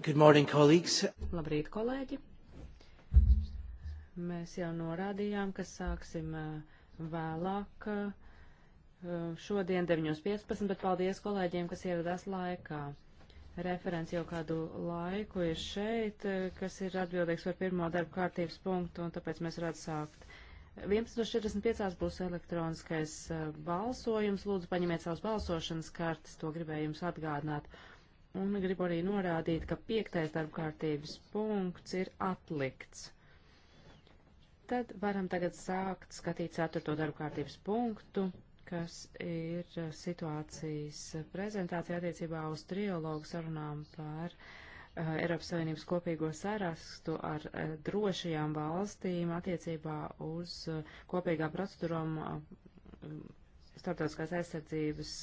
Good morning, colleagues. Labrīt, kolēģi. Mēs jau norādījām, ka sāksim uh, vēlāk uh, šodien 9.15, bet paldies kolēģiem, kas ieradās laikā. Referents jau kādu laiku ir šeit, uh, kas ir atbildīgs par pirmo darbu kārtības punktu, un tāpēc mēs varētu sākt. 11.45 būs elektroniskais balsojums. Lūdzu, paņemiet savas balsošanas kartes, to gribēju jums atgādināt un gribu arī norādīt, ka piektais darbkārtības punkts ir atlikts. Tad varam tagad sākt skatīt ceturto darbkārtības punktu, kas ir situācijas prezentācija attiecībā uz triologu sarunām par uh, Eiropas Savienības kopīgo sarakstu ar uh, drošajām valstīm attiecībā uz uh, kopīgām procedūrām starptautiskās aizsardzības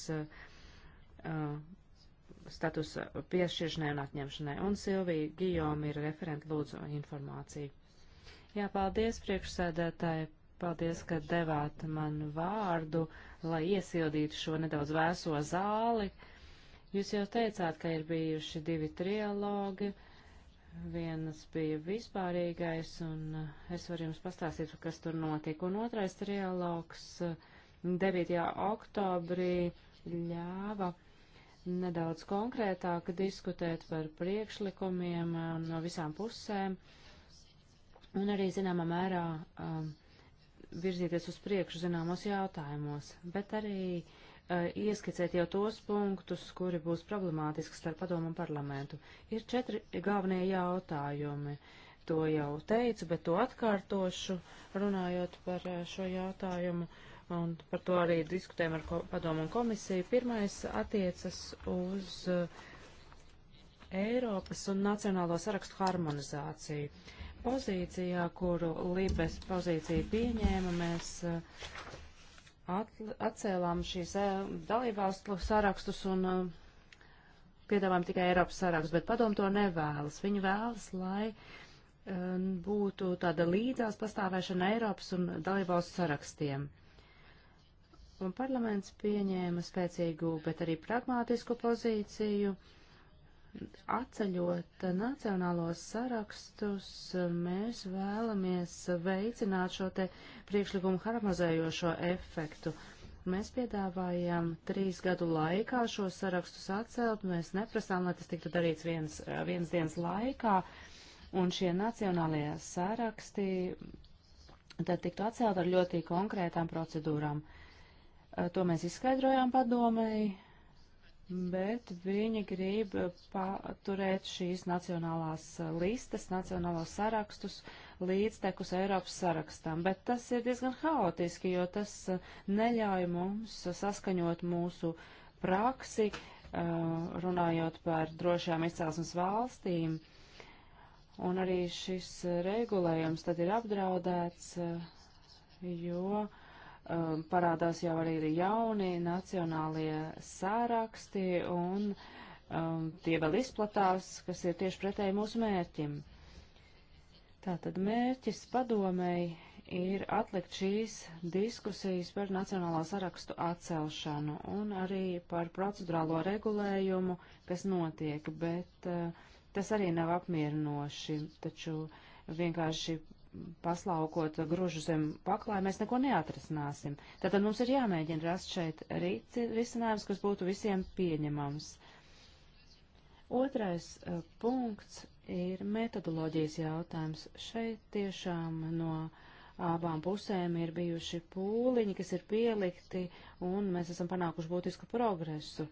statusa piešķiršanai un atņemšanai. Un Silvija Gijoma ir referenta lūdzu informāciju. Jā, paldies priekšsēdētāji, paldies, ka devāt man vārdu, lai iesildītu šo nedaudz vēso zāli. Jūs jau teicāt, ka ir bijuši divi trialogi. Vienas bija vispārīgais, un es varu jums pastāstīt, kas tur notika. Un otrais trialogs 9. oktobrī ļāva nedaudz konkrētāk diskutēt par priekšlikumiem eh, no visām pusēm un arī zināmā mērā eh, virzīties uz priekšu zināmos jautājumos, bet arī eh, ieskicēt jau tos punktus, kuri būs problemātiski starp padomu un parlamentu. Ir četri galvenie jautājumi. To jau teicu, bet to atkārtošu, runājot par šo jautājumu. Uh, un par to arī diskutējam ar padomu un komisiju. Pirmais attiecas uz uh, Eiropas un nacionālo sarakstu harmonizāciju. Pozīcijā, kuru Libes pozīcija pieņēma, mēs uh, atcēlām šīs uh, dalībvalstu sarakstus un piedāvājam tikai Eiropas sarakstu, bet padomu to nevēlas. Viņi vēlas, lai būtu tāda līdzās pastāvēšana Eiropas un dalībvalstu sarakstiem un parlaments pieņēma spēcīgu, bet arī pragmātisku pozīciju, atceļot nacionālos sarakstus, mēs vēlamies veicināt šo te priekšlikumu harmonizējošo efektu. Mēs piedāvājam trīs gadu laikā šos sarakstus atcelt, mēs neprasām, lai tas tiktu darīts viens, viens dienas laikā, un šie nacionālie saraksti tad tiktu atcelt ar ļoti konkrētām procedūrām. Uh, Eh, to mēs izskaidrojām padomēji, bet viņi grib paturēt šīs nacionālās listas, nacionālos sarakstus līdztekus Eiropas sarakstam. Bet tas ir diezgan haotiski, jo tas eh, neļauj mums saskaņot mūsu praksi, eh, runājot par drošām izcelsmes valstīm. Un arī šis regulējums tad ir apdraudēts, jo um, parādās jau arī jauni nacionālie sāraksti, un um, tie vēl izplatās, kas ir tieši pretēji mūsu mērķim. Tātad mērķis padomēji ir atlikt šīs diskusijas par nacionālā sarakstu atcelšanu un arī par procedurālo regulējumu, kas notiek, bet uh, tas arī nav apmierinoši, taču vienkārši paslaukot grožu zem paklāja, mēs neko neatrisināsim. Tātad mums ir jāmēģina rast šeit risinājums, kas būtu visiem pieņemams. Otrais uh, punkts ir metodoloģijas jautājums. Šeit tiešām no abām pusēm ir bijuši pūliņi, kas ir pielikti, un mēs esam panākuši būtisku progresu.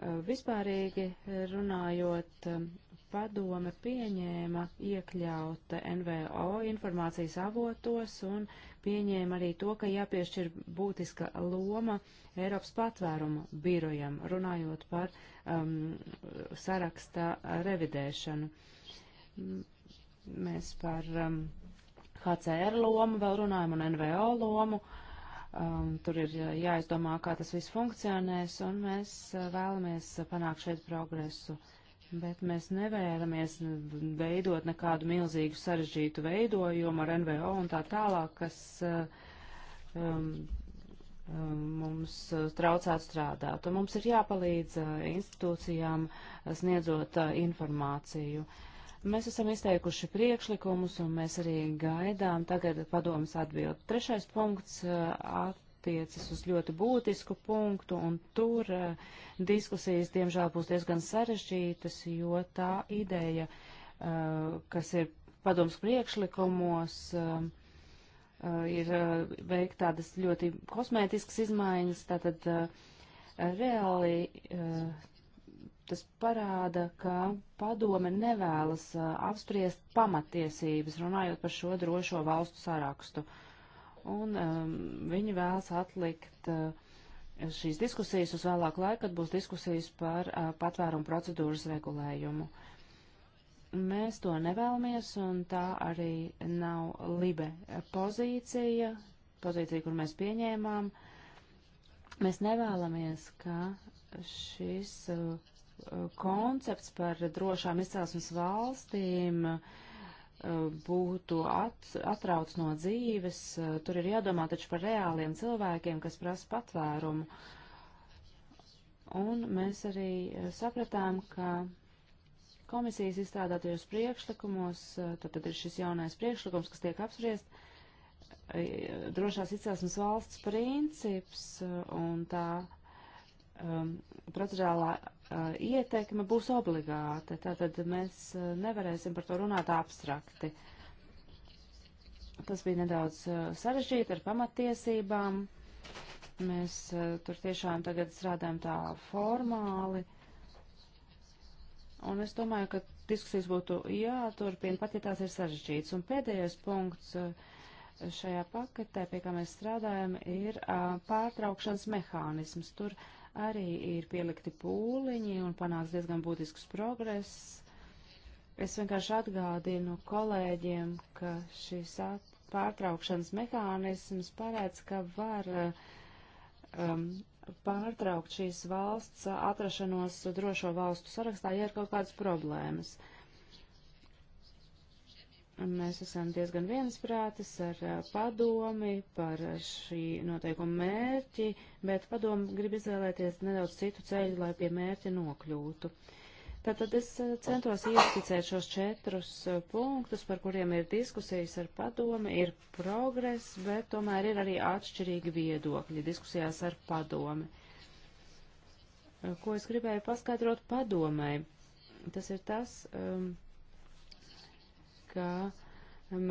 Uh, vispārīgi runājot, uh, padome pieņēma iekļaut NVO informācijas avotos un pieņēma arī to, ka jāpiešķir būtiska loma Eiropas patvērumu birojam, runājot par um, saraksta revidēšanu. Mēs par um, HCR lomu vēl runājam un NVO lomu. Um, tur ir jāizdomā, kā tas viss funkcionēs, un mēs uh, vēlamies panākt šeit progresu. Uh, Bet mēs nevēlamies veidot nekādu milzīgu sarežģītu veidojumu ar NVO un tā tālāk, kas uh, um, um, mums uh, traucētu strādāt. Un mums ir jāpalīdz uh, institūcijām uh, sniedzot uh, informāciju. Mēs esam izteikuši priekšlikumus un mēs arī gaidām tagad padomas atbildi. Trešais punkts uh, attiecas uz ļoti būtisku punktu, un tur uh, diskusijas, diemžēl, būs diezgan sarežģītas, jo tā ideja, uh, kas ir padoms priekšlikumos, uh, ir veikt tādas ļoti kosmētiskas izmaiņas, tātad reāli tas parāda, ka padome nevēlas apspriest pamatiesības, runājot par šo drošo valstu sarakstu. Uh, un um, viņi vēlas atlikt uh, šīs diskusijas uz vēlāku laiku, kad būs diskusijas par uh, patvērumu procedūras regulējumu. Mēs to nevēlamies, un tā arī nav libe pozīcija, pozīcija, kur mēs pieņēmām. Mēs nevēlamies, ka šis uh, koncepts par drošām izcelsmes valstīm uh, būtu at, atrauc no dzīves. Tur ir jādomā taču par reāliem cilvēkiem, kas prasa patvērumu. Un mēs arī sapratām, ka komisijas izstrādātajos priekšlikumos, tad, tad ir šis jaunais priekšlikums, kas tiek apspriest, e, drošās izcelsmes valsts princips un tā um, procedurālā uh, ieteikme būs obligāta, tātad mēs uh, nevarēsim par to runāt abstrakti. Tas bija nedaudz uh, sarežģīti ar pamatiesībām. Mēs uh, tur tiešām tagad strādājam tā formāli. Un es domāju, ka diskusijas būtu jāturpina, pat ja tās ir sarežģītas. Un pēdējais punkts uh, šajā paketē, pie kā mēs strādājam, ir uh, pārtraukšanas mehānisms. Tur uh, arī ir pielikti pūliņi un panāks diezgan būtisks progress. Es vienkārši atgādinu kolēģiem, ka šis pārtraukšanas mehānisms paredz, ka var eh, um, pārtraukt šīs valsts eh, atrašanos drošo valstu sarakstā, ja ir kaut kādas problēmas. Uh, Mēs esam diezgan viensprātis ar padomi par šī noteikuma mērķi, bet padomi grib izvēlēties nedaudz citu ceļu, lai pie mērķa nokļūtu. Tātad es centos ieskicēt šos četrus punktus, par kuriem ir diskusijas ar padomi, ir progress, bet tomēr ir arī atšķirīgi viedokļi diskusijās ar padomi. Ko es gribēju paskaidrot padomai? Tas ir tas, um, ka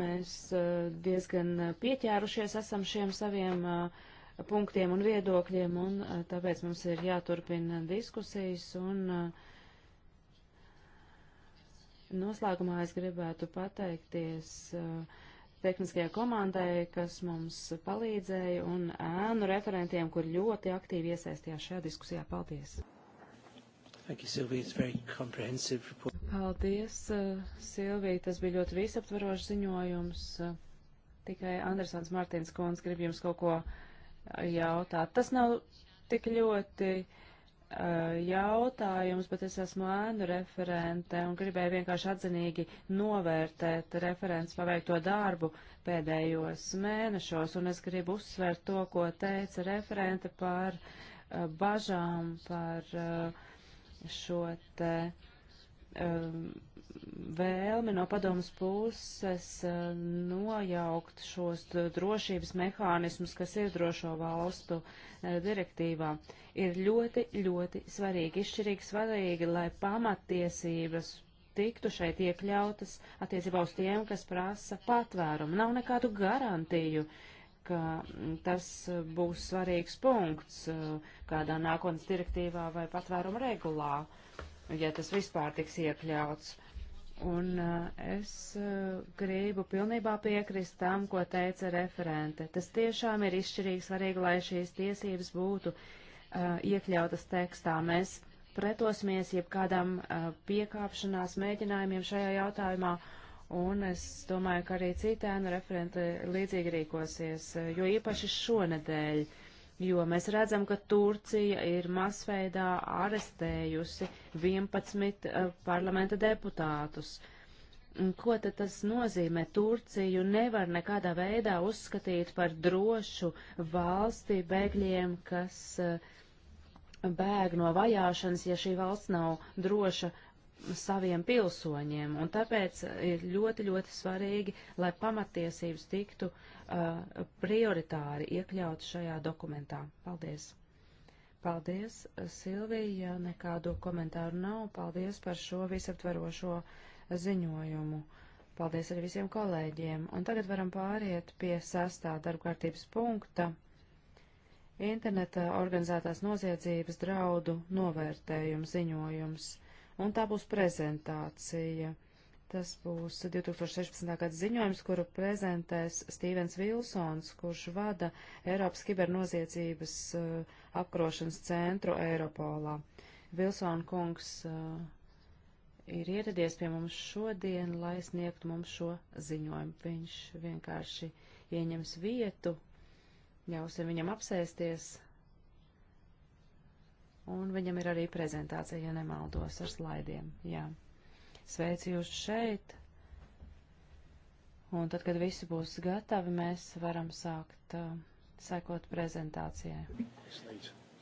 mēs eh, diezgan pieķērušies esam šiem saviem eh, punktiem un viedokļiem, un eh, tāpēc mums ir jāturpina diskusijas, un noslēgumā es gribētu pateikties tehniskajai komandai, kas mums palīdzēja, un ēnu referentiem, kur ļoti aktīvi iesaistījās šajā diskusijā. Paldies! Thank you, Silvija. It's very comprehensive report. Paldies, uh, Silvija. Tas bija ļoti visaptvarošs ziņojums. Uh, tikai Andersons Martins Kons grib jums kaut ko uh, jautāt. Tas nav tik ļoti uh, jautājums, bet es esmu ēnu referente un gribēju vienkārši atzinīgi novērtēt referents paveikto darbu pēdējos mēnešos, un es gribu uzsvērt to, ko teica referente par uh, bažām, par uh, šo te um, vēlmi no padomas puses uh, nojaukt šos drošības mehānismus, kas ir drošo valstu uh, direktīvā, ir ļoti, ļoti svarīgi, izšķirīgi svarīgi, lai pamattiesības tiktu šeit iekļautas attiecībā uz tiem, kas prasa patvērumu. Nav nekādu garantiju, uh, ka tas būs svarīgs punkts eh, kādā nākotnes direktīvā vai patvēruma regulā, ja tas vispār tiks iekļauts. Un eh, es eh, gribu pilnībā piekrist tam, ko teica referente. Tas tiešām ir izšķirīgi svarīgi, lai šīs tiesības būtu iekļautas tekstā. Mēs pretosimies jebkādam piekāpšanās mēģinājumiem šajā jautājumā Un es domāju, ka arī citēnu referenti līdzīgi rīkosies, jo īpaši šonedēļ, jo mēs redzam, ka Turcija ir masveidā arestējusi 11 uh, eh, parlamenta deputātus. Un ko tad tas nozīmē? Turciju nevar nekādā veidā uzskatīt par drošu valsti bēgļiem, kas uh, bēg no vajāšanas, ja šī valsts nav droša saviem pilsoņiem, un tāpēc ir ļoti, ļoti svarīgi, lai pamatiesības tiktu uh, prioritāri iekļaut šajā dokumentā. Paldies! Paldies, Silvija, ja nekādu komentāru nav. Paldies par šo visaptverošo ziņojumu. Paldies arī visiem kolēģiem. Un tagad varam pāriet pie sastā darbkārtības punkta - interneta organizētās noziedzības draudu novērtējums ziņojums un tā būs prezentācija. Tas būs 2016. gada ziņojums, kuru prezentēs Stīvens Vilsons, kurš vada Eiropas kibernoziedzības uh, apkrošanas centru Eiropolā. Vilsona kungs uh, ir ieradies pie mums šodien, lai sniegtu mums šo ziņojumu. Viņš vienkārši ieņems vietu, ļausim viņam apsēsties, Un viņam ir arī prezentācija, ja nemaldos, ar slaidiem. Jā. Sveicu jūs šeit. Un tad, kad visi būs gatavi, mēs varam sākt uh, sekot prezentācijai.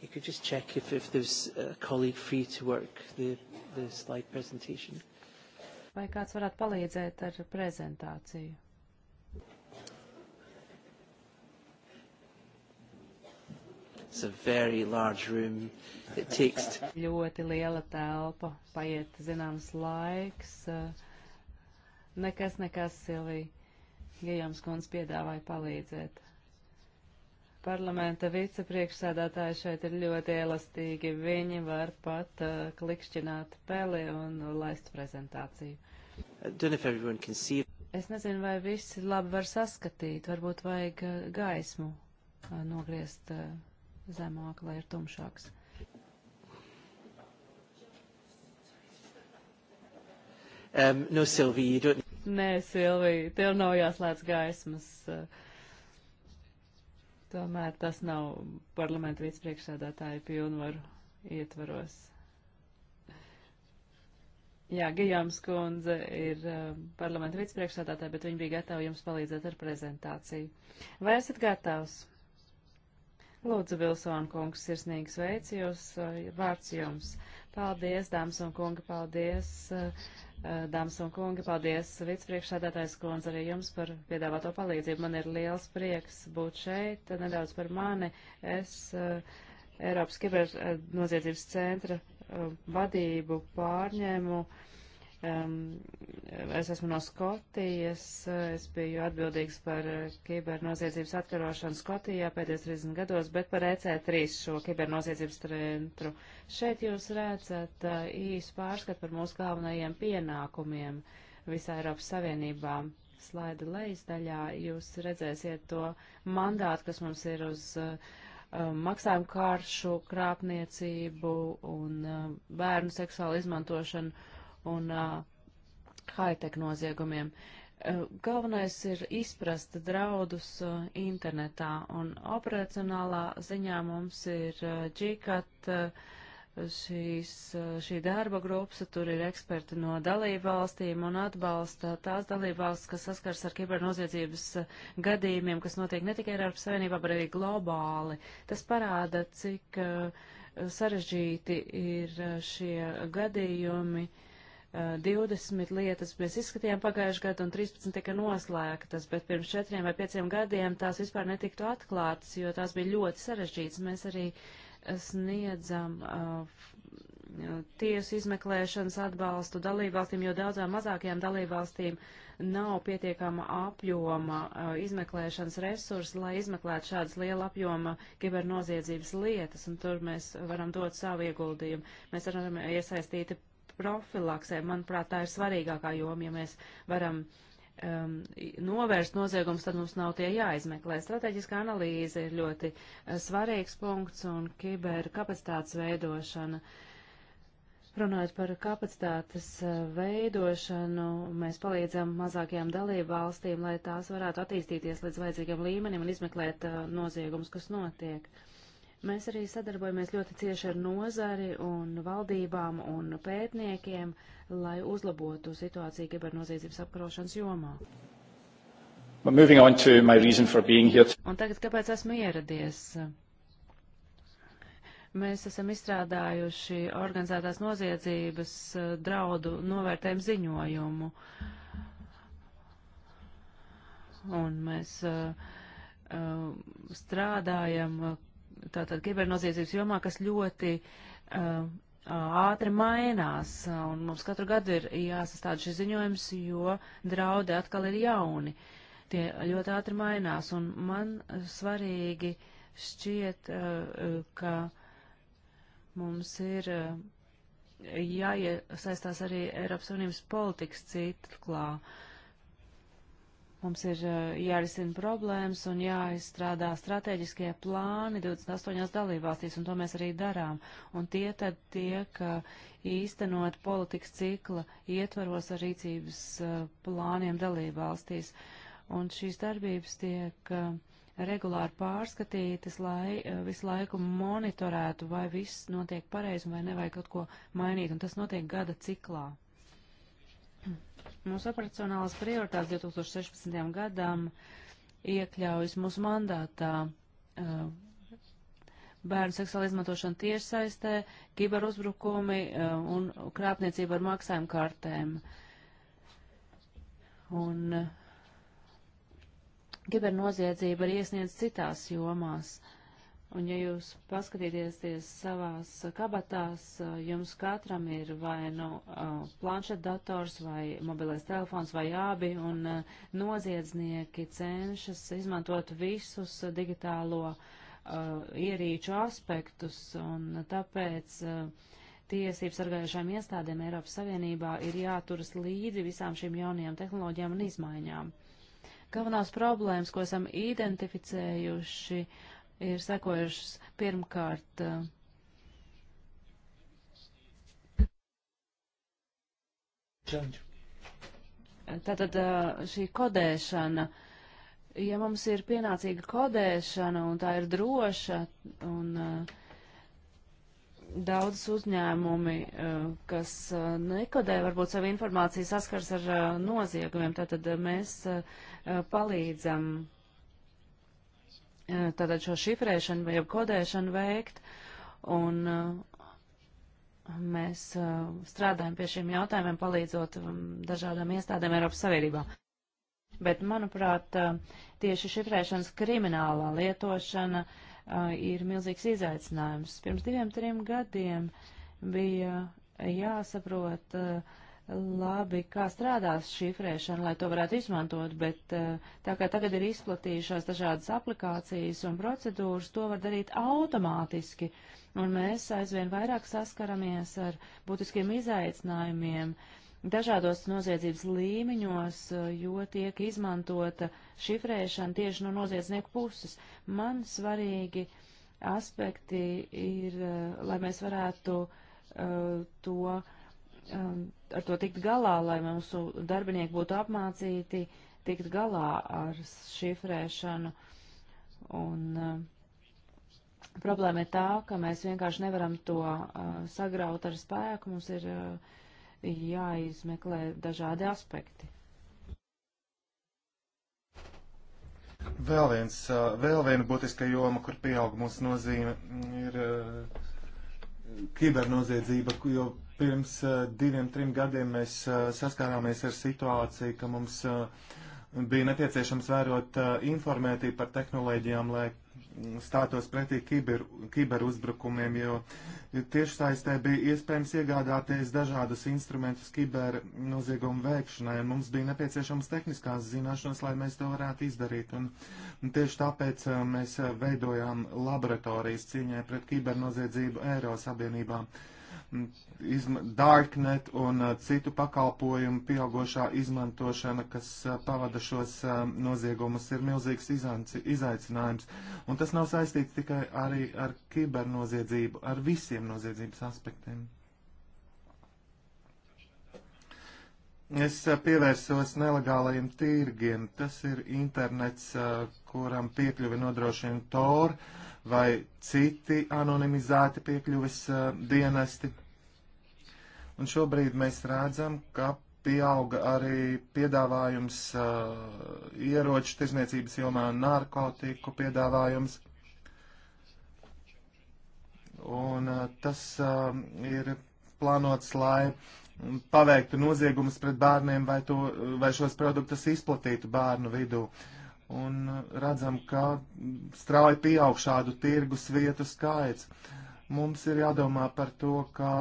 You could just check if, if there's a colleague free to work the, the slide presentation. Vai kāds varētu palīdzēt ar prezentāciju? It's a very large room. It takes ļoti liela telpa, paiet zināms laiks. Eh, nekas, nekas, Silvija. Gijams kundz piedāvāja palīdzēt. Parlamenta vicepriekšsēdātāji šeit ir ļoti elastīgi. Viņi var pat uh, klikšķināt peli un laist prezentāciju. Es nezinu, vai visi labi var saskatīt. Varbūt vajag eh, gaismu nogriezt. Uh, zemāk, lai ir tumšāks. Um, no, Silvija, don't... Nē, Silvija, tev nav jāslēdz gaismas. Tomēr tas nav parlamenta vicepriekšsēdētāja pilnvaru ietvaros. Jā, Gijāms kundze ir um, parlamenta vicepriekšsēdētāja, bet viņa bija gatava jums palīdzēt ar prezentāciju. Vai esat gatavs? Lūdzu, Vilsona kungs, sirsnīgi sveicu jūs, eh, vārds jums. Paldies, dāmas un kungi, paldies, eh, eh, dāmas un kungi, paldies, vicepriekšsēdētājs kundze, arī jums par piedāvāto palīdzību. Man ir liels prieks būt šeit, nedaudz par mani. Es Eiropas kibernoziedzības centra vadību pārņēmu. Uh, Um, es esmu no Skotijas, es biju atbildīgs par eh, kibernoziedzības atkarošanu Skotijā pēdējos 30 gados, bet par EC3 šo kibernoziedzības centru. Šeit jūs redzat eh, īsu pārskatu par mūsu galvenajiem pienākumiem visā Eiropas Savienībā. Slaida lejas daļā jūs redzēsiet to mandātu, kas mums ir uz uh, maksājumu kāršu, krāpniecību un uh, bērnu seksuālu izmantošanu un uh, high-tech noziegumiem. Uh, galvenais ir izprast draudus uh, internetā, un operacionālā ziņā mums ir uh, GCAT, uh, šīs, šī darba grupas, tur ir eksperti no dalībvalstīm un atbalsta tās dalībvalstis, kas saskars ar kibernoziedzības gadījumiem, kas notiek ne tikai Eiropas Savienībā, bet arī globāli. Tas parāda, cik sarežģīti ir šie gadījumi. Uh, 20 eh, lietas mēs izskatījām pagājušajā gadā un 13 tika noslēgtas, bet pirms četriem vai pieciem gadiem tās vispār netiktu atklātas, jo tās bija ļoti sarežģītas. Mēs arī eh, sniedzam uh, tiesu izmeklēšanas atbalstu dalībvalstīm, jo daudzām mazākajām dalībvalstīm nav pietiekama apjoma uh, izmeklēšanas resursi, lai izmeklētu šādas liela apjoma kibernoziedzības lietas, un tur mēs varam dot savu ieguldījumu. Mēs varam iesaistīti profilaksē. Manuprāt, tā ir svarīgākā joma, ja mēs varam um, novērst noziegums, tad mums nav tie jāizmeklē. Strateģiska analīze ir ļoti uh, svarīgs punkts un kiberkapacitātes veidošana. Runājot par kapacitātes uh, veidošanu, mēs palīdzam mazākajām dalību valstīm, lai tās varētu attīstīties līdz vajadzīgam līmenim un izmeklēt uh, noziegumus, kas notiek. Uh, Mēs arī sadarbojamies ļoti cieši ar nozari un valdībām un pētniekiem, lai uzlabotu situāciju kibernoziedzības apkarošanas jomā. Un tagad, kāpēc esmu ieradies? Mēs esam izstrādājuši organizētās noziedzības eh, draudu novērtējumu ziņojumu. Un mēs uh, strādājam tātad kibernoziedzības jomā, kas ļoti uh, ātri mainās, un mums katru gadu ir jāsastāda šis ziņojums, jo draudi atkal ir jauni. Tie ļoti ātri mainās, un man svarīgi šķiet, uh, ka mums ir uh, jāiesaistās arī Eiropas Savienības politikas ciklā. Uh, Mums ir eh, jārisina problēmas un jāizstrādā strateģiskie plāni 28 dalībvalstīs, un to mēs arī darām. Un tie tad tiek eh, īstenot politikas cikla ietvaros ar rīcības eh, plāniem dalībvalstīs. Un šīs darbības tiek regulāri pārskatītas, lai visu laiku monitorētu, vai viss notiek pareizi, vai nevajag kaut ko mainīt, un tas notiek gada ciklā. Mūsu operacionālās prioritātes 2016. gadam iekļaujas mūsu mandātā uh, bērnu seksuāla izmantošana tiešsaistē, kiberuzbrukumi uh, un krāpniecība ar maksājumu kartēm. Un uh, kibernoziedzība ir iesniedz citās jomās. Uh, Un ja jūs paskatīties savās kabatās, jums katram ir vai nu planšetdators vai mobilais telefons vai abi, un noziedznieki cenšas izmantot visus digitālo uh, ierīču aspektus, un tāpēc uh, tiesības sargājušām iestādēm Eiropas Savienībā ir jāturas līdzi visām šīm jaunajām tehnoloģijām un izmaiņām. Galvenās problēmas, ko esam identificējuši, uh, ir sekojušas pirmkārt. Uh, tātad uh, šī kodēšana, ja mums ir pienācīga kodēšana un tā ir droša un uh, daudz uzņēmumi, uh, kas nekodē varbūt savu informāciju saskars ar noziegumiem, tātad mēs palīdzam tātad šo šifrēšanu vai kodēšanu veikt. Un uh, mēs uh, strādājam pie šiem jautājumiem, palīdzot um, dažādām iestādēm Eiropas Savienībā. Bet, manuprāt, uh, tieši šifrēšanas kriminālā lietošana ir milzīgs izaicinājums. Pirms diviem, trim gadiem bija jāsaprot, uh, labi, kā strādās šifrēšana, lai to varētu izmantot, bet eh, tā kā tagad ir izplatījušās dažādas aplikācijas un procedūras, to var darīt automātiski, un mēs aizvien vairāk saskaramies ar būtiskiem izaicinājumiem dažādos noziedzības līmeņos, eh, jo tiek izmantota šifrēšana tieši no noziedznieku puses. Man svarīgi aspekti ir, eh, lai mēs varētu uh, to um, ar to tikt galā, lai mūsu darbinieki būtu apmācīti tikt galā ar šifrēšanu. Un um, problēma ir tā, ka mēs vienkārši nevaram to uh, sagraut ar spēku, mums ir uh, jāizmeklē dažādi aspekti. Vēl, viens, uh, vēl viena būtiska joma, kur pieaug mūsu nozīme, ir uh, kibernoziedzība, jo Pirms uh, diviem, trim gadiem mēs uh, saskārāmies ar situāciju, ka mums uh, bija nepieciešams vērot uh, informētību par tehnoloģijām, lai mm, stātos pretī kiber, kiberuzbrukumiem, jo tieši saistē bija iespējams iegādāties dažādus instrumentus kibernoziegumu veikšanai, un mums bija nepieciešams tehniskās zināšanas, lai mēs to varētu izdarīt. Un, un tieši tāpēc uh, mēs veidojām laboratorijas cīņai pret kibernoziedzību Eiro sabiedrībām. Uh, Mm, darknet un uh, citu pakalpojumu pieaugošā izmantošana, kas uh, pavada šos um, noziegumus, ir milzīgs izaicinājums. Un tas nav saistīts tikai arī ar kibernoziedzību, ar visiem noziedzības aspektiem. Es uh, pievērsos nelegālajiem tirgiem. Tas ir internets, kuram piekļuvi nodrošina Tor. Uh, vai citi anonimizēti piekļuves uh, eh, dienesti. Un šobrīd mēs redzam, ka pieauga arī piedāvājums uh, ieroču tirzniecības jomā un narkotiku piedāvājums. Un uh, tas uh, ir plānots, lai paveiktu noziegumus pret bērniem vai, to, vai šos produktus izplatītu bērnu vidū. Uh, un redzam, ka strauji pieaug šādu tirgus vietu skaits. Mums ir jādomā par to, ka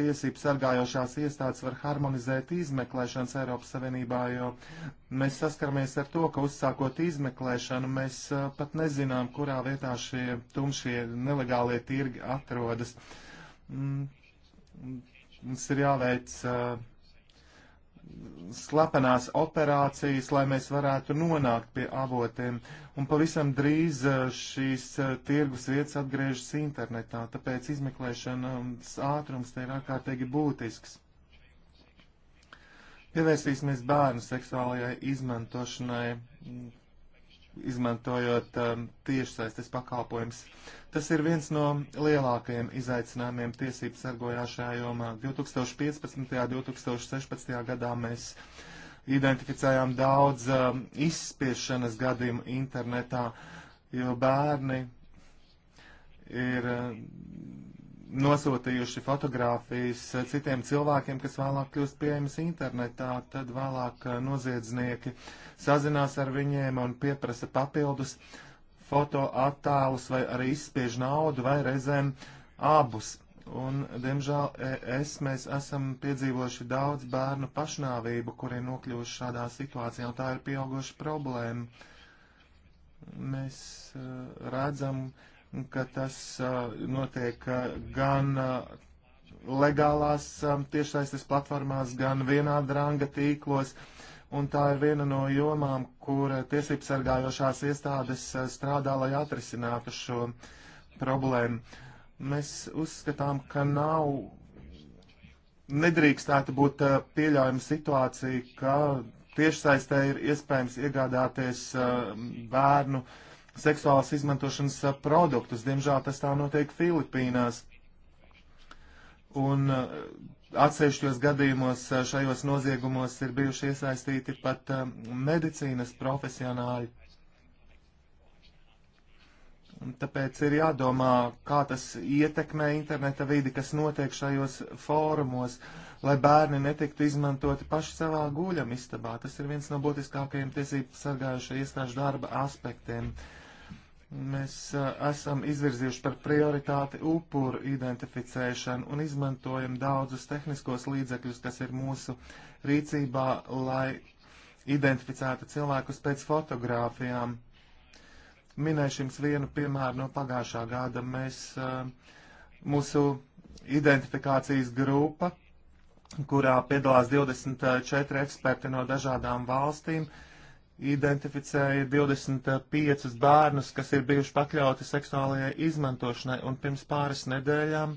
tiesību sargājošās iestādes var harmonizēt izmeklēšanas Eiropas Savienībā, jo mēs saskaramies ar to, ka uzsākot izmeklēšanu, mēs uh, pat nezinām, kurā vietā šie tumšie nelegālie tirgi atrodas. Mm, mums ir jāveic uh, slepenās operācijas, lai mēs varētu nonākt pie avotiem. Un pavisam drīz eh, šīs eh, tirgus vietas atgriežas internetā, tāpēc izmeklēšanas ātrums te ir ārkārtīgi būtisks. Pievērsīsimies bērnu seksuālajai izmantošanai izmantojot um, tiešsaistes pakalpojumus. Tas ir viens no lielākajiem izaicinājumiem tiesību sargojāšajā jomā. 2015. un 2016. gadā mēs identificējām daudz um, izspiešanas gadījumu internetā, jo bērni ir. Um, nosūtījuši fotogrāfijas citiem cilvēkiem, kas vēlāk kļūst pieejamas internetā, tad vēlāk eh, noziedznieki sazinās ar viņiem un pieprasa papildus fotoattēlus vai arī izspiež naudu vai reizēm abus. Un, diemžēl, e, es mēs esam piedzīvojuši daudz bērnu pašnāvību, kuri nokļūst šādā situācijā, un tā ir pieauguša problēma. Mēs uh, redzam, uh, ka tas notiek gan legālās tiešsaistes platformās, gan vienā dranga tīklos. Un tā ir viena no jomām, kur tiesības sargājošās iestādes strādā, lai atrisinātu šo problēmu. Mēs uzskatām, ka nav nedrīkstētu būt pieļaujama situācija, ka tiešsaistē ir iespējams iegādāties bērnu uh, seksuālas izmantošanas uh, produktus. Diemžēl tas tā notiek Filipīnās. Un uh, atsevišķos gadījumos uh, šajos noziegumos ir bijuši iesaistīti pat medicīnas profesionāļi. Un tāpēc ir jādomā, kā tas ietekmē interneta vidi, kas notiek šajos fórumos, lai bērni netiktu izmantoti paši savā guļamistabā. Tas ir viens no būtiskākajiem tiesību sargājušā iestāžu darba aspektiem. Uh, Mēs a, esam izvirzījuši par prioritāti upuru identificēšanu un izmantojam daudzus tehniskos līdzekļus, kas ir mūsu rīcībā, lai identificētu cilvēkus pēc fotogrāfijām. Minēšu jums vienu piemēru no pagājušā gada. Mēs, a, mūsu identifikācijas grupa, kurā piedalās 24 eksperti no dažādām valstīm, uh, identificēja 25 bērnus, kas ir bijuši pakļauti seksuālajai izmantošanai, un pirms pāris nedēļām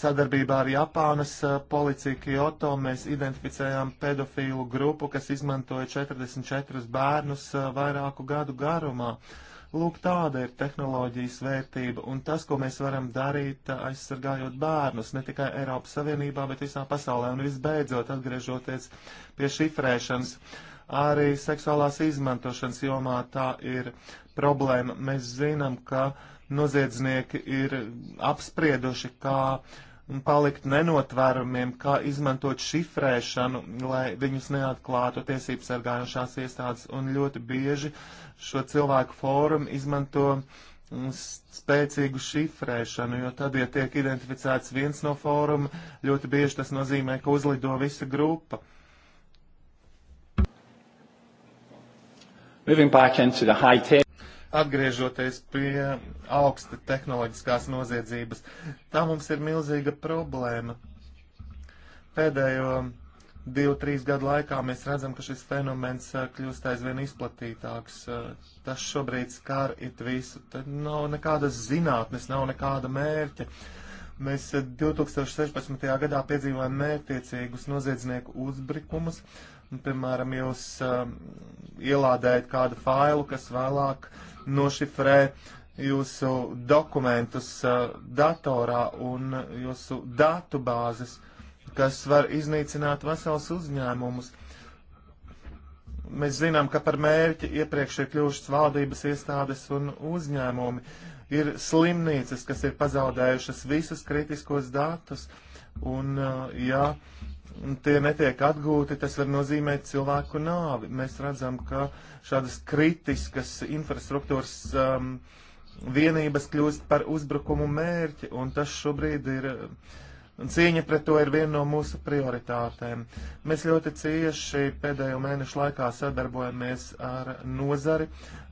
sadarbībā ar Japānas eh, policiju Kyoto mēs identificējām pedofīlu grupu, kas izmantoja 44 bērnus eh, vairāku gadu garumā. Uh, Lūk, tāda ir tehnoloģijas vērtība un tas, ko mēs varam darīt, eh, aizsargājot bērnus ne tikai Eiropas Savienībā, bet visā pasaulē. Un visbeidzot, atgriežoties pie šifrēšanas, arī seksuālās izmantošanas jomā tā ir problēma. Mēs zinām, ka noziedznieki ir apsprieduši, kā uh, un palikt nenotvēramiem, kā izmantot šifrēšanu, lai viņus neatklātu tiesību sargājušās iestādes. Un ļoti bieži šo cilvēku fórumu izmanto mm, spēcīgu šifrēšanu, jo tad, ja tiek identificēts viens no fóruma, ļoti bieži tas nozīmē, ka uzlido visa grupa. Moving back into the high tech. Atgriežoties pie augsta tehnoloģiskās noziedzības, tā mums ir milzīga problēma. Pēdējo divu, trīs gadu laikā mēs redzam, ka šis fenomens uh, kļūst aizvien izplatītāks. Uh, tas šobrīd skār it visu. Tad nav nekādas zinātnes, nav nekāda mērķa. Mēs 2016. Uh, gadā piedzīvojam mērķtiecīgus noziedznieku uzbrukumus, Nu, piemēram, jūs um, ielādējat kādu failu, kas vēlāk nošifrē jūsu dokumentus uh, datorā un jūsu datu bāzes, kas var iznīcināt vesels uzņēmumus. Mēs zinām, ka par mērķi iepriekš ir kļuvušas valdības iestādes un uzņēmumi. Ir slimnīcas, kas ir pazaudējušas visus kritiskos datus. Un, uh, ja tie netiek atgūti, tas var nozīmēt cilvēku nāvi. Mēs redzam, ka šādas kritiskas infrastruktūras um, vienības kļūst par uzbrukumu mērķi, un tas šobrīd ir. Cīņa pret to ir viena no mūsu prioritātēm. Mēs ļoti cieši pēdējo mēnešu laikā sadarbojamies ar nozari,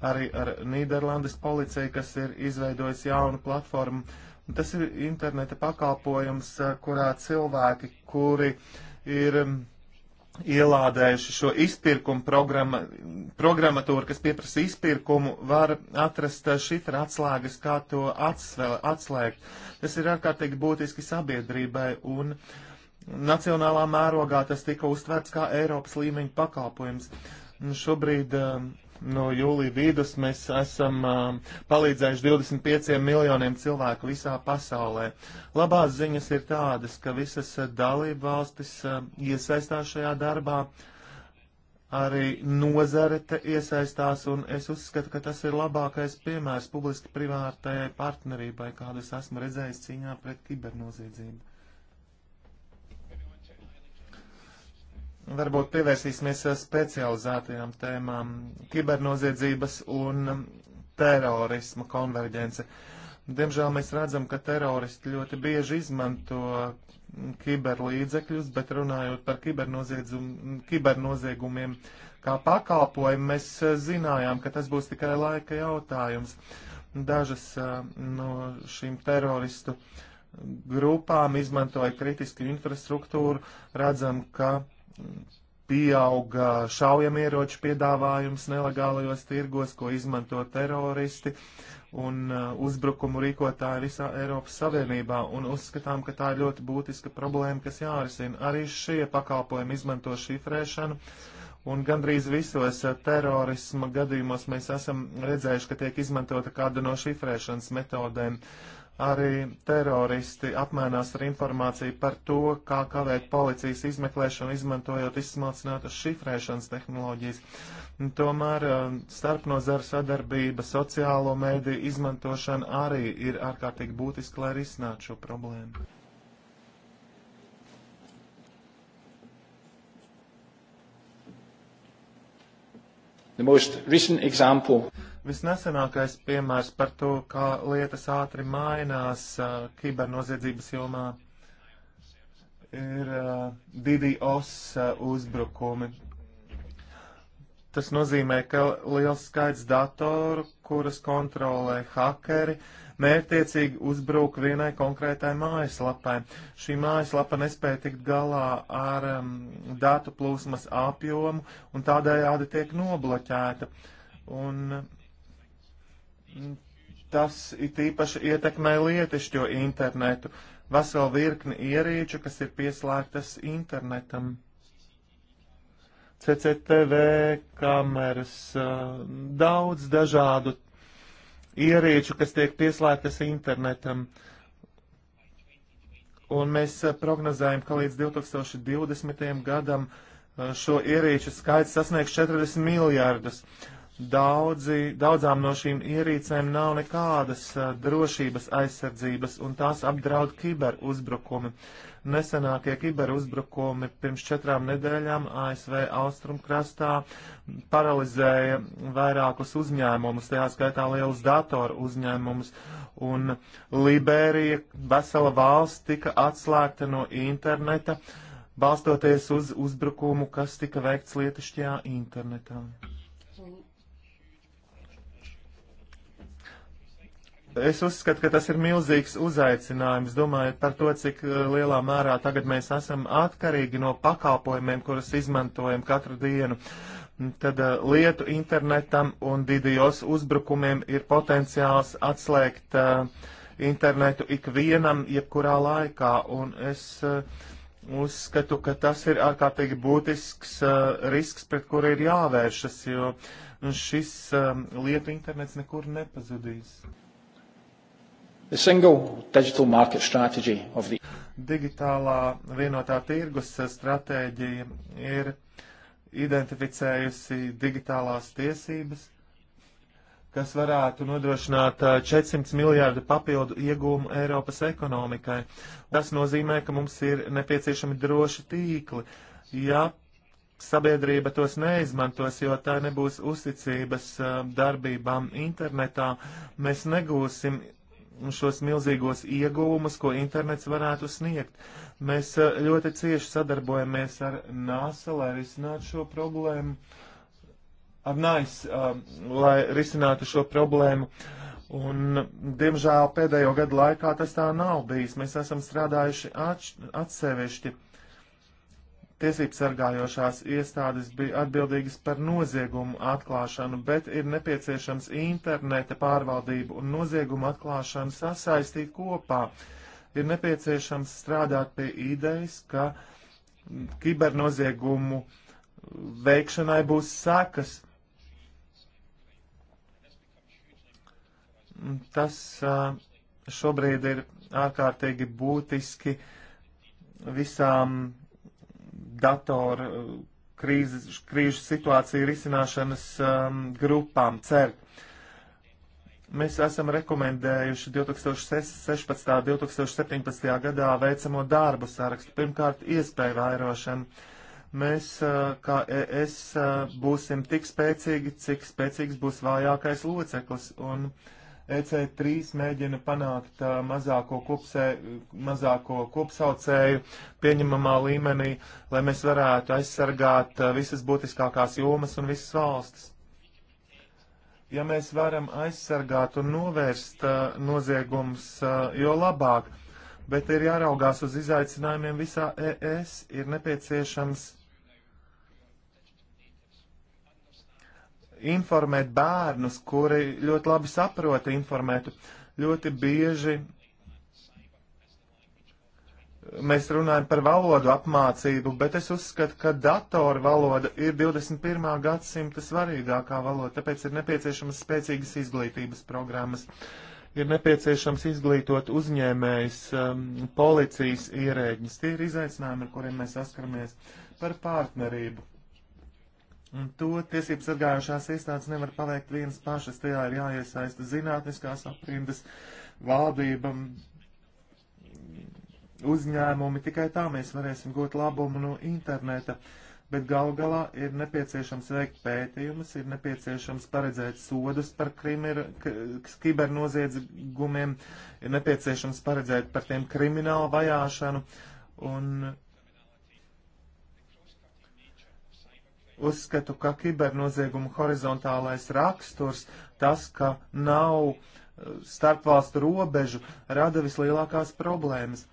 arī ar Nīderlandes policiju, kas ir izveidojusi jaunu platformu. Tas ir interneta pakalpojums, uh, kurā cilvēki, kuri uh, ir um, ielādējuši šo izpirkumu programma, programmatūru, kas pieprasa izpirkumu, var atrast uh, šifra atslēgas, kā to atsvēl, atslēgt. Tas ir ārkārtīgi būtiski sabiedrībai un nacionālā mērogā tas tika uztverts kā Eiropas līmeņa pakalpojums. Un šobrīd um, no jūlija vidus mēs esam uh, palīdzējuši 25 miljoniem cilvēku visā pasaulē. Labās ziņas ir tādas, ka visas dalība valstis uh, iesaistās šajā darbā, arī nozare te iesaistās, un es uzskatu, ka tas ir labākais piemērs publiski privātajai partnerībai, kādu es esmu redzējis cīņā pret kibernoziedzību. varbūt pievērsīsimies eh, specializētajām tēmām - kibernoziedzības un mm, terorisma konverģence. Diemžēl mēs redzam, ka teroristi ļoti bieži izmanto mm, kiberlīdzekļus, bet runājot par mm, kibernoziegumiem kā pakalpojumu, mēs eh, zinājām, ka tas būs tikai laika jautājums. Dažas eh, no šīm teroristu grupām izmantoja kritisku infrastruktūru, redzam, ka pieauga šaujamieroču piedāvājums nelegālajos tirgos, ko izmanto teroristi un uh, uzbrukumu rīkotāji visā Eiropas Savienībā, un uzskatām, ka tā ir ļoti būtiska problēma, kas jārisina. Arī šie pakalpojumi izmanto šifrēšanu, un gandrīz visos uh, terorisma gadījumos mēs esam redzējuši, ka tiek izmantota kāda no šifrēšanas metodēm. Uh, Arī teroristi apmainās ar informāciju par to, kā kavēt policijas izmeklēšanu, izmantojot izsmalcinātas šifrēšanas tehnoloģijas. Tomēr um, starpnozara sadarbība, sociālo mediju izmantošana arī ir ārkārtīgi būtiska, lai risinātu šo problēmu. The most recent example Visnesenākais piemērs par to, kā lietas ātri mainās uh, kibernoziedzības jomā, ir uh, DDoS uh, uzbrukumi. Tas nozīmē, ka liels skaits datoru, kuras kontrolē hakeri, mērtiecīgi uzbruk vienai konkrētai mājaslapai. Šī mājaslapa nespēja tikt galā ar um, datu plūsmas apjomu un tādējādi tiek nobloķēta. Un, uh, Tas it īpaši ietekmē lietišķo internetu, veselu virkni ierīču, kas ir pieslēgtas internetam. CCTV kameras, daudz dažādu ierīču, kas tiek pieslēgtas internetam. Un mēs prognozējam, ka līdz 2020. gadam šo ierīču skaits sasniegs 40 miljārdus. Daudzi, daudzām no šīm ierīcēm nav nekādas drošības aizsardzības, un tās apdraud kiberuzbrukumi. Nesenākie kiberuzbrukumi pirms četrām nedēļām ASV austrumkrastā paralizēja vairākus uzņēmumus, tajā skaitā lielus datoru uzņēmumus, un Liberija, vesela valsts, tika atslēgta no interneta, balstoties uz uzbrukumu, kas tika veikts lietišķajā internetā. Es uzskatu, ka tas ir milzīgs uzaicinājums, domājot par to, cik eh, lielā mērā tagad mēs esam atkarīgi no pakalpojumiem, kurus izmantojam katru dienu. Tad eh, lietu internetam un didijos uzbrukumiem ir potenciāls atslēgt uh, internetu ikvienam, jebkurā laikā. Un es uh, uzskatu, ka tas ir ārkārtīgi būtisks uh, risks, pret kuru ir jāvēršas, jo šis lietu internets nekur nepazudīs. The single digital market strategy of the Digitālā vienotā tirgus stratēģija ir identificējusi digitālās tiesības, kas varētu nodrošināt 400 miljārdu papildu iegūmu Eiropas ekonomikai. Tas nozīmē, ka mums ir nepieciešami droši tīkli. Ja sabiedrība tos neizmantos, jo tā nebūs uzticības darbībām internetā, mēs negūsim šos milzīgos ieguvumus, ko internets varētu sniegt. Mēs eh, ļoti cieši sadarbojamies ar NASA, lai risinātu šo problēmu, ar NAIS, eh, lai risinātu šo problēmu. Un, diemžēl, pēdējo gadu laikā tas tā nav bijis. Mēs esam strādājuši atsevišķi. Atš Tiesības sargājošās iestādes bija atbildīgas par noziegumu atklāšanu, bet ir nepieciešams interneta pārvaldību un noziegumu atklāšanu sasaistīt kopā. Ir nepieciešams strādāt pie idejas, ka kibernoziegumu veikšanai būs sekas. Tas šobrīd ir ārkārtīgi būtiski visām datoru uh, krīzes, krīžu situāciju risināšanas um, grupām CERT. Mēs esam rekomendējuši 2016. un 2017. gadā veicamo darbu sarakstu. Pirmkārt, iespēju vairošanu. Mēs, uh, kā ES, uh, būsim tik spēcīgi, cik spēcīgs būs vājākais loceklis. Un, uh, EC3 mēģina panākt uh, mazāko, kopsē, mazāko kopsaucēju pieņemamā līmenī, lai mēs varētu aizsargāt uh, visas būtiskākās jomas un visas valstis. Ja mēs varam aizsargāt un novērst uh, noziegums, uh, jo labāk, bet ir jāraugās uz izaicinājumiem visā ES, ir nepieciešams informēt bērnus, kuri ļoti labi saprota informētu. Ļoti bieži mēs runājam par valodu apmācību, bet es uzskatu, ka datora valoda ir 21. gadsimta svarīgākā valoda, tāpēc ir nepieciešamas spēcīgas izglītības programmas. Ir nepieciešams izglītot uzņēmējs, um, policijas ierēģis. Tie ir izaicinājumi, ar kuriem mēs saskaramies par partnerību Un to tiesības sargājušās iestādes nevar paveikt vienas pašas. Tajā ir jāiesaista zinātniskās aprindas, valdība, uzņēmumi. Tikai tā mēs varēsim gūt labumu no interneta. Bet gal galā ir nepieciešams veikt pētījumus, ir nepieciešams paredzēt sodus par krimer, kibernoziedzgumiem, ir nepieciešams paredzēt par tiem kriminālu vajāšanu. Un Uzskatu, ka kibernozieguma horizontālais raksturs, tas, ka nav eh, starpvalstu robežu, rada vislielākās problēmas.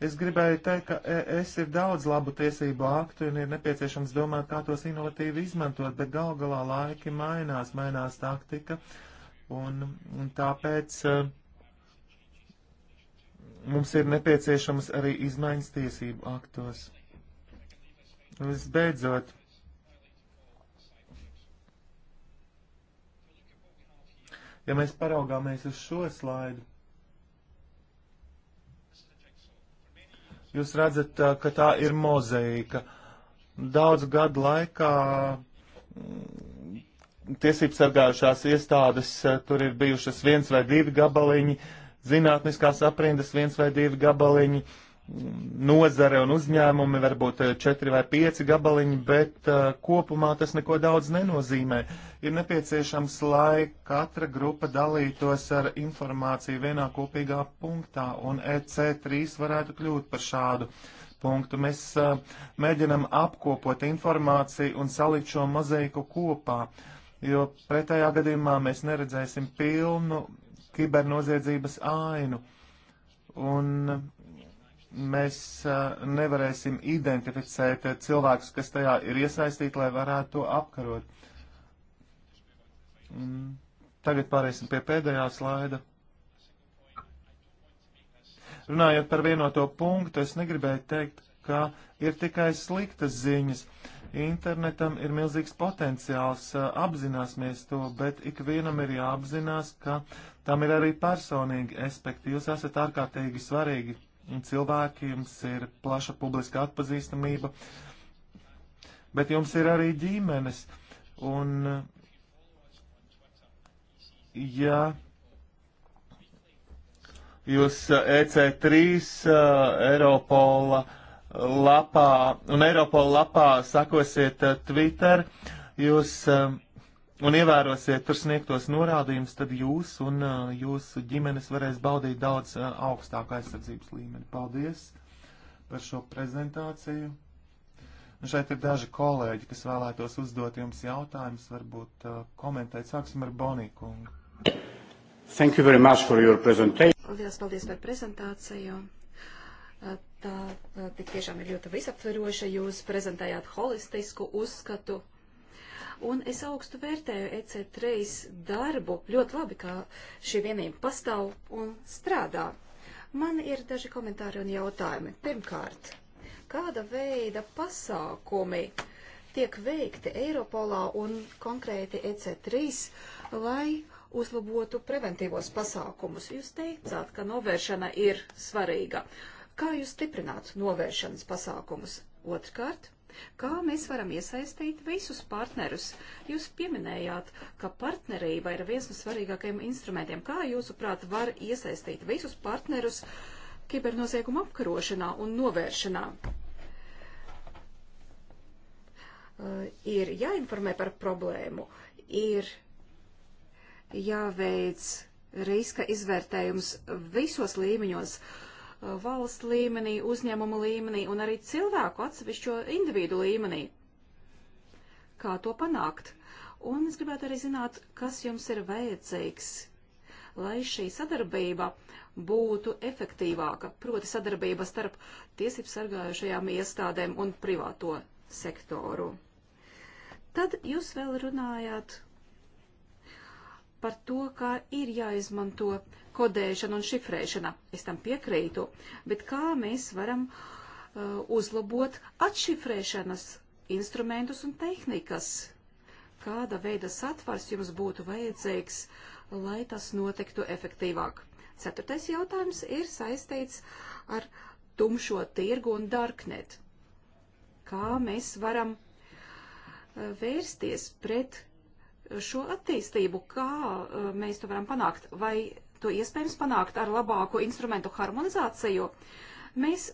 Es gribēju teikt, ka es ir daudz labu tiesību aktu un ir nepieciešams domāt, kā tos inovatīvi izmantot, bet gal galā laiki mainās, mainās taktika, un, un tāpēc uh, mums ir nepieciešamas arī izmaiņas tiesību aktos. Visbeidzot, Ja mēs paraugāmies uz šo slaidu, jūs redzat, ka tā ir mozaīka. Daudz gadu laikā mm, tiesību sargājušās iestādes tur ir bijušas viens vai divi gabaliņi, zinātniskās aprindas viens vai divi gabaliņi, mm, nozare un uzņēmumi varbūt četri vai pieci gabaliņi, bet uh, kopumā tas neko daudz nenozīmē. Uh, Ir nepieciešams, lai katra grupa dalītos ar informāciju vienā kopīgā punktā, un EC3 varētu kļūt par šādu punktu. Mēs uh, mēģinam apkopot informāciju un salikt šo mazaiku kopā, jo pretējā gadījumā mēs neredzēsim pilnu kibernoziedzības ainu. Un mēs uh, nevarēsim identificēt cilvēkus, kas tajā ir iesaistīti, lai varētu to apkarot. Tagad pāriesim pie pēdējā slaida. Runājot par vienoto punktu, es negribēju teikt, ka ir tikai sliktas ziņas. Internetam ir milzīgs potenciāls, apzināsimies to, bet ikvienam ir jāapzinās, ka tam ir arī personīgi aspekti. Jūs esat ārkārtīgi svarīgi cilvēki, jums ir plaša publiska atpazīstamība, bet jums ir arī ģimenes. Un ja jūs EC3 eh, e eh, Eiropola lapā un Eiropola lapā sakosiet eh, Twitter, jūs un ievērosiet tur sniegtos norādījumus, tad jūs un jūsu ģimenes varēs baudīt daudz augstāku aizsardzības līmeni. Paldies par šo prezentāciju. Un šeit ir daži kolēģi, kas vēlētos uzdot jums jautājumus, varbūt komentēt. Sāksim ar Bonīkungu. Thank you very much for your presentation. Lielas paldies par prezentāciju. Tā tik tiešām ir ļoti visaptveroša. Jūs prezentējāt holistisku uzskatu. Un es augstu vērtēju EC3 darbu. Ļoti labi, ka šī vienība pastāv un strādā. Man ir daži komentāri un jautājumi. Pirmkārt, kāda veida pasākumi tiek veikti Eiropolā un konkrēti EC3, lai uzlabotu preventīvos pasākumus. Jūs teicāt, ka novēršana ir svarīga. Kā jūs stiprināt novēršanas pasākumus? Otrkārt, kā mēs varam iesaistīt visus partnerus? Jūs pieminējāt, ka partnerība ir viens no svarīgākajiem instrumentiem. Kā jūsuprāt var iesaistīt visus partnerus kibernozieguma apkarošanā un novēršanā? Uh, ir jāinformē par problēmu, ir jāveic riska izvērtējums visos līmeņos uh, - valsts līmenī, uzņēmumu līmenī un arī cilvēku atsevišķo individu līmenī. Kā to panākt? Un es gribētu arī zināt, kas jums ir vajadzīgs, lai šī sadarbība būtu efektīvāka, proti sadarbība starp tiesību sargājušajām iestādēm un privāto sektoru. Tad jūs vēl runājāt par to, kā ir jāizmanto kodēšana un šifrēšana. Es tam piekrītu, bet kā mēs varam uh, uzlabot atšifrēšanas instrumentus un tehnikas? Kāda veida satvars jums būtu vajadzīgs, lai tas notiktu efektīvāk? Ceturtais jautājums ir saistīts ar tumšo tirgu un darknet. Kā mēs varam uh, vērsties pret šo attīstību, kā eh, mēs to varam panākt, vai to iespējams panākt ar labāku instrumentu harmonizāciju, mēs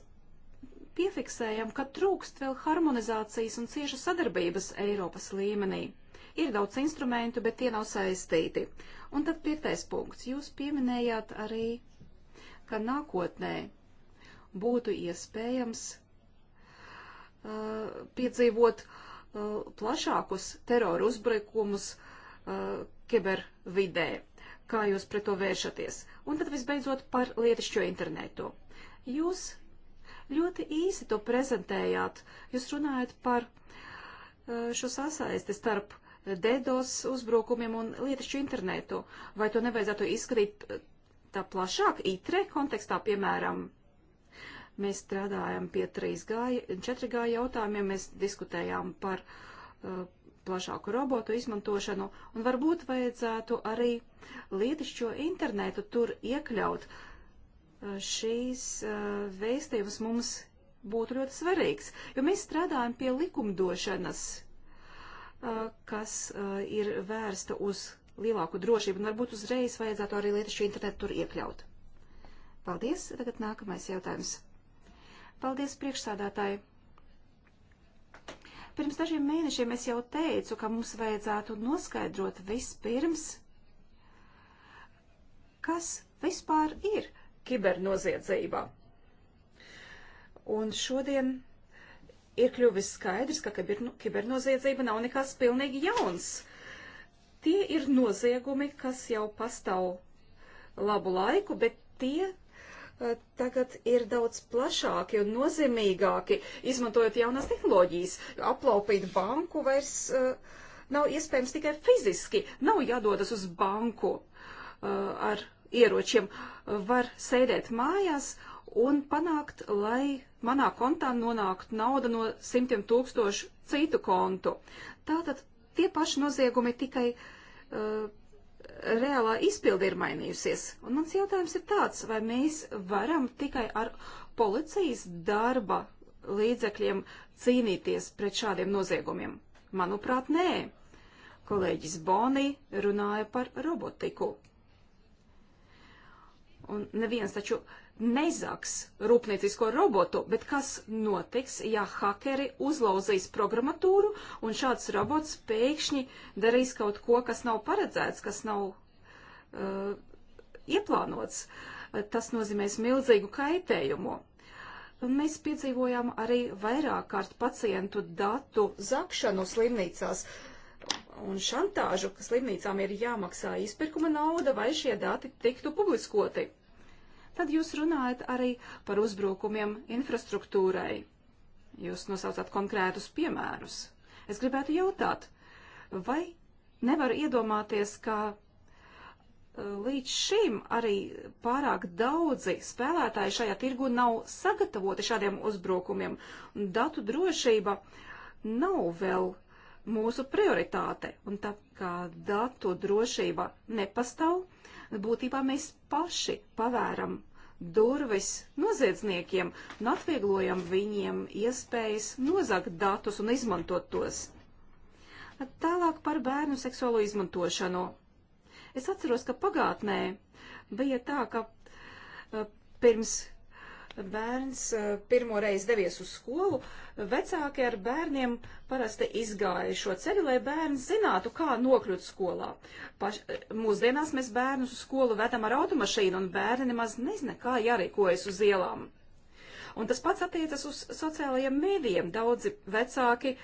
piefiksējam, ka trūkst vēl harmonizācijas un cieša sadarbības Eiropas līmenī. Ir daudz instrumentu, bet tie nav saistīti. Un tad piektais punkts. Jūs pieminējāt arī, ka nākotnē būtu iespējams uh, piedzīvot uh, Uh, plašākus teroru uzbrukumus uh, kibervidē, kā jūs pret to vēršaties. Un tad visbeidzot par lietišķo internetu. Jūs ļoti īsi to prezentējāt. Jūs runājat par uh, šo sasaisti starp DDoS uzbrukumiem un lietišķu internetu. Vai to nevajadzētu izskatīt tā plašāk, ITRE kontekstā, piemēram, Mēs strādājam pie 3G, 4G jautājumiem, mēs diskutējām par uh, plašāku robotu izmantošanu, un varbūt vajadzētu arī lietišķo internetu tur iekļaut. Uh, šīs uh, vēstījums mums būtu ļoti svarīgs, jo mēs strādājam pie likumdošanas, uh, kas uh, ir vērsta uz lielāku drošību, un varbūt uzreiz vajadzētu arī lietišķo internetu tur iekļaut. Paldies! Tagad nākamais jautājums. Paldies priekšsādātāji! Pirms dažiem mēnešiem es jau teicu, ka mums vajadzētu noskaidrot vispirms, kas vispār ir kibernoziedzība. Un šodien ir kļuvis skaidrs, ka kibernoziedzība nav nekas pilnīgi jauns. Tie ir noziegumi, kas jau pastāv labu laiku, bet tie tagad ir daudz plašāki un nozīmīgāki, izmantojot jaunās tehnoloģijas. Aplaupīt banku vairs uh, nav iespējams tikai fiziski, nav jādodas uz banku uh, ar ieročiem. Var sēdēt mājās un panākt, lai manā kontā nonāktu nauda no simtiem tūkstošu citu kontu. Tātad tie paši noziegumi tikai uh, reālā izpilde ir mainījusies. Un mans jautājums ir tāds, vai mēs varam tikai ar policijas darba līdzekļiem cīnīties pret šādiem noziegumiem? Manuprāt, nē. Kolēģis Bonī runāja par robotiku. Un neviens taču uh, nezags rūpniecisko robotu, bet kas notiks, ja hakeri uzlauzīs programmatūru un šāds robots pēkšņi darīs kaut ko, kas nav paredzēts, kas nav uh, ieplānots. Tas nozīmēs milzīgu kaitējumu. Un mēs piedzīvojām arī vairāk kārt pacientu datu zakšanu slimnīcās un šantāžu, ka slimnīcām ir jāmaksā izpirkuma nauda, vai šie dati tiktu publiskoti. Tad jūs runājat arī par uzbrukumiem infrastruktūrai. Jūs nosaucat konkrētus piemērus. Es gribētu jautāt, vai nevar iedomāties, ka e, līdz šim arī pārāk daudzi spēlētāji šajā tirgu nav sagatavoti šādiem uzbrukumiem. Datu drošība nav vēl mūsu prioritāte. Un tad, kā datu drošība nepastāv, būtībā mēs paši pavēram durvis noziedzniekiem un atvieglojam viņiem iespējas nozagt datus un izmantot tos. Tālāk par bērnu seksuālo izmantošanu. Es atceros, ka pagātnē bija tā, ka eh, pirms bērns eh, pirmo reizi devies uz skolu, vecāki ar bērniem parasti izgāja šo ceļu, lai bērns zinātu, kā nokļūt skolā. Paš, eh, mūsdienās mēs bērnus uz skolu vedam ar automašīnu, un bērni nemaz nezina, kā jārīkojas uz ielām. Un tas pats attiecas uz sociālajiem mēdījiem. Daudzi vecāki uh,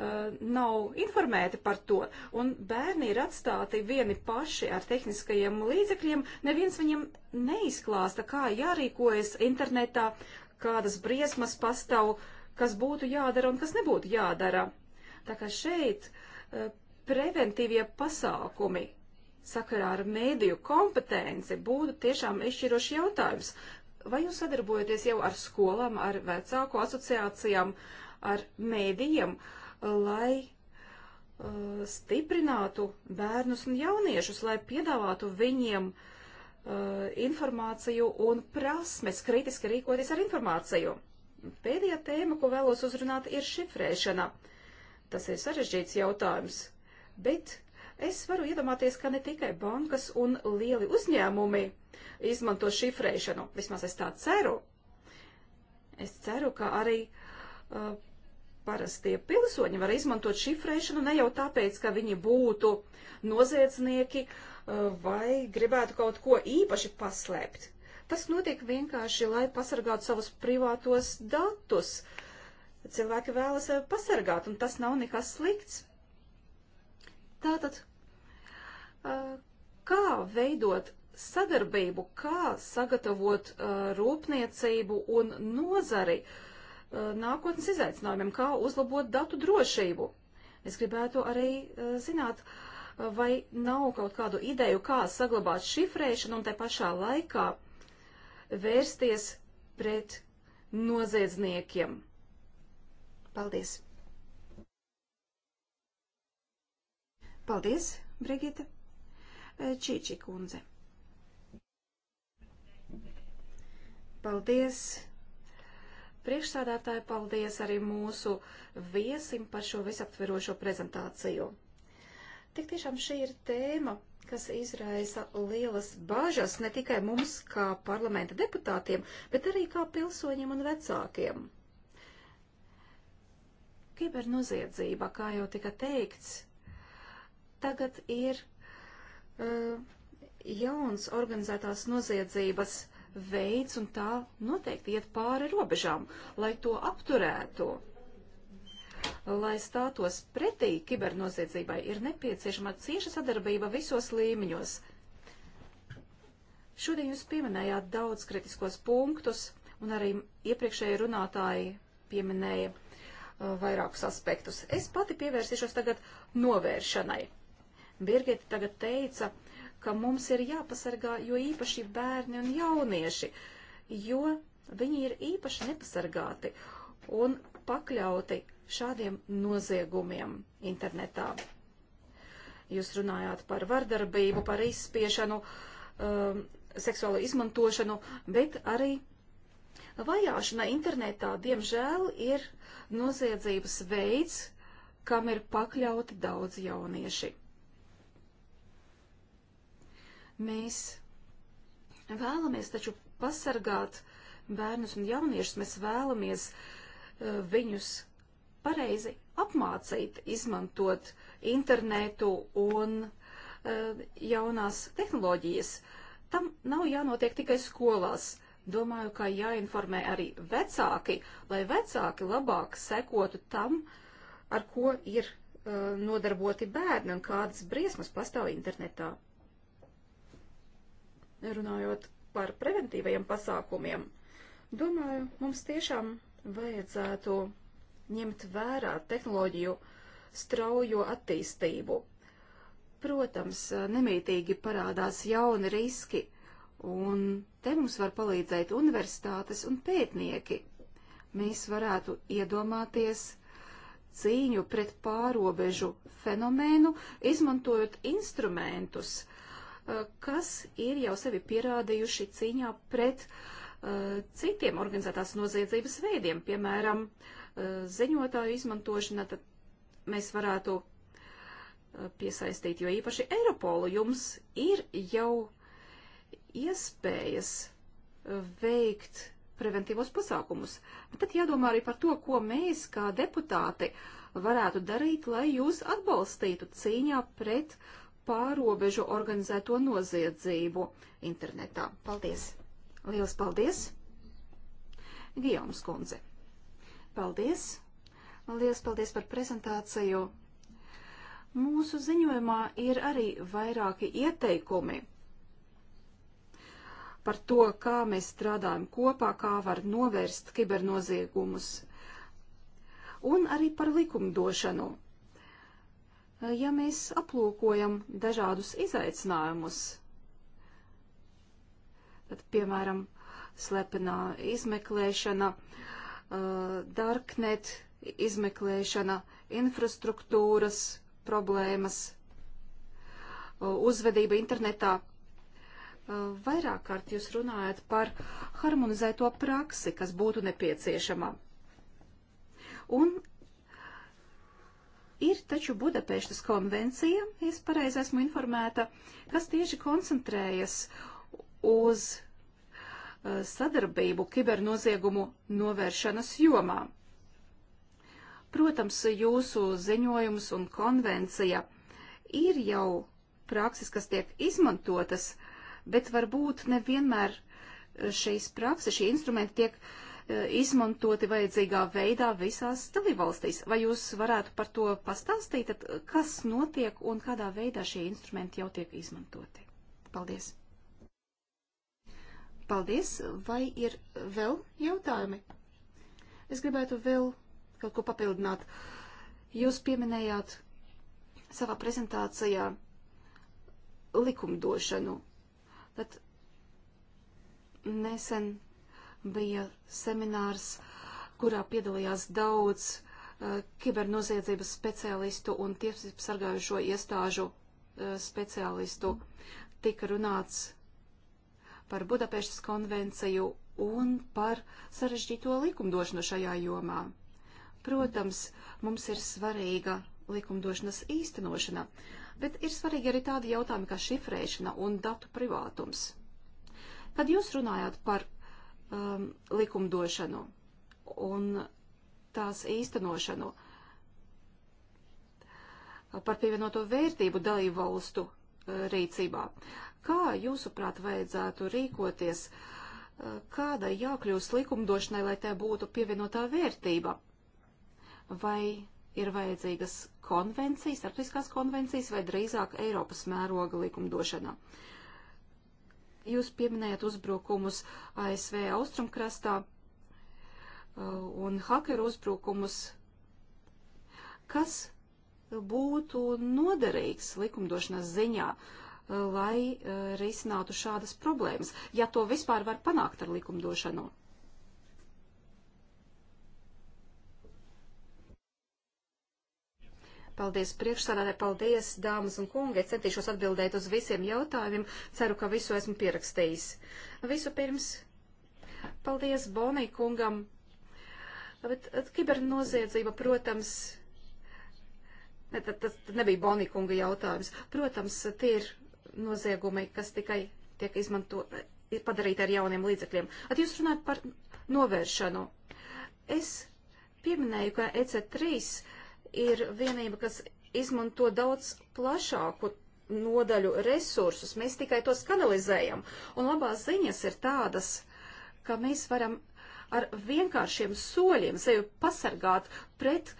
Uh, nav informēti par to, un bērni ir atstāti vieni paši ar tehniskajiem līdzekļiem, neviens viņiem neizklāsta, kā jārīkojas internetā, kādas briesmas pastāv, kas būtu jādara un kas nebūtu jādara. Tā kā šeit uh, preventīvie pasākumi sakarā ar mēdīju kompetenci būtu tiešām izšķiroši jautājums. Vai jūs sadarbojaties jau ar skolām, ar vecāku asociācijām, ar mēdījiem? Uh, lai uh, stiprinātu bērnus un jauniešus, lai piedāvātu viņiem uh, informāciju un prasmes kritiski rīkoties ar informāciju. Pēdējā tēma, ko vēlos uzrunāt, ir šifrēšana. Tas ir sarežģīts jautājums, bet es varu iedomāties, ka ne tikai bankas un lieli uzņēmumi izmanto šifrēšanu. Vismaz es tā ceru. Es ceru, ka arī uh, parastie pilsoņi var izmantot šifrēšanu ne jau tāpēc, ka viņi būtu noziedznieki uh, vai gribētu kaut ko īpaši paslēpt. Tas notiek vienkārši, lai pasargātu savus privātos datus. Cilvēki vēlas sevi pasargāt, un tas nav nekas slikts. Tātad, uh, kā veidot sadarbību, kā sagatavot uh, rūpniecību un nozari, uh, Uh, nākotnes izaicinājumiem, kā uzlabot datu drošību. Es gribētu arī uh, zināt, uh, vai nav kaut kādu ideju, kā saglabāt šifrēšanu un te pašā laikā vērsties pret noziedzniekiem. Paldies! Paldies, Brigita! Čīči kundze! Paldies! priekšsādātāji, paldies arī mūsu viesim par šo visaptverošo prezentāciju. Tik tiešām šī ir tēma, kas izraisa lielas bažas ne tikai mums kā parlamenta deputātiem, bet arī kā pilsoņiem un vecākiem. Kibernoziedzība, kā jau tika teikts, tagad ir uh, jauns organizētās noziedzības veids, un tā noteikti iet pāri robežām, lai to apturētu. Lai stātos pretī kibernoziedzībai, ir nepieciešama cieša sadarbība visos līmeņos. Šodien jūs pieminējāt daudz kritiskos punktus, un arī iepriekšēji runātāji pieminēja uh, vairākus aspektus. Es pati pievērsīšos tagad novēršanai. Birgita tagad teica, ka mums ir jāpasargā jo īpaši bērni un jaunieši, jo viņi ir īpaši nepasargāti un pakļauti šādiem noziegumiem internetā. Jūs runājāt par vardarbību, par izspiešanu, um, seksuālo izmantošanu, bet arī vajāšana internetā, diemžēl, ir noziedzības veids, kam ir pakļauti daudz jaunieši. Mēs vēlamies taču pasargāt bērnus un jauniešus, mēs vēlamies uh, viņus pareizi apmācīt, izmantot internetu un uh, jaunās tehnoloģijas. Tam nav jānotiek tikai skolās. Domāju, ka jāinformē arī vecāki, lai vecāki labāk sekotu tam, ar ko ir uh, nodarboti bērni un kādas briesmas pastāv internetā runājot par preventīvajiem pasākumiem, domāju, mums tiešām vajadzētu ņemt vērā tehnoloģiju straujo attīstību. Protams, nemītīgi parādās jauni riski, un te mums var palīdzēt universitātes un pētnieki. Mēs varētu iedomāties cīņu pret pārobežu fenomēnu, izmantojot instrumentus, Eh, kas ir jau sevi pierādījuši cīņā pret uh, citiem organizētās noziedzības veidiem, piemēram, uh, ziņotāju izmantošana, tad mēs varētu uh, piesaistīt, jo īpaši Eiropolu jums ir jau iespējas veikt preventīvos pasākumus. Bet tad jādomā arī par to, ko mēs kā deputāti varētu darīt, lai jūs atbalstītu cīņā pret uh, pārobežu organizēto noziedzību internetā. Paldies! Lielas paldies! Gijoms kundze. Paldies! Lielas paldies par prezentāciju. Mūsu ziņojumā ir arī vairāki ieteikumi par to, kā mēs strādājam kopā, kā var novērst kibernoziegumus, un arī par likumdošanu. Eh, ja mēs aplūkojam dažādus izaicinājumus, tad, piemēram, slepenā izmeklēšana, eh, darknet izmeklēšana, infrastruktūras problēmas, eh, uzvedība internetā. Vairāk kārt jūs runājat par harmonizēto praksi, kas būtu nepieciešama. Un Ir taču Budapeštas konvencija, es pareizi esmu informēta, kas tieši koncentrējas uz uh, sadarbību kibernoziegumu novēršanas jomā. Protams, jūsu ziņojums un konvencija ir jau prakses, kas tiek izmantotas, bet varbūt nevienmēr uh, šīs prakses, šie instrumenti tiek uh, E, izmantoti vajadzīgā veidā visās dalībvalstīs. Vai jūs varētu par to pastāstīt, tad e, kas notiek un kādā veidā šie instrumenti jau tiek izmantoti? Paldies! Paldies! Vai ir vēl jautājumi? Es gribētu vēl kaut ko papildināt. Jūs pieminējāt savā prezentācijā likumdošanu. Tad nesen bija seminārs, kurā piedalījās daudz uh, kibernoziedzības speciālistu un tiesību sargājušo iestāžu uh, speciālistu. Tika runāts par Budapeštas konvenciju un par sarežģīto likumdošanu šajā jomā. Protams, mums ir svarīga likumdošanas īstenošana, bet ir svarīgi arī tādi jautājumi kā šifrēšana un datu privātums. Kad jūs runājāt par um, likumdošanu un tās īstenošanu par pievienoto vērtību dalību valstu uh, rīcībā. Kā jūsuprāt vajadzētu rīkoties, uh, kādai jākļūst likumdošanai, lai tā būtu pievienotā vērtība? Vai ir vajadzīgas konvencijas, starptautiskās konvencijas vai drīzāk Eiropas mēroga likumdošana? Uh, Jūs pieminējat uzbrukumus ASV austrumkrastā uh, un hakeru uzbrukumus. Kas būtu noderīgs likumdošanas ziņā, uh, lai uh, risinātu šādas problēmas, ja to vispār var panākt ar likumdošanu? Paldies priekšsādātāji, paldies, dāmas un kungi. Es centīšos atbildēt uz visiem jautājumiem. Ceru, ka visu esmu pierakstījis. Visu pirms, paldies Bonī kungam. Bet kibernoziedzība, protams, ne, tas nebija Bonī kunga jautājums. Protams, tie ir noziegumi, kas tikai tiek izmanto, ir padarīti ar jauniem līdzekļiem. At jūs runājat par novēršanu. Es pieminēju, ka EC3 ir vienība, kas izmanto daudz plašāku nodaļu resursus. Mēs tikai tos kanalizējam. Un labās ziņas ir tādas, ka mēs varam ar vienkāršiem soļiem sevi pasargāt pret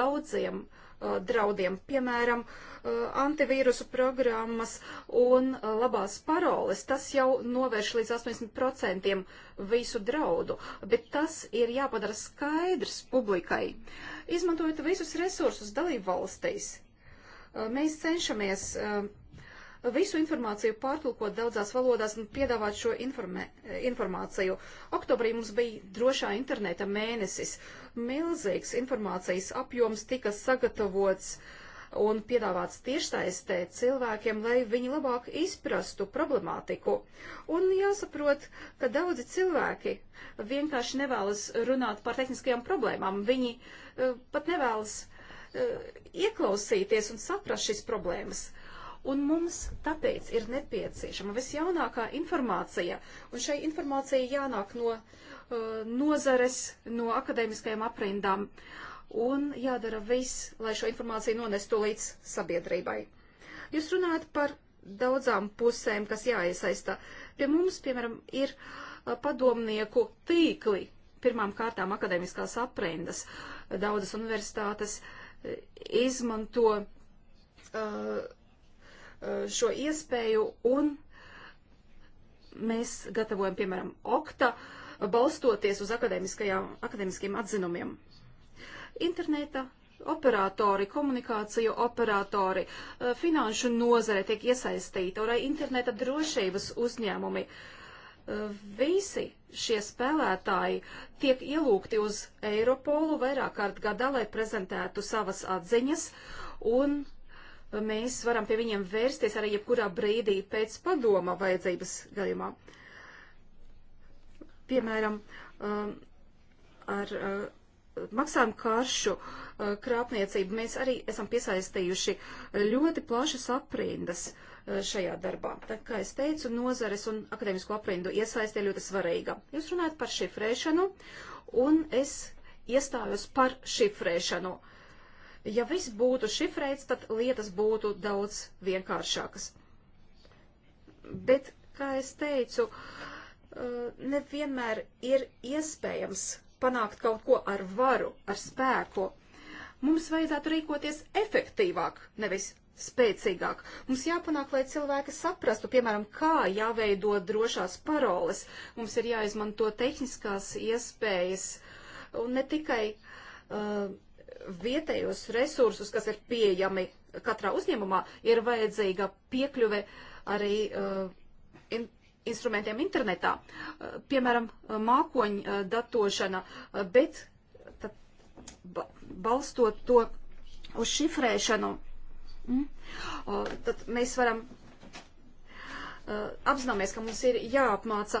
daudziem uh, draudiem, piemēram, antivīrusu programmas un labās paroles. Tas jau novērš līdz 80% visu draudu, bet tas ir jāpadara skaidrs publikai. Izmantojot visus resursus dalību valstīs, mēs cenšamies visu informāciju pārtulkot daudzās valodās un piedāvāt šo informē, informāciju. Oktobrī mums bija drošā interneta mēnesis. Milzīgs informācijas apjoms tika sagatavots un piedāvāts tiešsaistē cilvēkiem, lai viņi labāk izprastu problemātiku. Un jāsaprot, ka daudzi cilvēki vienkārši nevēlas runāt par tehniskajām problēmām. Viņi uh, pat nevēlas uh, ieklausīties un saprast šīs problēmas. Uh, un mums tāpēc ir nepieciešama visjaunākā informācija, un šai informācijai jānāk no uh, nozares, no akadēmiskajām aprindām, un jādara viss, lai šo informāciju nonestu līdz sabiedrībai. Jūs runājat par daudzām pusēm, kas jāiesaista. Pie mums, piemēram, ir uh, padomnieku tīkli, pirmām kārtām akadēmiskās aprindas. Daudzas universitātes uh, izmanto uh, Eh, šo iespēju un mēs gatavojam, piemēram, okta, balstoties uz akadēmiskiem atzinumiem. Interneta operatori, komunikāciju operatori, eh, finanšu nozare tiek iesaistīta, arī interneta drošības uzņēmumi. Eh, visi šie spēlētāji tiek ielūgti uz Eiropolu vairāk kārt gadā, lai prezentētu savas atziņas un mēs varam pie viņiem vērsties arī jebkurā brīdī pēc padoma vajadzības gadījumā. Piemēram, um, ar uh, maksājumu karšu uh, krāpniecību mēs arī esam piesaistījuši ļoti plašas aprindas uh, šajā darbā. Tā kā es teicu, nozares un akadēmisko aprindu iesaistē ļoti svarīga. Jūs runājat par šifrēšanu, un es iestājos par šifrēšanu. Uh, Ja viss būtu šifrēts, tad lietas būtu daudz vienkāršākas. Bet, kā es teicu, eh, nevienmēr ir iespējams panākt kaut ko ar varu, ar spēku. Mums vajadzētu rīkoties efektīvāk, nevis spēcīgāk. Mums jāpanāk, lai cilvēki saprastu, piemēram, kā jāveido drošās paroles. Mums ir jāizmanto tehniskās iespējas un ne tikai uh, vietējos resursus, kas ir pieejami katrā uzņēmumā, ir vajadzīga piekļuve arī uh, in instrumentiem internetā, uh, piemēram, uh, mākoņu uh, datošana, uh, bet tad, ba balstot to uz šifrēšanu, mm, uh, tad mēs varam apzināmies, ka mums ir jāapmāca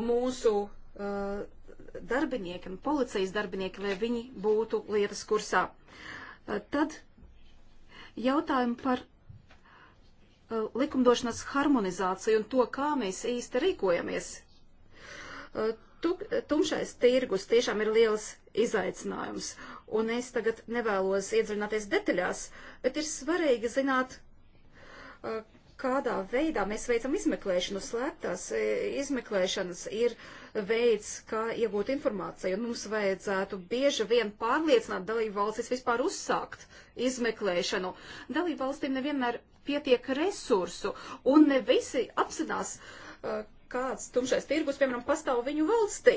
mūsu darbinieki un policijas darbinieki, lai viņi būtu lietas kursā. Eh, tad jautājumi par eh, likumdošanas harmonizāciju un to, kā mēs īsti rīkojamies. Eh, tumšais tirgus tiešām ir liels izaicinājums, un es tagad nevēlos iedziļināties detaļās, bet ir svarīgi zināt, kādā veidā mēs veicam izmeklēšanu. Slēptās e, izmeklēšanas ir veids, kā iegūt informāciju. Un mums vajadzētu bieži vien pārliecināt dalību valstis vispār uzsākt izmeklēšanu. Dalību valstīm nevienmēr pietiek resursu, un ne visi apzinās, e, kāds tumšais tirgus, piemēram, pastāv viņu valstī.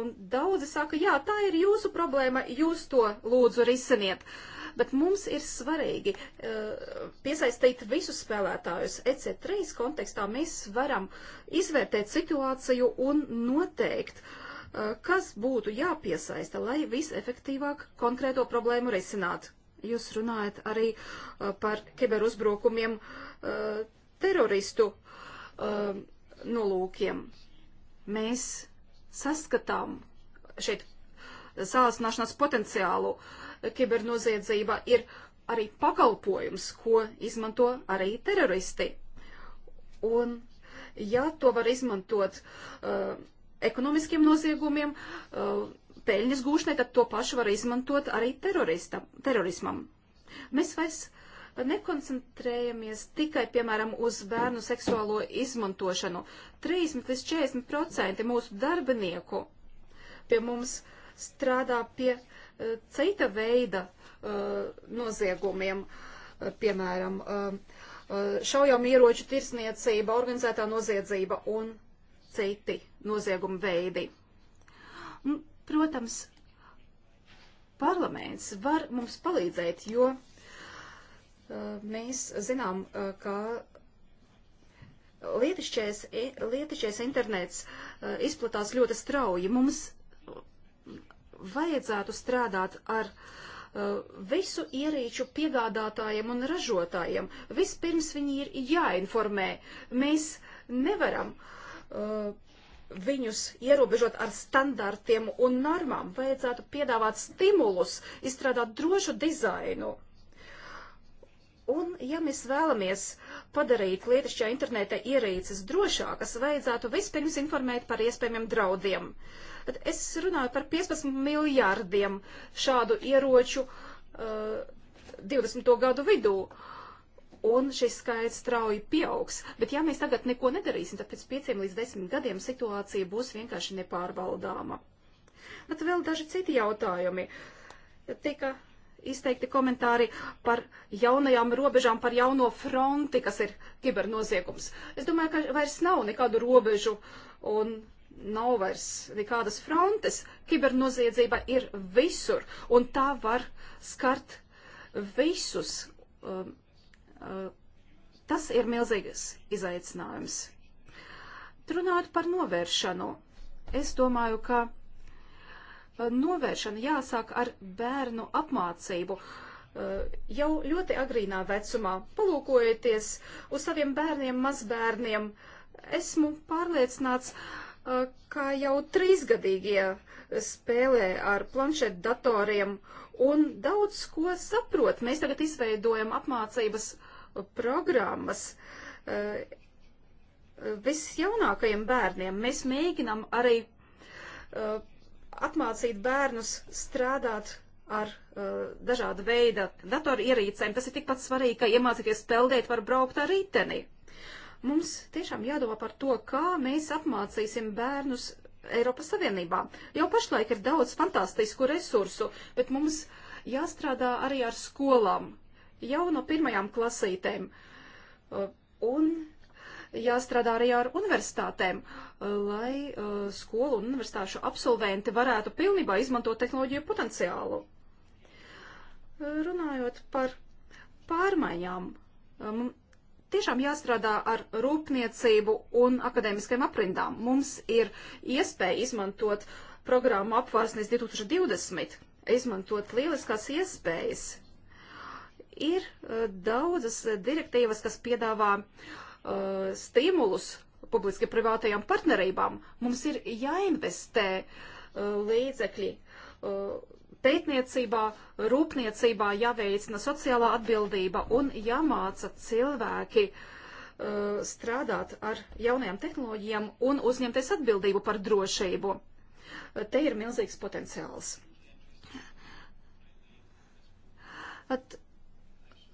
Un daudzi saka, jā, tā ir jūsu problēma, jūs to lūdzu risiniet. Uh, bet mums ir svarīgi eh, piesaistīt visus spēlētājus. EC3 kontekstā mēs varam izvērtēt situāciju un noteikt, eh, kas būtu jāpiesaista, lai visefektīvāk konkrēto problēmu risinātu. Jūs runājat arī eh, par kiberuzbrukumiem teroristu nolūkiem. Mēs saskatām šeit sāsināšanās potenciālu uh, kibernoziedzība ir arī pakalpojums, ko izmanto arī teroristi. Un ja to var izmantot uh, ekonomiskiem noziegumiem, uh, peļņas gūšanai, tad to pašu var izmantot arī terorismam. Mēs vairs nekoncentrējamies tikai, piemēram, uz bērnu seksuālo izmantošanu. 30 līdz 40 procenti mūsu darbinieku pie mums strādā pie cita veida uh, noziegumiem, uh, piemēram, uh, šaujamieroču tirsniecība, organizētā noziedzība un citi nozieguma veidi. Protams, parlaments var mums palīdzēt, jo mēs zinām, ka lietišķais, lietišķais internets izplatās ļoti strauji. Mums vajadzētu strādāt ar uh, visu ierīču piegādātājiem un ražotājiem. Vispirms viņi ir jāinformē. Mēs nevaram uh, viņus ierobežot ar standartiem un normām. Vajadzētu piedāvāt stimulus, izstrādāt drošu dizainu. Un, ja mēs vēlamies padarīt lietišķā interneta ierīces drošākas, vajadzētu vispirms informēt par iespējamiem draudiem. Uh, Bet es runāju par 15 miljārdiem šādu ieroču uh, 20. gadu vidū. Un šis skaits strauji pieaugs. Bet ja mēs tagad neko nedarīsim, tad pēc 5 līdz 10 gadiem situācija būs vienkārši nepārvaldāma. Bet vēl daži citi jautājumi. Tika izteikti komentāri par jaunajām robežām, par jauno fronti, kas ir kibernoziegums. Es domāju, ka vairs nav nekādu robežu, un nav vairs nekādas frontes. Kibernoziedzība ir visur, un tā var skart visus. Um, uh, tas ir milzīgs izaicinājums. Runājot par novēršanu, es domāju, ka uh, novēršana jāsāk ar bērnu apmācību. Uh, jau ļoti agrīnā vecumā palūkojieties uz saviem bērniem, mazbērniem. Esmu pārliecināts, ka kā jau trīsgadīgie spēlē ar planšetdatoriem un daudz ko saprot. Mēs tagad izveidojam apmācības programmas eh, visjaunākajiem bērniem. Mēs mēģinam arī eh, apmācīt bērnus strādāt ar eh, dažādu veidu datorierīcēm. Tas ir tikpat svarīgi, ka iemācīties peldēt var braukt ar riteni. Mums tiešām jādomā par to, kā mēs apmācīsim bērnus Eiropas Savienībā. Jau pašlaik ir daudz fantastisku resursu, bet mums jāstrādā arī ar skolām, jau no pirmajām klasītēm. Uh, un jāstrādā arī ar universitātēm, uh, lai uh, skolu un universitāšu absolventi varētu pilnībā izmantot tehnoloģiju potenciālu. Runājot par pārmaiņām, um, tiešām jāstrādā ar rūpniecību un akadēmiskajām aprindām. Mums ir iespēja izmantot programmu apvārsnes 2020, izmantot lieliskās iespējas. Ir uh, daudzas direktīvas, kas piedāvā uh, stimulus publiski privātajām partnerībām. Mums ir jāinvestē uh, līdzekļi. Uh, pētniecībā, rūpniecībā jāveicina sociālā atbildība un jāmāca cilvēki uh, strādāt ar jaunajām tehnoloģijām un uzņemties atbildību par drošību. Uh, te ir milzīgs potenciāls. At,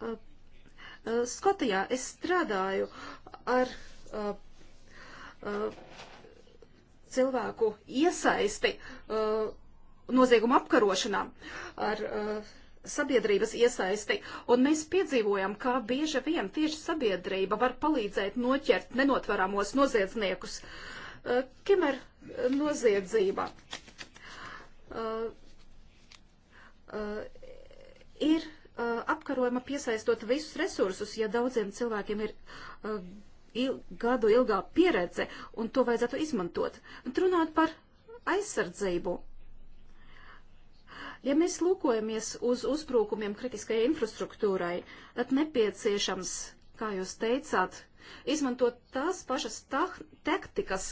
uh, uh, Skotijā es strādāju ar uh, uh, cilvēku iesaisti uh, noziegumu apkarošanā ar uh, sabiedrības iesaisti, un mēs piedzīvojam, kā bieži vien tieši sabiedrība var palīdzēt noķert nenotveramos noziedzniekus. Uh, Kimer uh, noziedzība uh, uh ir uh, apkarojama piesaistot visus resursus, ja daudziem cilvēkiem ir il, gadu ilgā pieredze, un to vajadzētu izmantot. Un runāt par aizsardzību. Ja mēs lūkojamies uz uzbrukumiem kritiskajai infrastruktūrai, tad nepieciešams, kā jūs teicāt, izmantot tās pašas taktikas,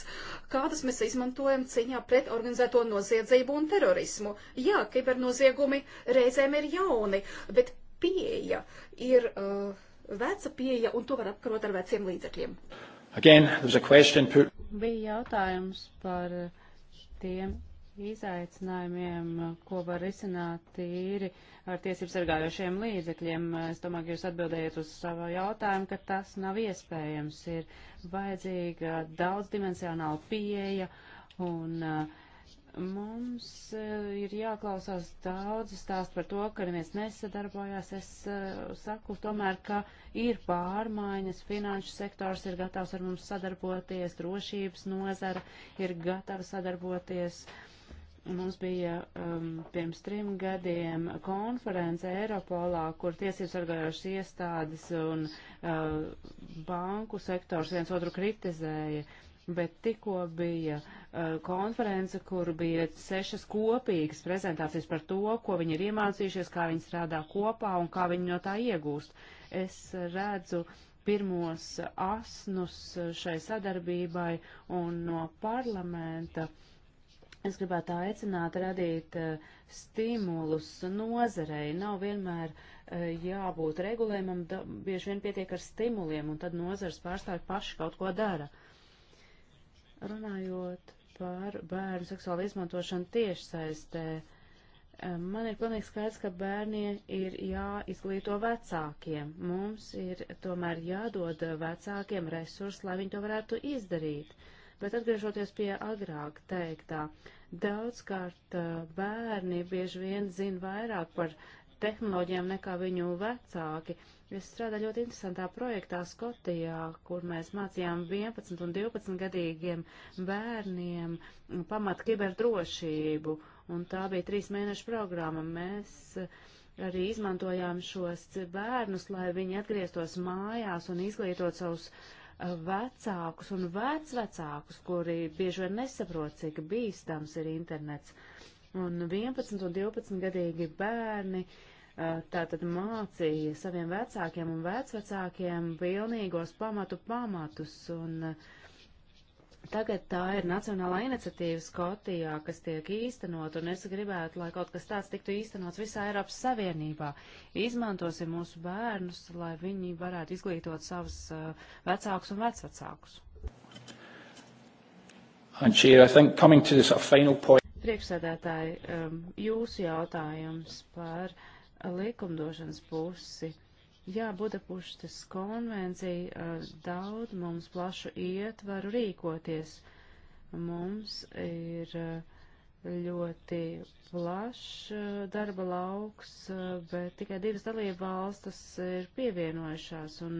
kādas mēs izmantojam cīņā pret organizēto noziedzību un terorismu. Jā, kibernoziegumi reizēm ir jauni, bet pieeja ir uh, veca pieeja, un to var apkarot ar veciem līdzekļiem. Again, put... Bija jautājums par tiem izaicinājumiem, ko var risināt tīri ar tiesību sargājošiem līdzekļiem. Es domāju, ka jūs atbildējat uz savu jautājumu, ka tas nav iespējams. Ir vajadzīga daudzdimensionāla pieeja un uh, mums uh, ir jāklausās daudz stāst par to, ka neviens nesadarbojās. Es uh, saku tomēr, ka ir pārmaiņas, finanšu sektors ir gatavs ar mums sadarboties, drošības nozara ir gatava sadarboties. Uh, Mums bija um, pirms trim gadiem konference Eiropolā, kur tiesības sargājošas iestādes un uh, banku sektors viens otru kritizēja. Bet tikko bija uh, konference, kur bija sešas kopīgas prezentācijas par to, ko viņi ir iemācījušies, kā viņi strādā kopā un kā viņi no tā iegūst. Es redzu, uh, pirmos asnus šai sadarbībai un no parlamenta Es gribētu aicināt radīt eh, stimulus nozarei. Nav vienmēr eh, jābūt regulējumam, bieži vien pietiek ar stimuliem, un tad nozars pārstāvi paši kaut ko dara. Runājot par bērnu seksuālu izmantošanu tiešsaistē, eh, man ir pilnīgi skaidrs, ka bērniem ir jāizglīto vecākiem. Mums ir tomēr jādod vecākiem resursi, lai viņi to varētu izdarīt. Bet atgriežoties pie agrāk teiktā, daudzkārt eh, bērni bieži vien zina vairāk par tehnoloģijām nekā viņu vecāki. Es strādāju ļoti interesantā projektā Skotijā, kur mēs mācījām 11 un 12 gadīgiem bērniem pamat kiberdrošību, un tā bija trīs mēnešu programma. Mēs eh, arī izmantojām šos bērnus, lai viņi atgrieztos mājās un izglītot savus uh, vecākus un vecvecākus, kuri bieži vien nesaprot, cik bīstams ir internets. Un 11 un 12 gadīgi bērni tātad mācīja saviem vecākiem un vecvecākiem pilnīgos pamatu pamatus. Un, uh, Tagad tā ir nacionālā iniciatīva Skotijā, kas tiek īstenot, un es gribētu, lai kaut kas tāds tiktu īstenots visā Eiropas Savienībā. Izmantosim mūsu bērnus, lai viņi varētu izglītot savus uh, vecākus un vecvecākus. Priekšsēdētāji, um, jūsu jautājums par likumdošanas pusi. Jā, Budapuštas konvencija eh, daudz mums plašu ietvaru rīkoties. Mums ir eh, ļoti plašs eh, darba lauks, bet tikai divas dalība valstis ir pievienojušās. Un,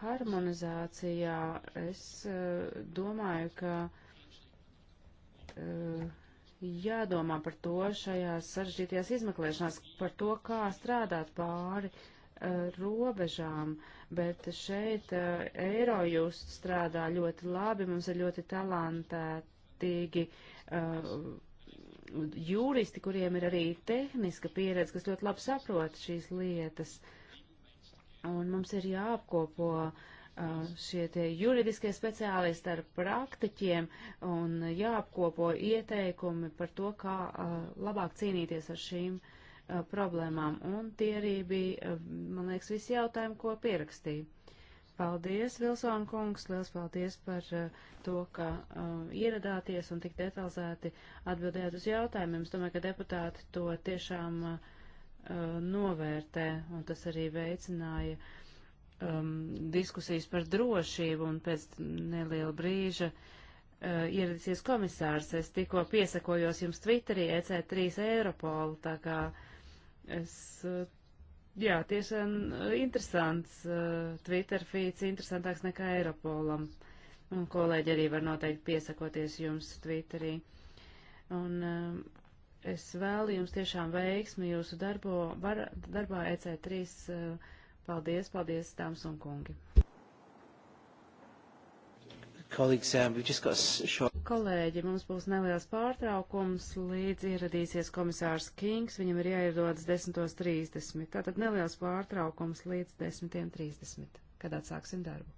harmonizācijā es domāju, ka jādomā par to šajās sarežģītajās izmeklēšanās, par to, kā strādāt pāri uh, robežām, bet šeit uh, Eirojust strādā ļoti labi, mums ir ļoti talantētīgi uh, eh, jūristi, kuriem ir arī tehniska pieredze, kas ļoti labi saprot šīs lietas. Un mums ir jāapkopo uh, šie tie juridiskie speciālisti ar praktiķiem un jāapkopo ieteikumi par to, kā labāk cīnīties ar šīm problēmām. Un tie arī bija, man liekas, visi jautājumi, ko pierakstīju. Paldies, Vilsona kungs, liels paldies par to, ka ieradāties un tik detalizēti atbildējāt uz jautājumiem. Es domāju, ka deputāti to tiešām novērtē, un tas arī veicināja uh, um, diskusijas par drošību, un pēc neliela brīža uh, ieradīsies komisārs. Es tikko piesakojos jums Twitterī EC3 Eiropolu, tā kā es. Uh, jā, tiešām uh, interesants uh, Twitter feeds, interesantāks nekā Eiropolam. Un kolēģi arī var noteikti piesakoties jums Twitterī. Un um, es vēlu jums tiešām veiksmi jūsu darbo, var, darbā EC3. Uh, Paldies, paldies, dāmas un kungi. Um, Kolēģi, mums būs neliels pārtraukums, līdz ieradīsies komisārs Kings, viņam ir jāierodas 10.30. Tātad neliels pārtraukums līdz 10.30, kad atsāksim darbu.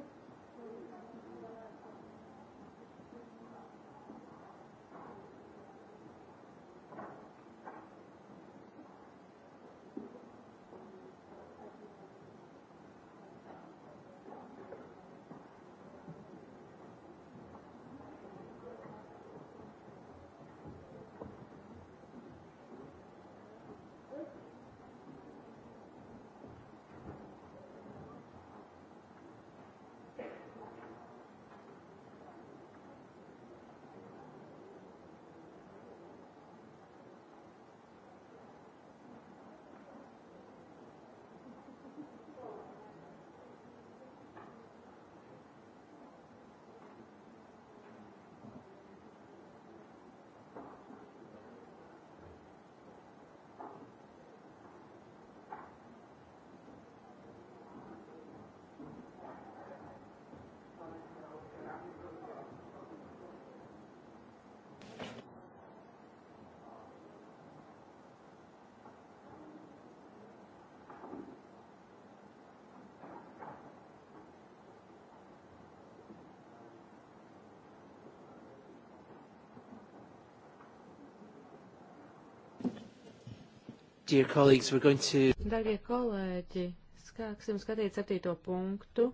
Dear colleagues, we're going to... Darbie kolēģi, sāksim skatīt septīto punktu.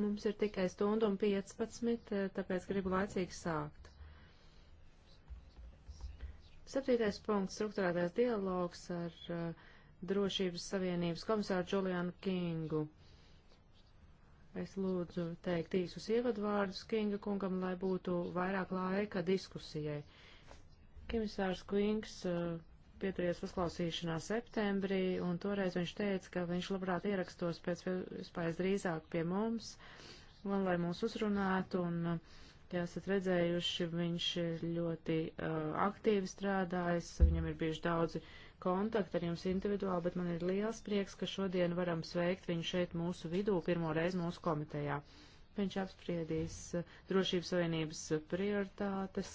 Mums ir tikai stundu un 15, eh, tāpēc gribu laicīgi sākt. Septītais punkts - struktūrētais dialogs ar uh, Drošības Savienības komisāru Julianu Kingu. Es lūdzu teikt īsus ievadvārdus Kinga kungam, lai būtu vairāk laika diskusijai. Komisārs Kings uh, piedalījies uzklausīšanā septembrī, un toreiz viņš teica, ka viņš labprāt ierakstos pēc vispār drīzāk pie mums, un lai mūs uzrunātu, un, uh, ja esat redzējuši, viņš ir ļoti uh, aktīvi strādājis, viņam ir bijuši daudzi kontakti ar jums individuāli, bet man ir liels prieks, ka šodien varam sveikt viņu šeit mūsu vidū, pirmo reizi mūsu komitejā. Uh, Viņš apspriedīs eh, drošības savienības prioritātes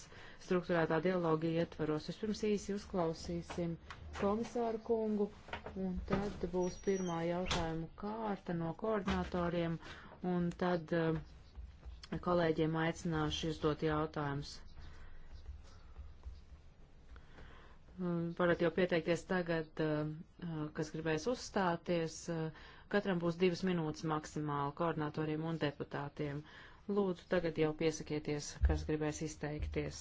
struktūrētā dialoga ietvaros. Vispirms īsi uzklausīsim komisāru kungu, un tad būs pirmā jautājuma kārta no koordinatoriem, un tad eh, kolēģiem aicināšu uzdot jautājumus. Mm, varat jau pieteikties tagad, eh, kas gribēs uzstāties. Uh, Katram būs divas minūtes maksimāli koordinatoriem un deputātiem. Lūdzu, tagad jau piesakieties, kas gribēs izteikties.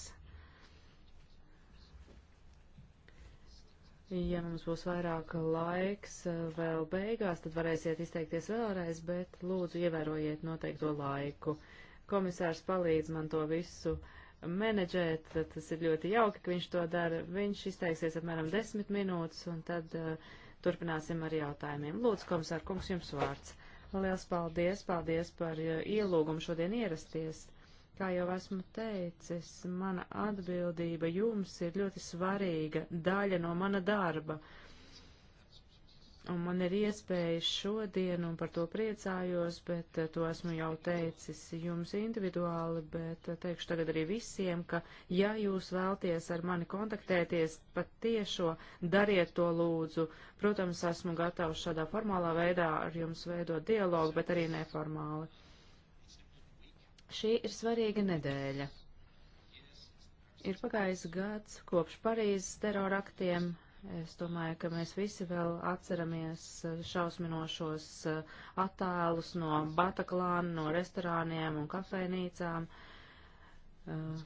Ja mums būs vairāk laiks eh, vēl beigās, tad varēsiet izteikties vēlreiz, bet lūdzu ievērojiet noteikto laiku. Komisārs palīdz man to visu menedžēt, tas ir ļoti jauki, ka viņš to dara. Viņš izteiksies apmēram desmit minūtes, un tad uh, turpināsim ar jautājumiem. Lūdzu, komisār kungs, jums vārds. Liels paldies, paldies par eh, ielūgumu šodien ierasties. Kā jau esmu teicis, mana atbildība jums ir ļoti svarīga daļa no mana darba. Uh, Un man ir iespēja šodien, un par to priecājos, bet eh, to esmu jau teicis jums individuāli, bet eh, teikšu tagad arī visiem, ka ja jūs vēlties ar mani kontaktēties, pat tiešo dariet to lūdzu. Protams, esmu gatavs šādā formālā veidā ar jums veidot dialogu, bet arī neformāli. Šī ir svarīga nedēļa. Ir pagājis gads kopš Parīzes teroraktiem, Es domāju, ka mēs visi vēl atceramies eh, šausminošos eh, attēlus no Bataklāna, no restorāniem un kafejnīcām. Eh,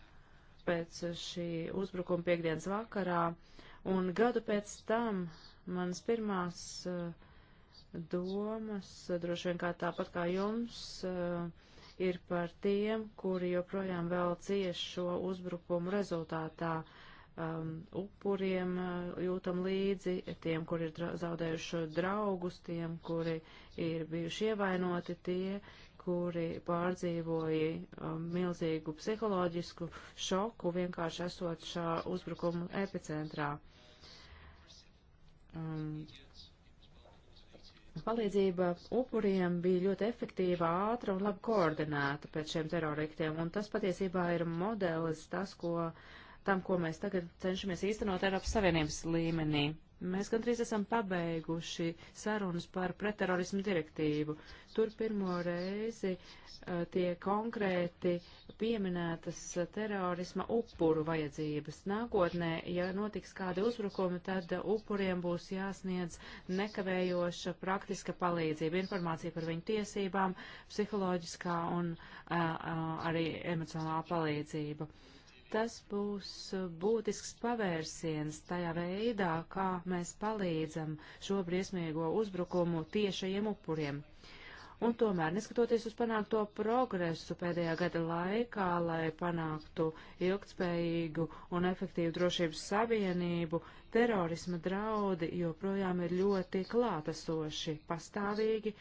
pēc šī uzbrukuma piekdienas vakarā un gadu pēc tam manas pirmās domas, droši vien kā tāpat kā jums, ir par tiem, kuri joprojām vēl cieš šo uzbrukumu rezultātā. Uh, um, upuriem uh, jūtam līdzi, tiem, kuri ir dra zaudējuši draugus, tiem, kuri ir bijuši ievainoti, tie, kuri pārdzīvoja um, milzīgu psiholoģisku šoku, vienkārši esot šā uzbrukuma epicentrā. Um, palīdzība upuriem bija ļoti efektīva, ātra un labi koordinēta pēc šiem teroriktiem, un tas patiesībā ir modelis, tas, ko uh, tam, ko mēs tagad cenšamies īstenot Eiropas Savienības līmenī. Mēs gandrīz esam pabeiguši sarunas par pretterorismu direktīvu. Tur pirmo reizi uh, tie konkrēti pieminētas uh, terorisma upuru vajadzības. Nākotnē, ja notiks kādi uzbrukumi, tad uh, upuriem būs jāsniedz nekavējoša praktiska palīdzība, informācija par viņu tiesībām, psiholoģiskā un uh, uh, arī emocionālā palīdzība. Uh, Tas būs būtisks pavērsiens tajā veidā, kā mēs palīdzam šo briesmīgo uzbrukumu tiešajiem upuriem. Un tomēr, neskatoties uz panākto progresu pēdējā gada laikā, lai panāktu ilgtspējīgu un efektīvu drošības savienību, terorisma draudi joprojām ir ļoti klātesoši, pastāvīgi,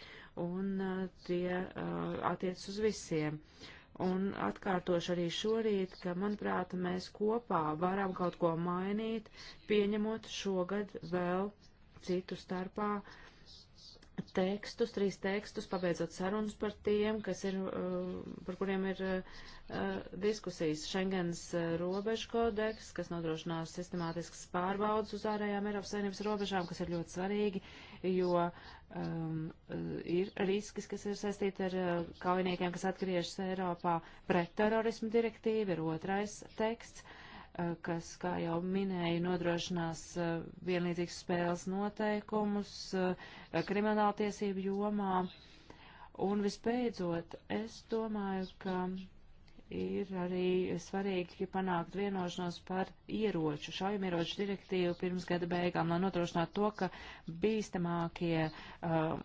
un uh, tie uh, attiec uz visiem. Uh, Un atkārtošu arī šorīt, ka, manuprāt, mēs kopā varam kaut ko mainīt, pieņemot šogad vēl citu starpā tekstus, trīs tekstus, pabeidzot sarunas par tiem, kas ir, uh, par kuriem ir uh, uh, diskusijas. Šengens robežu kodeks, kas nodrošinās sistemātiskas pārbaudas uz ārējām Eiropas Savienības robežām, kas ir ļoti svarīgi, jo uh, um, ir riskis, kas ir saistīti ar uh, kaujiniekiem, kas atgriežas Eiropā pret terorismu direktīvu, ir otrais teksts, uh, kas, kā jau minēju, nodrošinās uh, vienlīdzīgas spēles noteikumus uh, krimināltiesību jomā. Un visbeidzot, es domāju, ka ir arī svarīgi panākt vienošanos par ieroču, šaujamieroču direktīvu pirms gada beigām, lai notrošinātu to, ka bīstamākie uh,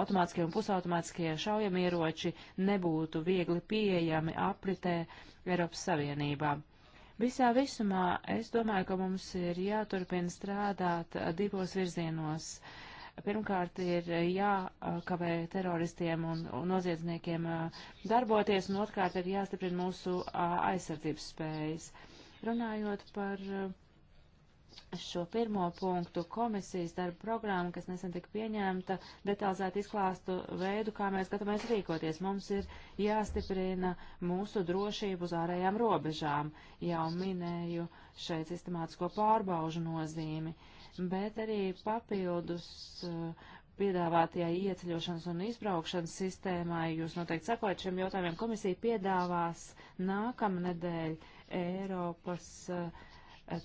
automātiskie un pusautomātiskie šaujamieroči nebūtu viegli pieejami apritē Eiropas Savienībā. Visā visumā es domāju, ka mums ir jāturpina strādāt divos virzienos. Uh, Pirmkārt, ir eh, jākavē teroristiem un, un noziedzniekiem eh, darboties, un otrkārt ir jāstiprina mūsu eh, aizsardzības spējas. Runājot par šo pirmo punktu komisijas darba programmu, kas nesen tika pieņemta, detalizēti izklāstu veidu, kā mēs gatavamies rīkoties. Mums ir jāstiprina mūsu drošību uz ārējām robežām. Jau minēju šeit sistemātisko pārbaužu nozīmi. Uh, bet arī papildus eh, piedāvātajai ieceļošanas un izbraukšanas sistēmai. Jūs noteikti sakojat šiem jautājumiem. Komisija piedāvās nākamnedēļ Eiropas eh,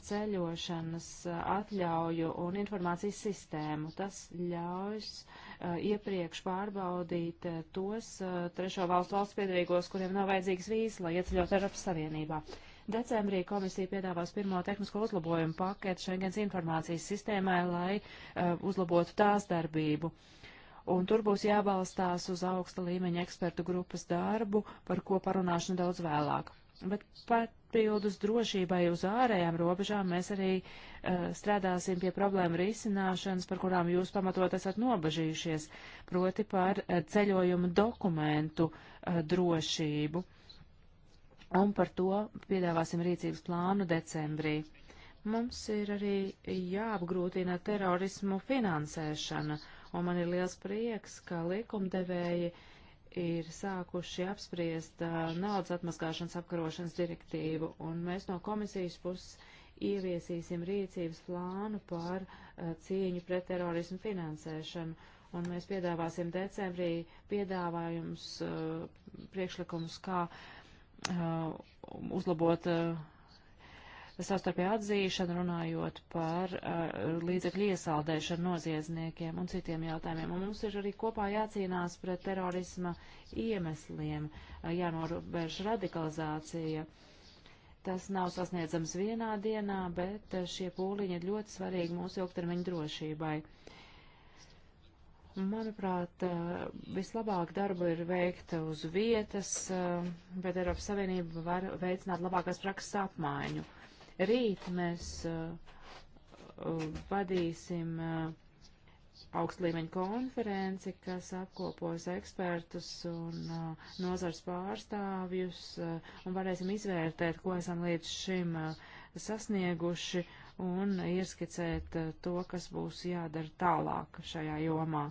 ceļošanas eh, atļauju un informācijas sistēmu. Tas ļaus iepriekš pārbaudīt tos trešo valstu valsts piedarīgos, kuriem nav vajadzīgas vīzes, lai ieceļot Eiropas Savienībā. Uh, Decembrī komisija piedāvās pirmo tehnisko uzlabojumu paketu Schengens informācijas sistēmai, lai uh, uzlabotu tās darbību. Un tur būs jābalstās uz augsta līmeņa ekspertu grupas darbu, par ko parunāšu nedaudz vēlāk. Bet papildus drošībai uz ārējām robežām mēs arī uh, strādāsim pie problēmu risināšanas, par kurām jūs pamatot esat nobažījušies, proti par uh, ceļojumu dokumentu uh, drošību. Uh, un par to piedāvāsim rīcības plānu decembrī. Mums ir arī jāapgrūtina terorismu finansēšana, un man ir liels prieks, ka likumdevēji ir sākuši apspriest uh, naudas atmaskāšanas apkarošanas direktīvu, un mēs no komisijas puses ieviesīsim rīcības plānu par uh, cīņu pret terorismu finansēšanu, un mēs piedāvāsim decembrī piedāvājums, uh, priekšlikums, kā uh, Uh, uzlabot uh, savstarpēju atzīšanu, runājot par uh, līdzekļu iesaldēšanu noziedzniekiem un citiem jautājumiem. Un mums ir arī kopā jācīnās pret terorisma iemesliem, uh, jānorbež radikalizācija. Tas nav sasniedzams vienā dienā, bet uh, šie pūliņi ir ļoti svarīgi mūsu ilgtermiņa drošībai. Uh, Manuprāt, eh, vislabāk darbu ir veikta uz vietas, eh, bet Eiropas Savienība var veicināt labākās prakses apmaiņu. Rīt mēs eh, vadīsim augstlīmeņa konferenci, kas apkopos ekspertus un nozars pārstāvjus un varēsim izvērtēt, ko esam līdz šim sasnieguši un ieskicēt eh, to, kas būs jādara tālāk šajā jomā.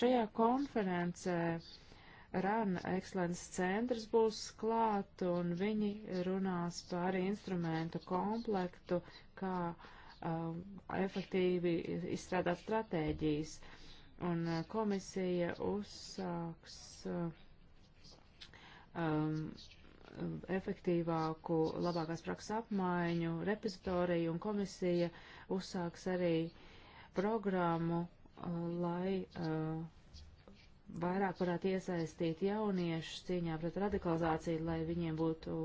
Šajā konferencē RAN ekscelences centrs būs klāt, un viņi runās par instrumentu komplektu, kā um, efektīvi izstrādāt stratēģijas. Un uh, komisija uzsāks uh, um, efektīvāku labākās prakses apmaiņu, repozitoriju un komisija uzsāks arī programmu, uh, lai uh, vairāk varētu iesaistīt jauniešus cīņā pret radikalizāciju, lai viņiem būtu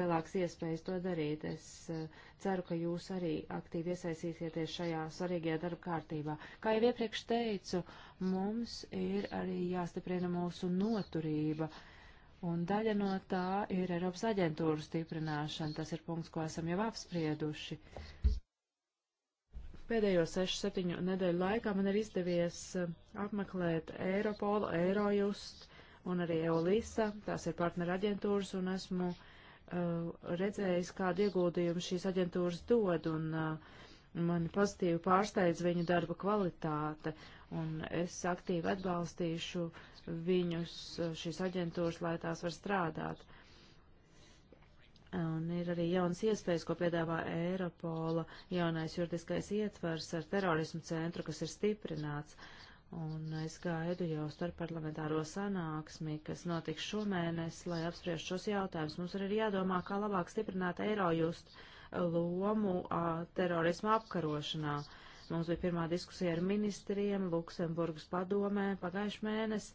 lielāks iespējas to darīt. Es uh, ceru, ka jūs arī aktīvi iesaistīsieties šajā svarīgajā darba kārtībā. Kā jau iepriekš teicu, mums ir arī jāstiprina mūsu noturība. Uh, Un daļa no tā ir Eiropas aģentūras stiprināšana. Tas ir punkts, ko esam jau apsprieduši. Pēdējo 6-7 nedēļu laikā man ir izdevies eh, apmeklēt Eiropolu, Eirojust un arī Eolisa. Tās ir partneru aģentūras un esmu uh, redzējis, kādu ieguldījumu šīs aģentūras dod. Un, uh, Mani pozitīvi pārsteidz viņu darba kvalitāte, un es aktīvi atbalstīšu viņus, eh, šīs aģentūras, lai tās var strādāt. Un ir arī jaunas iespējas, ko piedāvā Eiropola jaunais juridiskais ietvers ar terorismu centru, kas ir stiprināts. Un es gaidu jau starpparlamentāro sanāksmi, kas notiks šomēnes, lai apspriež šos jautājumus. Mums arī ir jādomā, kā labāk stiprināt Eirojust. just lomu terorismu apkarošanā. Mums bija pirmā diskusija ar ministriem Luksemburgas padomē pagājuši mēnesi,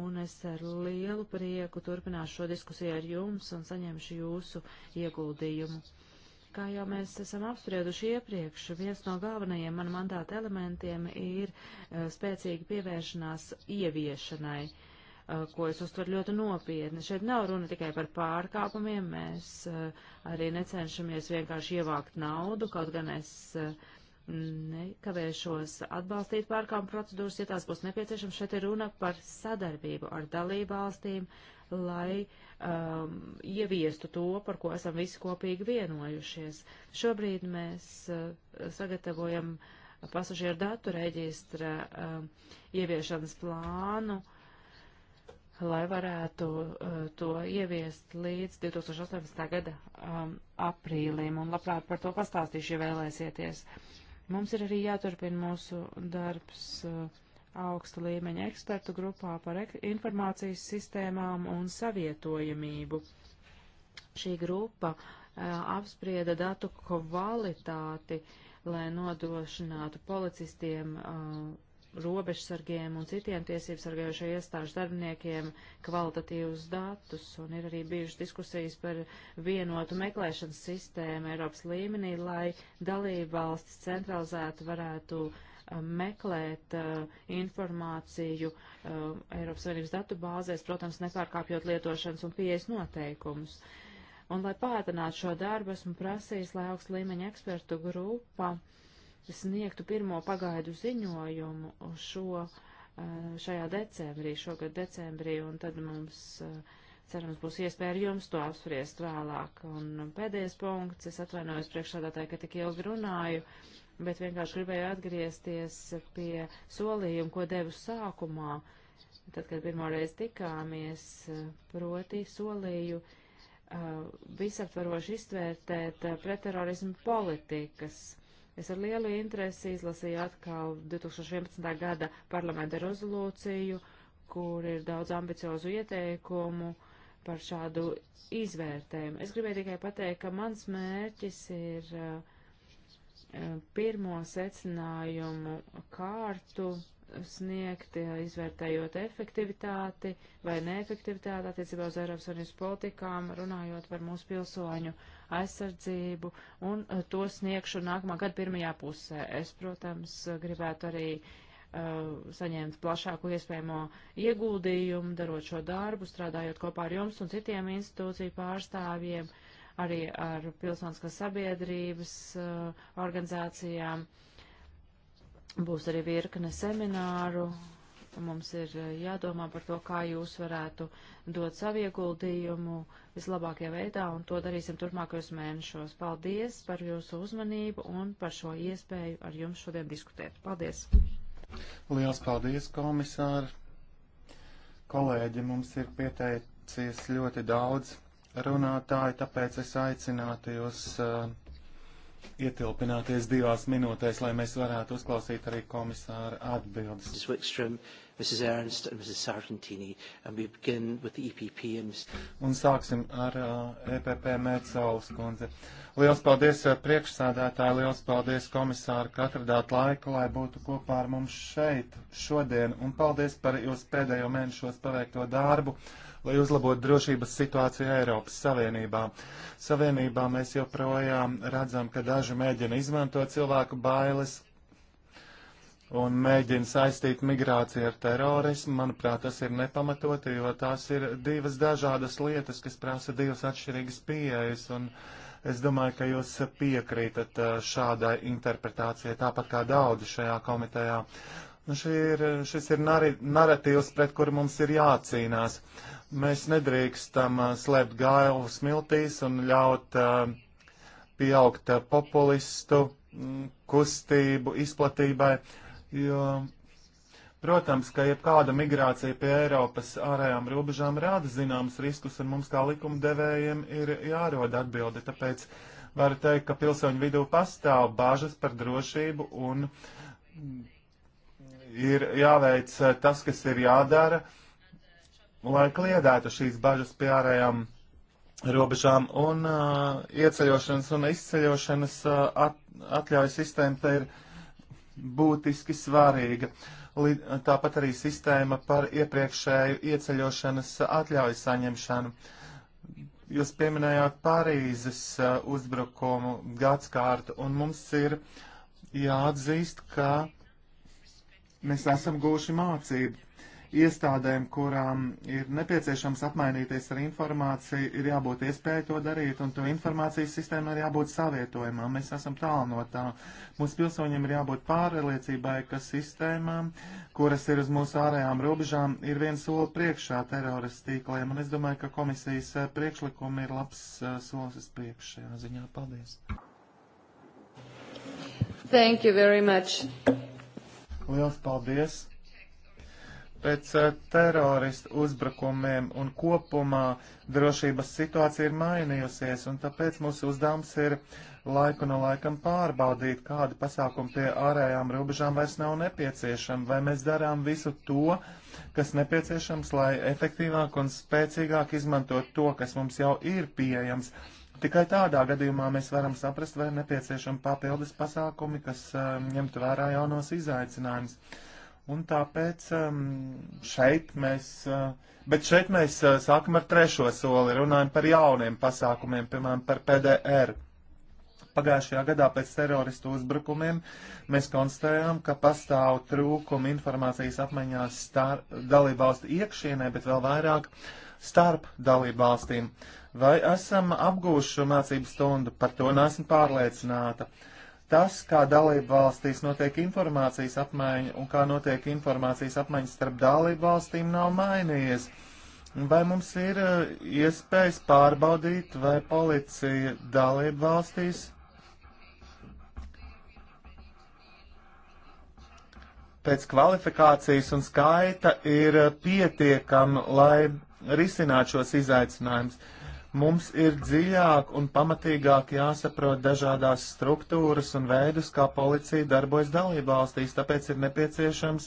un es ar lielu prieku turpināšu šo diskusiju ar jums un saņemšu jūsu ieguldījumu. Kā jau mēs esam apsprieduši iepriekš, viens no galvenajiem mana mandāta elementiem ir uh, spēcīga pievēršanās ieviešanai. Uh, Uh, ko es uztveru ļoti nopietni. Šeit nav runa tikai par pārkāpumiem, mēs uh, arī necenšamies vienkārši ievākt naudu, kaut gan es uh, nekavēšos atbalstīt pārkāpumu procedūras, ja tās būs nepieciešams. Šeit ir runa par sadarbību ar dalībvalstīm, lai um, ieviestu to, par ko esam visi kopīgi vienojušies. Šobrīd mēs uh, sagatavojam pasažieru datu reģistra uh, ieviešanas plānu uh, lai varētu uh, to ieviest līdz 2018. gada um, aprīlim, un labprāt par to pastāstīšu, ja vēlēsieties. Mums ir arī jāturpina mūsu darbs uh, augsta līmeņa ekspertu grupā par ek informācijas sistēmām un savietojamību. Šī grupa uh, apsprieda datu kvalitāti, lai nodrošinātu policistiem uh, robežsargiem un citiem tiesības sargājušo iestāžu darbiniekiem kvalitatīvus datus, un ir arī bijušas diskusijas par vienotu meklēšanas sistēmu Eiropas līmenī, lai dalība valstis centralizēti varētu uh, meklēt uh, informāciju uh, Eiropas Savienības datu bāzēs, protams, nepārkāpjot lietošanas un pieejas noteikumus. Un, lai pātrinātu šo darbu, esmu prasījis, lai augst līmeņa ekspertu grupa uh, sniegtu pirmo pagaidu ziņojumu šo, eh, šajā decembrī, šogad decembrī, un tad mums, eh, cerams, būs iespēja ar jums to apspriest vēlāk. Un pēdējais punkts, es atvainojos priekšādātāji, ka tik ilgi runāju, bet vienkārši gribēju atgriezties pie solījuma, ko devu sākumā, tad, kad pirmoreiz tikāmies, eh, proti solīju visaptvaroši iztvērtēt pretterorismu politikas Es ar lielu interesi izlasīju atkal 2011. gada parlamenta rezolūciju, kur ir daudz ambiciozu ieteikumu par šādu izvērtējumu. Es gribēju tikai pateikt, ka mans mērķis ir uh, uh, pirmo secinājumu kārtu sniegti, izvērtējot efektivitāti vai neefektivitāti attiecībā uz Eiropas Savienības politikām, runājot par mūsu pilsoņu aizsardzību, un eh, to sniegšu nākamā gada pirmajā pusē. Es, protams, gribētu arī uh, saņemt plašāku iespējamo ieguldījumu, darot šo darbu, strādājot kopā ar jums un citiem institūciju pārstāvjiem, arī ar pilsoniskās sabiedrības uh, organizācijām. Uh, Būs arī virkne semināru. Mums ir eh, jādomā par to, kā jūs varētu dot savu ieguldījumu vislabākajā veidā, un to darīsim turpmākajos mēnešos. Paldies par jūsu uzmanību un par šo iespēju ar jums šodien diskutēt. Paldies! Liels paldies, komisāri! Kolēģi, mums ir pieteicies ļoti daudz runātāji, tāpēc es aicinātu jūs. Uh, ietilpināties divās minūtēs, lai mēs varētu uzklausīt arī komisāra atbildes. Swikstrom, Mrs. Ernst and Mrs. Sargentini, and we begin with the EPP. And... Un sāksim ar uh, EPP Mērcaulas kundze. Liels paldies uh, priekšsādātāji, liels paldies komisāri, ka atradāt laiku, lai būtu kopā ar mums šeit šodien, un paldies par jūsu pēdējo mēnešos paveikto darbu. Uh, lai uzlabotu drošības situāciju Eiropas Savienībā. Savienībā mēs joprojām redzam, ka daži mēģina izmantot cilvēku bailes un mēģina saistīt migrāciju ar terorismu. Manuprāt, tas ir nepamatoti, jo tās ir divas dažādas lietas, kas prasa divas atšķirīgas pieejas. Un es domāju, ka jūs piekrītat uh, šādai interpretācijai, tāpat kā daudzi šajā komitejā. Nu, ir, šis ir nari, naratīvs, pret kuru mums ir jācīnās. Mēs nedrīkstam uh, slēpt gailu smiltīs un ļaut uh, pieaugt uh, populistu mm, kustību izplatībai, jo, protams, ka jebkāda migrācija pie Eiropas ārējām robežām rāda zināmas riskus, un mums kā likumdevējiem ir jārod atbildi. Tāpēc varu teikt, ka pilsoņu vidū pastāv bāžas par drošību un ir jāveic eh, tas, kas ir jādara, lai kliedētu šīs bažas pie ārējām robežām un uh, ieceļošanas un izceļošanas uh, at, atļauju sistēma te ir būtiski svarīga. Lid, tāpat arī sistēma par iepriekšēju ieceļošanas atļauju saņemšanu. Jūs pieminējāt Parīzes uh, uzbrukumu gadskārtu, un mums ir jāatzīst, ka uh, Mēs esam gūši mācību. Iestādēm, kurām ir nepieciešams apmainīties ar informāciju, ir jābūt iespēja to darīt, un to informācijas sistēma ir jābūt savietojumam. Mēs esam tālu no tā. Mūsu pilsoņiem ir jābūt pārliecībai, ka sistēmām, kuras ir uz mūsu ārējām robežām, ir viens soli priekšā teroristu tīkliem, un es domāju, ka komisijas eh, priekšlikumi ir labs uh, solis uz priekšu šajā ziņā. Paldies! Thank you very much. Liels paldies! Pēc eh, teroristu uzbrukumiem un kopumā drošības situācija ir mainījusies, un tāpēc mūsu uzdevums ir laiku no laikam pārbaudīt, kādi pasākumi pie ārējām robežām vairs nav nepieciešami, vai mēs darām visu to, kas nepieciešams, lai efektīvāk un spēcīgāk izmantot to, kas mums jau ir pieejams Tikai tādā gadījumā mēs varam saprast, vai ir nepieciešami papildus pasākumi, kas um, ņemtu vērā jaunos izaicinājumus. Un tāpēc um, šeit mēs, uh, bet šeit mēs uh, sākam ar trešo soli, runājam par jauniem pasākumiem, piemēram, par PDR. Pagājušajā gadā pēc teroristu uzbrukumiem mēs konstatējām, ka pastāv trūkumi informācijas apmaiņās starp dalībvalstu iekšienē, bet vēl vairāk starp dalībvalstīm. Uh, Vai esam apgūši šo mācību stundu? Par to nesmu pārliecināta. Tas, kā dalību valstīs notiek informācijas apmaiņa un kā notiek informācijas apmaiņa starp dalību valstīm, nav mainījies. Vai mums ir eh, iespējas pārbaudīt, vai policija dalību valstīs pēc kvalifikācijas un skaita ir pietiekama, lai risinātu šos izaicinājumus? Mums ir dziļāk un pamatīgāk jāsaprot dažādās struktūras un veidus, kā policija darbojas dalībvalstīs, tāpēc ir nepieciešams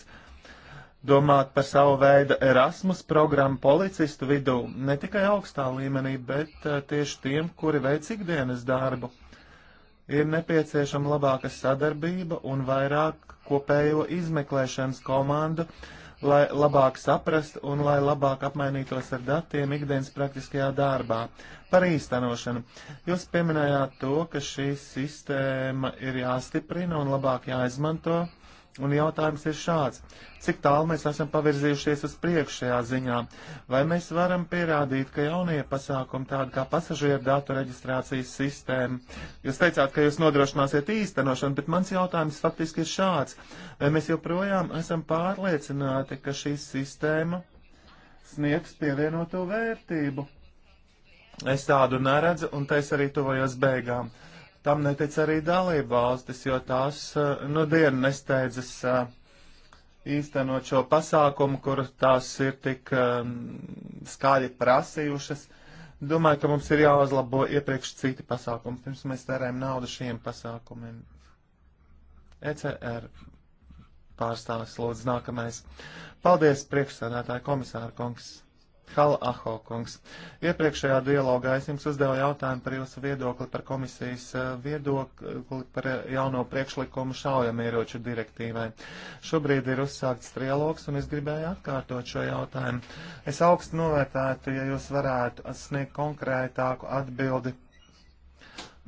domāt par savu veidu Erasmus programmu policistu vidū, ne tikai augstā līmenī, bet eh, tieši tiem, kuri veic ikdienas darbu. Ir nepieciešama labāka sadarbība un vairāk kopējo izmeklēšanas komandu, uh, lai labāk saprastu un lai labāk apmainītos ar datiem ikdienas praktiskajā darbā. Par īstenošanu. Jūs pieminējāt to, ka šī sistēma ir jāstiprina un labāk jāizmanto. Uh, Un jautājums ir šāds. Cik tālu mēs esam pavirzījušies uz priekšu šajā ziņā? Vai mēs varam pierādīt, ka jaunie pasākumi tādi kā pasažieru datu reģistrācijas sistēma, jūs teicāt, ka jūs nodrošināsiet īstenošanu, bet mans jautājums faktiski ir šāds. Vai mēs joprojām esam pārliecināti, ka šī sistēma sniegs pievienoto vērtību? Es tādu neredzu, un taisa arī tuvojos beigām. Uh, Tam netic arī dalība valstis, jo tās eh, nu dienu nesteidzas eh, īstenot šo pasākumu, kur tās ir tik ehm, skaļi prasījušas. Domāju, ka mums ir jāuzlabo iepriekš citi pasākumi, pirms mēs tērējam naudu šiem pasākumiem. ECR pārstāvis lūdzu nākamais. Paldies, priekšsēdētāji komisāra kungs. Hala Aho kungs. Iepriekšējā dialogā es jums uzdevu jautājumu par jūsu viedokli par komisijas eh, viedokli par eh, jauno priekšlikumu šaujamieroču direktīvai. Šobrīd ir uzsākts trialogs un es gribēju atkārtot šo jautājumu. Es augstu novērtētu, ja jūs varētu sniegt konkrētāku atbildi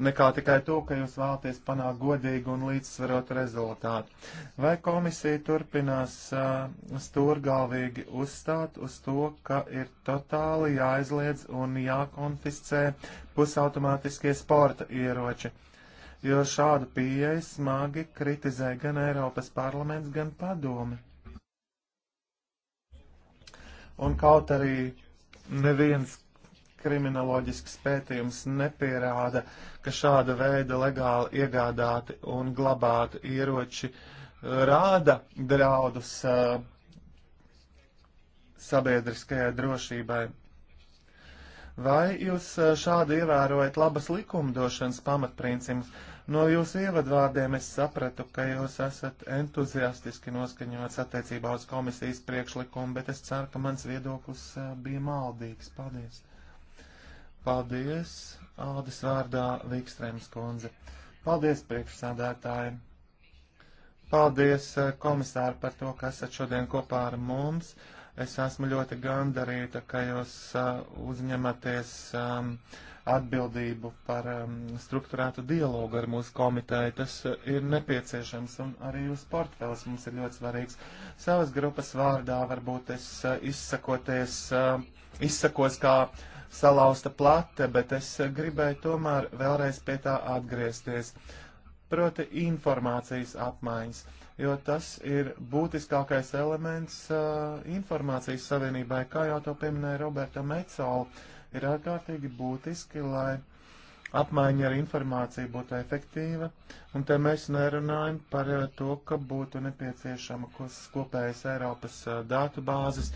nekā tikai to, ka jūs vēlaties panākt godīgu un līdzsvarotu rezultātu. Vai komisija turpinās uh, stūrgalvīgi uzstāt uz to, ka ir totāli jāizliedz un jākonfiscē pusautomātiskie sporta ieroči? Jo šādu pieeju smagi kritizē gan Eiropas parlaments, gan padomi. Un kaut arī neviens kriminoloģisks pētījums nepierāda, ka šāda veida legāli iegādāti un glabāti ieroči uh, rāda draudus uh, sabiedriskajai drošībai. Vai jūs uh, šādi ievērojat labas likumdošanas pamatprincips? No jūsu ievadvārdiem es sapratu, ka jūs esat entuziastiski noskaņots attiecībā uz komisijas priekšlikumu, bet es ceru, ka mans viedoklis uh, bija maldīgs. Paldies! Paldies, Aldis vārdā Vīkstrēms kundze. Paldies priekšsādātājiem. Paldies, eh, komisāri, par to, ka esat šodien kopā ar mums. Es esmu ļoti gandarīta, ka jūs uh, uzņematies um, atbildību par um, struktūrētu dialogu ar mūsu komiteju. Tas uh, ir nepieciešams un arī jūsu portfels mums ir ļoti svarīgs. Savas grupas vārdā varbūt es uh, izsakoties, uh, izsakos kā uh, salauzta plate, bet es gribēju tomēr vēlreiz pie tā atgriezties. Proti informācijas apmaiņas, jo tas ir būtiskākais elements uh, informācijas savienībai, kā jau to pieminēja Roberta Mecola, ir ārkārtīgi būtiski, lai uh, apmaiņa ar informāciju būtu efektīva, un te mēs nerunājam par eh, to, ka būtu nepieciešama kopējas Eiropas eh, datu bāzes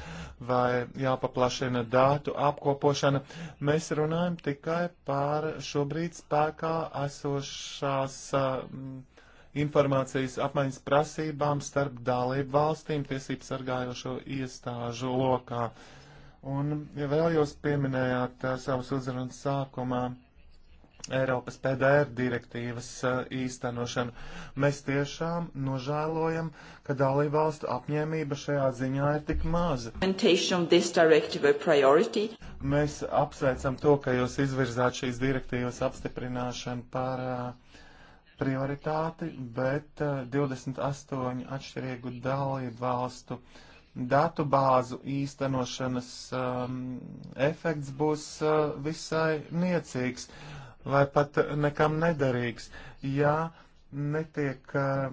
vai jāpaplašina datu apkopošana. Mēs runājam tikai par šobrīd spēkā esošās eh, informācijas apmaiņas prasībām starp dalību valstīm tiesību sargājošo iestāžu lokā. Un ja vēl jūs pieminējāt savas uzrunas sākumā Eiropas PDR direktīvas uh, īstenošanu. Mēs tiešām nožēlojam, ka dalībvalstu apņēmība šajā ziņā ir tik maza. Mēs apsveicam to, ka jūs izvirzāt šīs direktīvas apstiprināšanu par uh, prioritāti, bet uh, 28 atšķirīgu dalību valstu datu bāzu īstenošanas um, efekts būs uh, visai niecīgs. Uh, vai pat nekam nederīgs, ja netiek uh,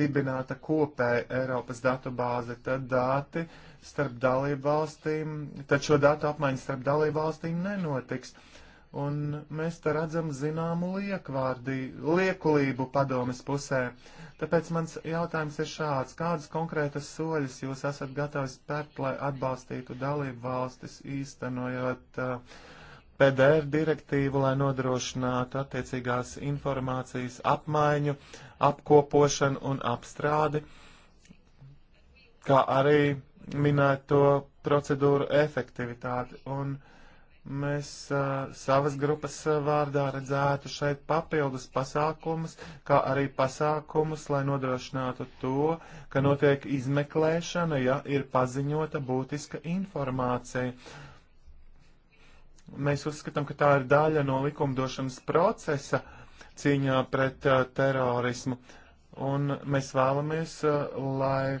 dibināta kopēja Eiropas datubāze, tad dati starp dalību valstīm, tad šo datu apmaiņu starp dalību valstīm nenotiks. Un mēs te redzam zināmu liekvārdī, liekulību padomas pusē. Tāpēc mans jautājums ir šāds. Kādas konkrētas soļas jūs esat gatavi spērt, lai atbalstītu dalību valstis īstenojot uh, PDR direktīvu, lai nodrošinātu attiecīgās informācijas apmaiņu, apkopošanu un apstrādi, kā arī minēto procedūru efektivitāti. Un mēs uh, savas grupas vārdā redzētu šeit papildus pasākumus, kā arī pasākumus, lai nodrošinātu to, ka notiek izmeklēšana, ja ir paziņota būtiska informācija Mēs uzskatām, ka tā ir daļa no likumdošanas procesa cīņā pret uh, terorismu. Un mēs vēlamies, uh, lai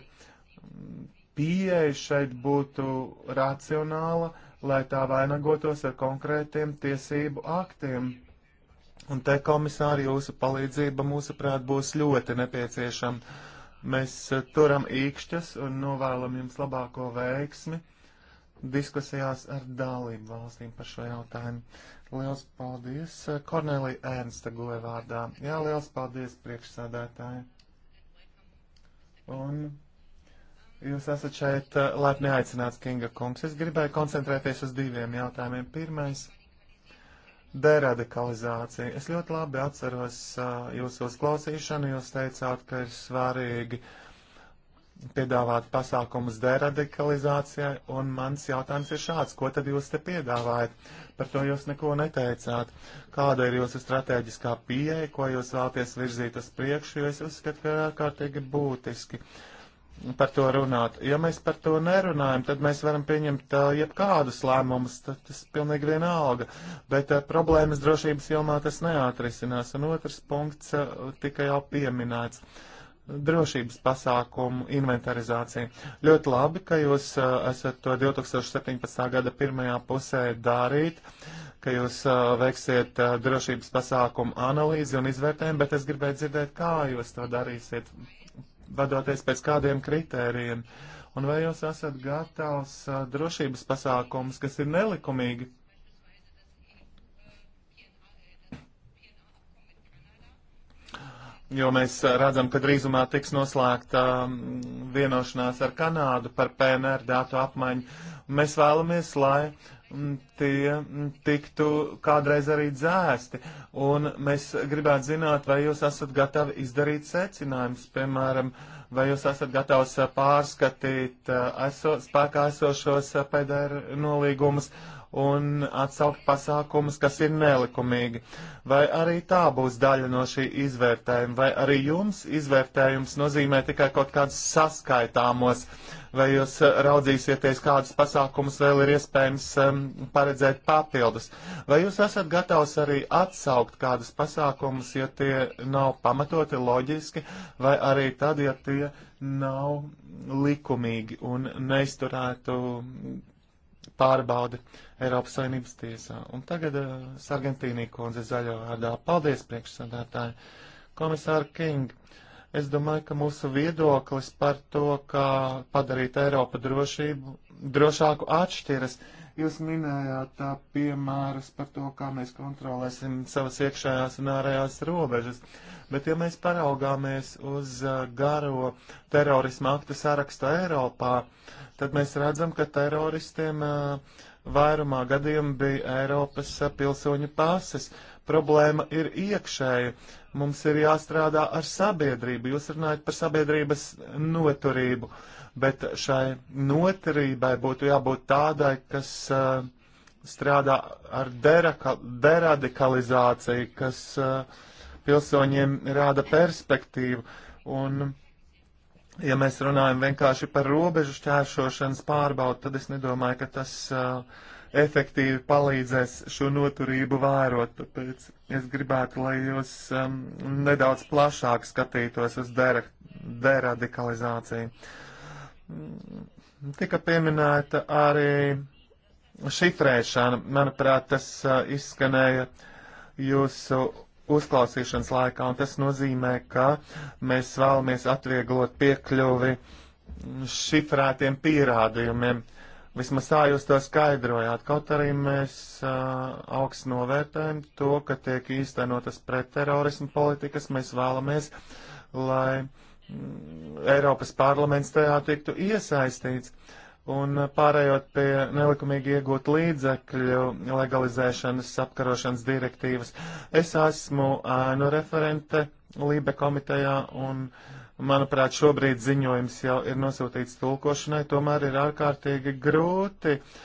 pieeja šeit būtu racionāla, lai tā vainagotos ar konkrētiem tiesību aktiem. Un te komisāri jūsu palīdzība, mūsuprāt, būs ļoti nepieciešama. Mēs uh, turam īkšķas un novēlam jums labāko veiksmi diskusijās ar dalību valstīm par šo jautājumu. Liels paldies eh, Kornelija Ernsta goja vārdā. Jā, liels paldies priekšsādātāji. Un jūs esat šeit eh, laipni aicināts, Kinga kungs. Es gribēju koncentrēties uz diviem jautājumiem. Pirmais - deradikalizācija. Es ļoti labi atceros eh, jūsu uzklausīšanu, jūs teicāt, ka ir svarīgi uh, piedāvāt pasākumus deradikalizācijai, un mans jautājums ir šāds, ko tad jūs te piedāvājat? Par to jūs neko neteicāt. Kāda ir jūsu strateģiskā pieeja, ko jūs vēlaties virzīt uz priekšu, jo es uzskatu, ka ārkārtīgi būtiski par to runāt. Ja mēs par to nerunājam, tad mēs varam pieņemt uh, jebkādus lēmumus, tad tas pilnīgi vienalga. Bet uh, problēmas drošības jomā tas neatrisinās, un otrs punkts uh, tika jau pieminēts. Uh, drošības pasākumu inventarizāciju. Ļoti labi, ka jūs uh, esat to 2017. gada pirmajā pusē darīt, ka jūs uh, veiksiet uh, drošības pasākumu analīzi un izvērtējumu, bet es gribēju dzirdēt, kā jūs to darīsiet, vadoties pēc kādiem kritērijiem. Un vai jūs esat gatavs uh, drošības pasākums, kas ir nelikumīgi jo mēs eh, redzam, ka drīzumā tiks noslēgta mm, vienošanās ar Kanādu par PNR datu apmaiņu. Mēs vēlamies, lai mm, tie mm, tiktu kādreiz arī dzēsti, un mēs gribētu zināt, vai jūs esat gatavi izdarīt secinājumus, piemēram, vai jūs esat gatavs eh, pārskatīt eh, eso, spēkā esošos PDR nolīgumus un atsaukt pasākumus, kas ir nelikumīgi. Vai arī tā būs daļa no šī izvērtējuma, vai arī jums izvērtējums nozīmē tikai kaut kādus saskaitāmos, vai jūs eh, raudzīsieties, kādus pasākumus vēl ir iespējams um, paredzēt papildus. Vai jūs esat gatavs arī atsaukt kādus pasākumus, ja tie nav pamatoti loģiski, vai arī tad, ja tie nav likumīgi un neizturētu pārbaudi Eiropas Savienības tiesā. Un tagad uh, Sargentīnī kundze zaļo vārdā. Paldies, priekšsādātāji. Komisāra King, es domāju, ka mūsu viedoklis par to, kā padarīt Eiropu drošību, drošāku atšķiras. Jūs minējāt tā piemērus par to, kā mēs kontrolēsim savas iekšējās un ārējās robežas, bet ja mēs paraugāmies uz garo terorisma aktu sarakstu Eiropā, uh, tad mēs redzam, ka teroristiem vairumā gadījumu bija Eiropas pilsoņu pases. Problēma ir iekšēja. Mums ir jāstrādā ar sabiedrību. Jūs runājat par sabiedrības noturību, bet šai noturībai būtu jābūt tādai, kas uh, strādā ar deraka, deradikalizāciju, kas uh, pilsoņiem rāda perspektīvu. Un, uh, Ja mēs runājam vienkārši par robežu šķēršošanas pārbaudu, tad es nedomāju, ka tas uh, efektīvi palīdzēs šo noturību vērot. Tāpēc es gribētu, lai jūs um, nedaudz plašāk skatītos uz dera, deradikalizāciju. Mm, tika pieminēta arī šifrēšana. Manuprāt, tas uh, izskanēja jūsu uzklausīšanas laikā, un tas nozīmē, ka mēs vēlamies atvieglot piekļuvi šifrētiem pierādījumiem. Vismaz tā jūs to skaidrojāt, kaut arī mēs uh, augsts novērtējam to, ka tiek īstenotas pretterorismu politikas. Mēs vēlamies, lai mm, Eiropas parlaments tajā tiktu iesaistīts. Un pārējot pie nelikumīgi iegūt līdzekļu legalizēšanas apkarošanas direktīvas, es esmu ēnu referente Lībe komitejā un, manuprāt, šobrīd ziņojums jau ir nosūtīts tulkošanai, tomēr ir ārkārtīgi grūti uh,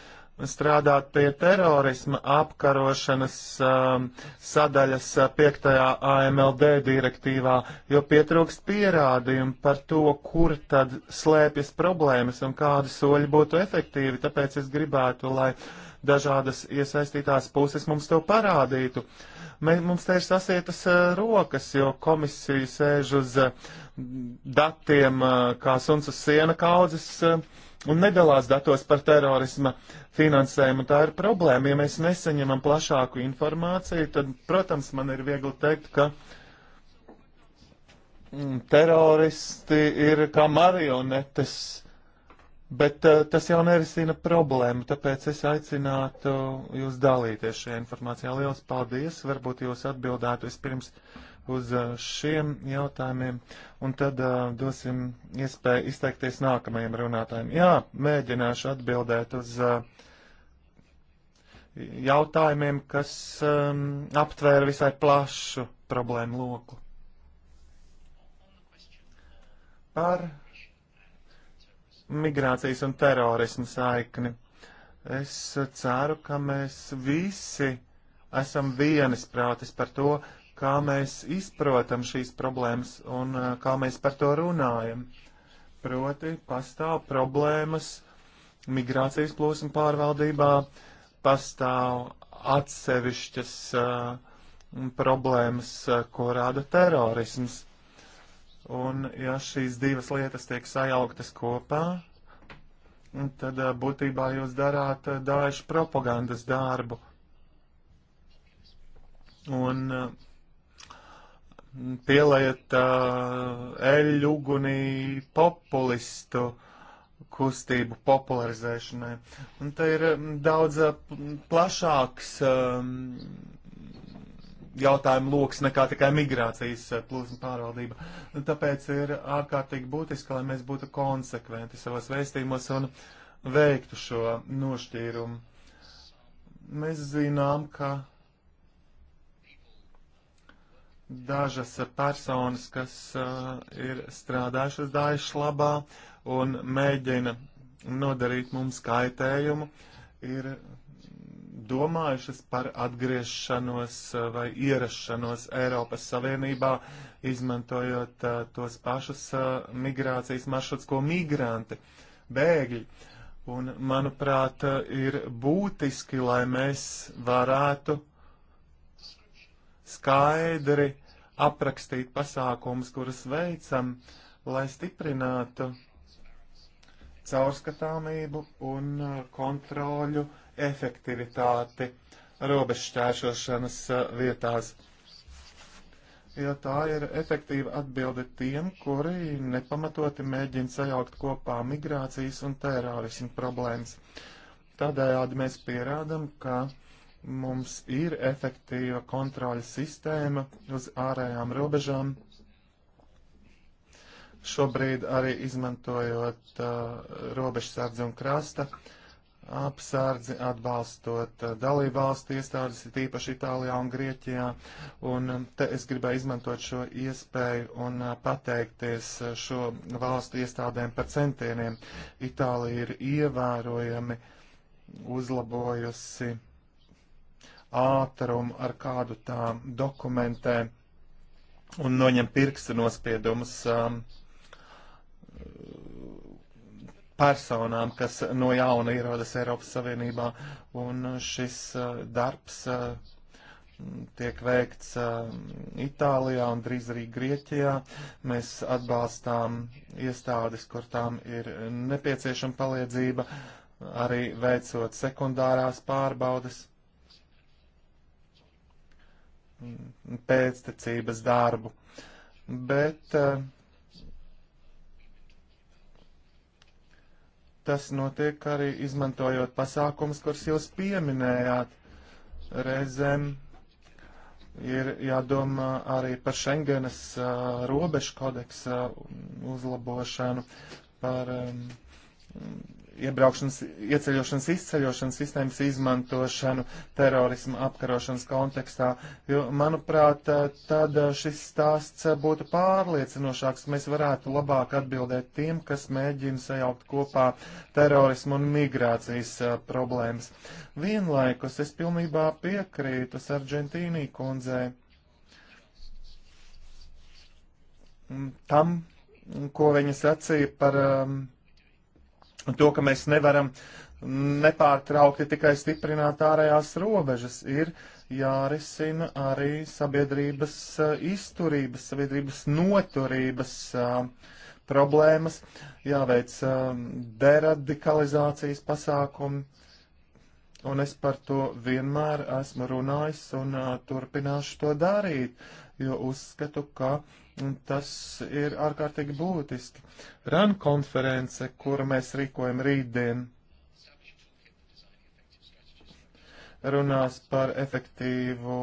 strādāt pie terorisma apkarošanas um, sadaļas 5. Uh, AMLD direktīvā, jo pietrūkst pierādījumu par to, kur tad slēpjas problēmas un kādi soļi būtu efektīvi. Tāpēc es gribētu, lai dažādas iesaistītās puses mums to parādītu. Mē, mums te ir sasietas uh, rokas, jo komisija sēž uz uh, datiem uh, kā suns uz siena kaudzes. Uh, un nedalās datos par terorisma finansējumu. Tā ir problēma. Ja mēs nesaņemam plašāku informāciju, tad, protams, man ir viegli teikt, ka mm, teroristi ir kā marionetes, bet uh, tas jau nerisina problēmu, tāpēc es aicinātu jūs dalīties šajā informācijā. Lielas paldies! Varbūt jūs atbildētu vispirms. pirms uz šiem jautājumiem, un tad uh, dosim iespēju izteikties nākamajiem runātājiem. Jā, mēģināšu atbildēt uz uh, jautājumiem, kas um, aptvēra visai plašu problēmu loku. Par migrācijas un terorismu saikni. Es ceru, ka mēs visi esam vienisprātis par to, kā mēs izprotam šīs problēmas un uh, kā mēs par to runājam. Proti, pastāv problēmas migrācijas plūsmu pārvaldībā, pastāv atsevišķas uh, problēmas, uh, ko rada terorisms. Un ja šīs divas lietas tiek sajauktas kopā, tad uh, būtībā jūs darāt uh, dāšu propagandas darbu. Un uh, pieliet uh, eļu ugunī populistu kustību popularizēšanai. Un te ir um, daudz uh, plašāks um, jautājumu lokus nekā tikai migrācijas uh, plūsma pārvaldība. Un tāpēc ir ārkārtīgi būtiski, lai mēs būtu konsekventi savos vēstījumos un veiktu šo nošķīrumu. Mēs zinām, ka dažas personas, kas uh, ir strādājušas Daišu labā un mēģina nodarīt mums kaitējumu, ir domājušas par atgriešanos uh, vai ierašanos Eiropas Savienībā, izmantojot uh, tos pašus uh, migrācijas maršruts, ko migranti, bēgļi. Un, manuprāt, uh, ir būtiski, lai mēs varētu skaidri aprakstīt pasākumus, kurus veicam, lai stiprinātu caurskatāmību un uh, kontroļu efektivitāti robežšķēršošanas uh, vietās. Jo tā ir efektīva atbilde tiem, kuri nepamatoti mēģina sajaukt kopā migrācijas un terorismu problēmas. Tādējādi mēs pierādam, ka mums ir efektīva kontroļa sistēma uz ārējām robežām. Šobrīd arī izmantojot uh, robežsardzi un krasta apsardzi, atbalstot uh, dalībvalstu iestādes, tīpaši Itālijā un Grieķijā. Un um, te es gribēju izmantot šo iespēju un uh, pateikties uh, šo valstu iestādēm par centieniem. Itālija ir ievērojami uzlabojusi uh, ātrumu, ar kādu tā dokumentē un noņem pirkstu nospiedumus um, personām, kas no jauna ierodas Eiropas Savienībā. Un šis uh, darbs uh, tiek veikts uh, Itālijā un drīz arī Grieķijā. Mēs atbalstām iestādes, kur tām ir nepieciešama palīdzība, arī veicot sekundārās pārbaudas pēctecības darbu. Bet eh, tas notiek arī izmantojot pasākums, kurus jūs pieminējāt. Reizēm ir jādomā arī par Schengenas eh, robežu kodeksa eh, uzlabošanu, par um, iebraukšanas, ieceļošanas, izceļošanas sistēmas izmantošanu terorismu apkarošanas kontekstā. Jo, manuprāt, tad eh, šis stāsts eh, būtu pārliecinošāks. Mēs varētu labāk atbildēt tiem, kas mēģina sajaukt kopā terorismu un migrācijas uh, problēmas. Vienlaikus es pilnībā piekrītu Sargentīnī kundzei. Tam, ko viņa sacīja par um, to, ka mēs nevaram nepārtraukti tikai stiprināt ārējās robežas, ir jārisina arī sabiedrības eh, izturības, sabiedrības noturības eh, problēmas, jāveic eh, deradikalizācijas pasākumi. Un es par to vienmēr esmu runājis un uh, turpināšu to darīt, jo uzskatu, ka uh, Tas ir ārkārtīgi būtiski. RAN konference, kuru mēs rīkojam rītdien, runās par efektīvu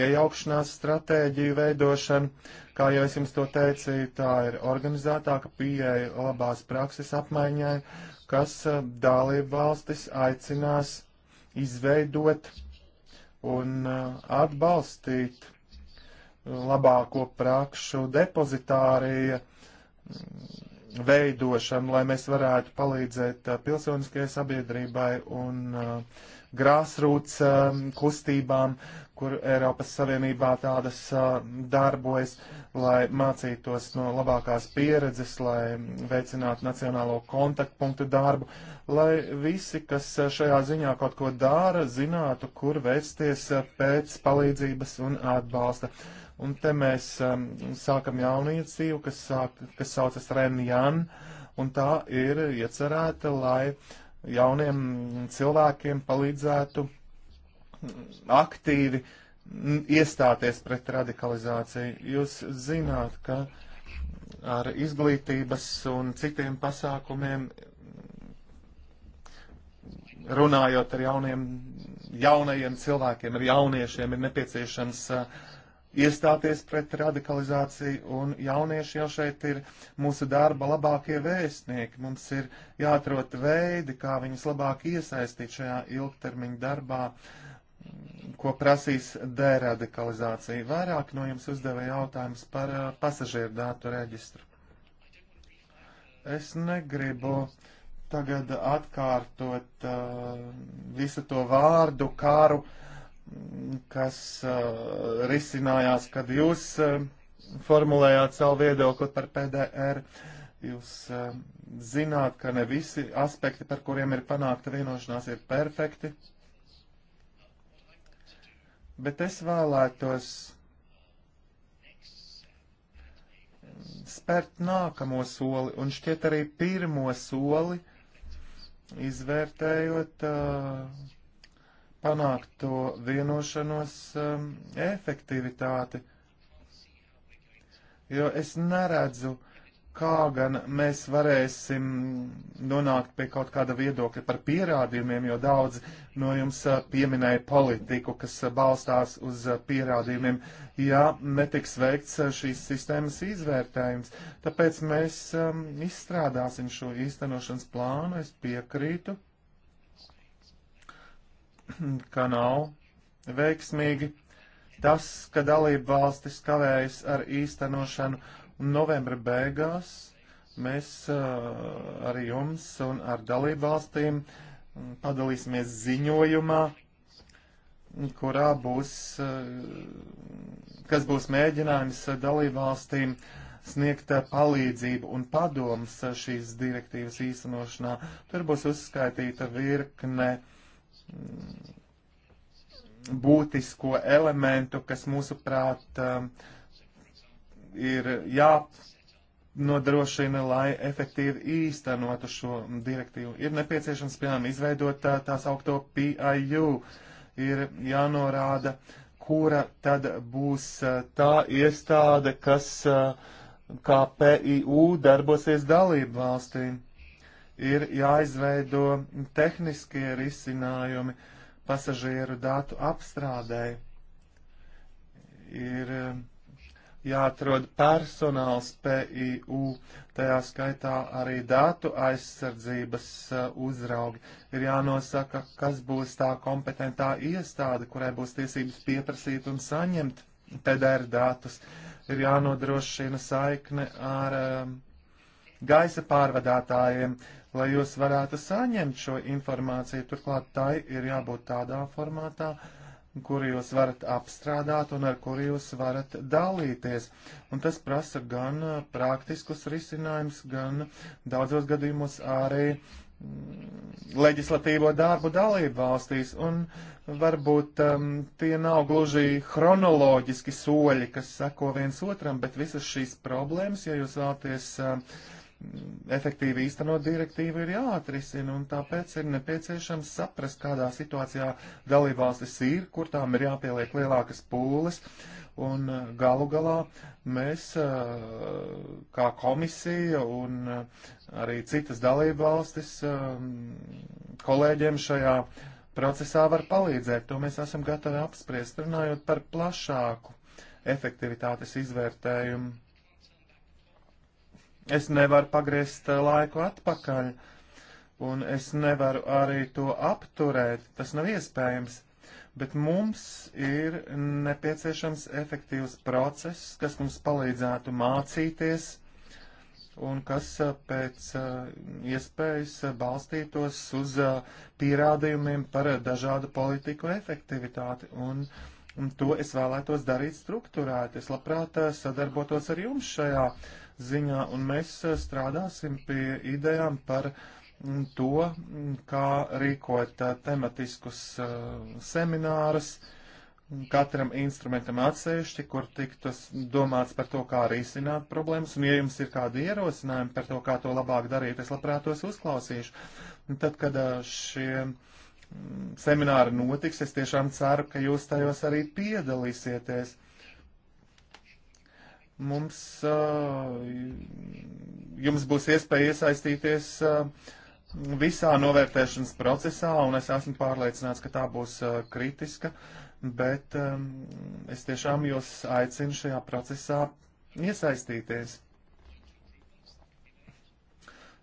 iejaukšanās stratēģiju veidošanu. Kā jau es jums to teicu, tā ir organizētāka pieeja labās prakses apmaiņai, kas eh, dalību valstis aicinās izveidot un eh, atbalstīt labāko prakšu depozitārija mm, veidošanu, lai mēs varētu palīdzēt uh, pilsoniskajai sabiedrībai un uh, grāsrūts uh, um, kustībām, kur Eiropas Savienībā tādas uh, darbojas, lai mācītos no labākās pieredzes, lai veicinātu nacionālo kontaktpunktu darbu, lai visi, kas uh, šajā ziņā kaut ko dara, zinātu, kur vērsties uh, pēc palīdzības un atbalsta. Uh, Un te mēs um, sākam jaunu iecīvu, kas, sāk, kas saucas Renjan, un tā ir iecerēta, lai jauniem cilvēkiem palīdzētu aktīvi iestāties pret radikalizāciju. Jūs zināt, ka ar izglītības un citiem pasākumiem runājot ar jauniem, jaunajiem cilvēkiem, ar jauniešiem, ir nepieciešams uh, iestāties pret radikalizāciju, un jaunieši jau šeit ir mūsu darba labākie vēstnieki. Mums ir jāatrot veidi, kā viņus labāk iesaistīt šajā ilgtermiņa darbā, ko prasīs deradikalizācija. Vairāk no jums uzdeva jautājums par uh, pasažieru dātu reģistru. Es negribu tagad atkārtot uh, visu to vārdu kāru. Uh, kas uh, risinājās, kad jūs uh, formulējāt savu viedokli par PDR. Jūs uh, zināt, ka ne visi aspekti, par kuriem ir panākta vienošanās, ir perfekti. Bet es vēlētos spērt nākamo soli un šķiet arī pirmo soli, izvērtējot uh, panākto vienošanos um, efektivitāti, jo es neredzu, kā gan mēs varēsim nonākt pie kaut kāda viedokļa par pierādījumiem, jo daudz no jums uh, pieminēja politiku, kas uh, balstās uz uh, pierādījumiem, ja netiks veikts šīs sistēmas izvērtējums. Tāpēc mēs um, izstrādāsim šo īstenošanas plānu, es piekrītu ka nav veiksmīgi tas, ka dalību valstis kavējas ar īstenošanu novembra beigās. Mēs uh, ar jums un ar dalību valstīm mm, padalīsimies ziņojumā, kurā būs, uh, kas būs mēģinājums dalību valstīm sniegt uh, palīdzību un padomus šīs direktīvas īstenošanā. Tur būs uzskaitīta virkne uh, Mm, būtisko elementu, kas mūsuprāt um, ir jānodrošina, lai efektīvi īstenotu šo direktīvu. Ir nepieciešams, piemēram, izveidot uh, tās augto PIU, ir jānorāda, kura tad būs uh, tā iestāde, kas uh, kā PIU darbosies dalību valstīm ir jāizveido tehniskie risinājumi pasažieru datu apstrādēji. Ir um, jāatrod personāls PIU, tajā skaitā arī datu aizsardzības uh, uzraugi. Ir jānosaka, kas būs tā kompetentā iestāde, kurai būs tiesības pieprasīt un saņemt PDR datus. Ir jānodrošina saikne ar um, gaisa pārvadātājiem. Uh, lai jūs varētu saņemt šo informāciju. Turklāt tai ir jābūt tādā formātā, kuru jūs varat apstrādāt un ar kuru jūs varat dalīties. Un tas prasa gan uh, praktiskus risinājumus, gan daudzos gadījumos arī mm, leģislatīvo darbu dalību valstīs, un varbūt um, tie nav gluži chronoloģiski soļi, kas seko viens otram, bet visas šīs problēmas, ja jūs vēlaties uh, efektīvi īstenot direktīvu ir jāatrisina, un tāpēc ir nepieciešams saprast, kādā situācijā dalībvalstis ir, kur tām ir jāpieliek lielākas pūles, un uh, galu galā mēs uh, kā komisija un uh, arī citas dalībvalstis um, kolēģiem šajā procesā var palīdzēt. To mēs esam gatavi apspriest, runājot par plašāku efektivitātes izvērtējumu Es nevaru pagriezt eh, laiku atpakaļ, un es nevaru arī to apturēt. Tas nav iespējams. Bet mums ir nepieciešams efektīvs process, kas mums palīdzētu mācīties un kas eh, pēc eh, iespējas balstītos uz pierādījumiem par dažādu politiku efektivitāti. Un, un to es vēlētos darīt struktūrēti. Es labprāt sadarbotos ar jums šajā ziņā, un mēs eh, strādāsim pie idejām par mm, to, mm, kā rīkot eh, tematiskus eh, seminārus mm, katram instrumentam atsevišķi, kur tiktas domāts par to, kā risināt problēmas, un ja jums ir kādi ierosinājumi par to, kā to labāk darīt, es labprāt tos uzklausīšu. Un tad, kad šie semināri notiks, es tiešām ceru, ka jūs tajos arī piedalīsieties mums, jums būs iespēja iesaistīties visā novērtēšanas procesā, un es esmu pārliecināts, ka tā būs kritiska, bet es tiešām jūs aicinu šajā procesā iesaistīties.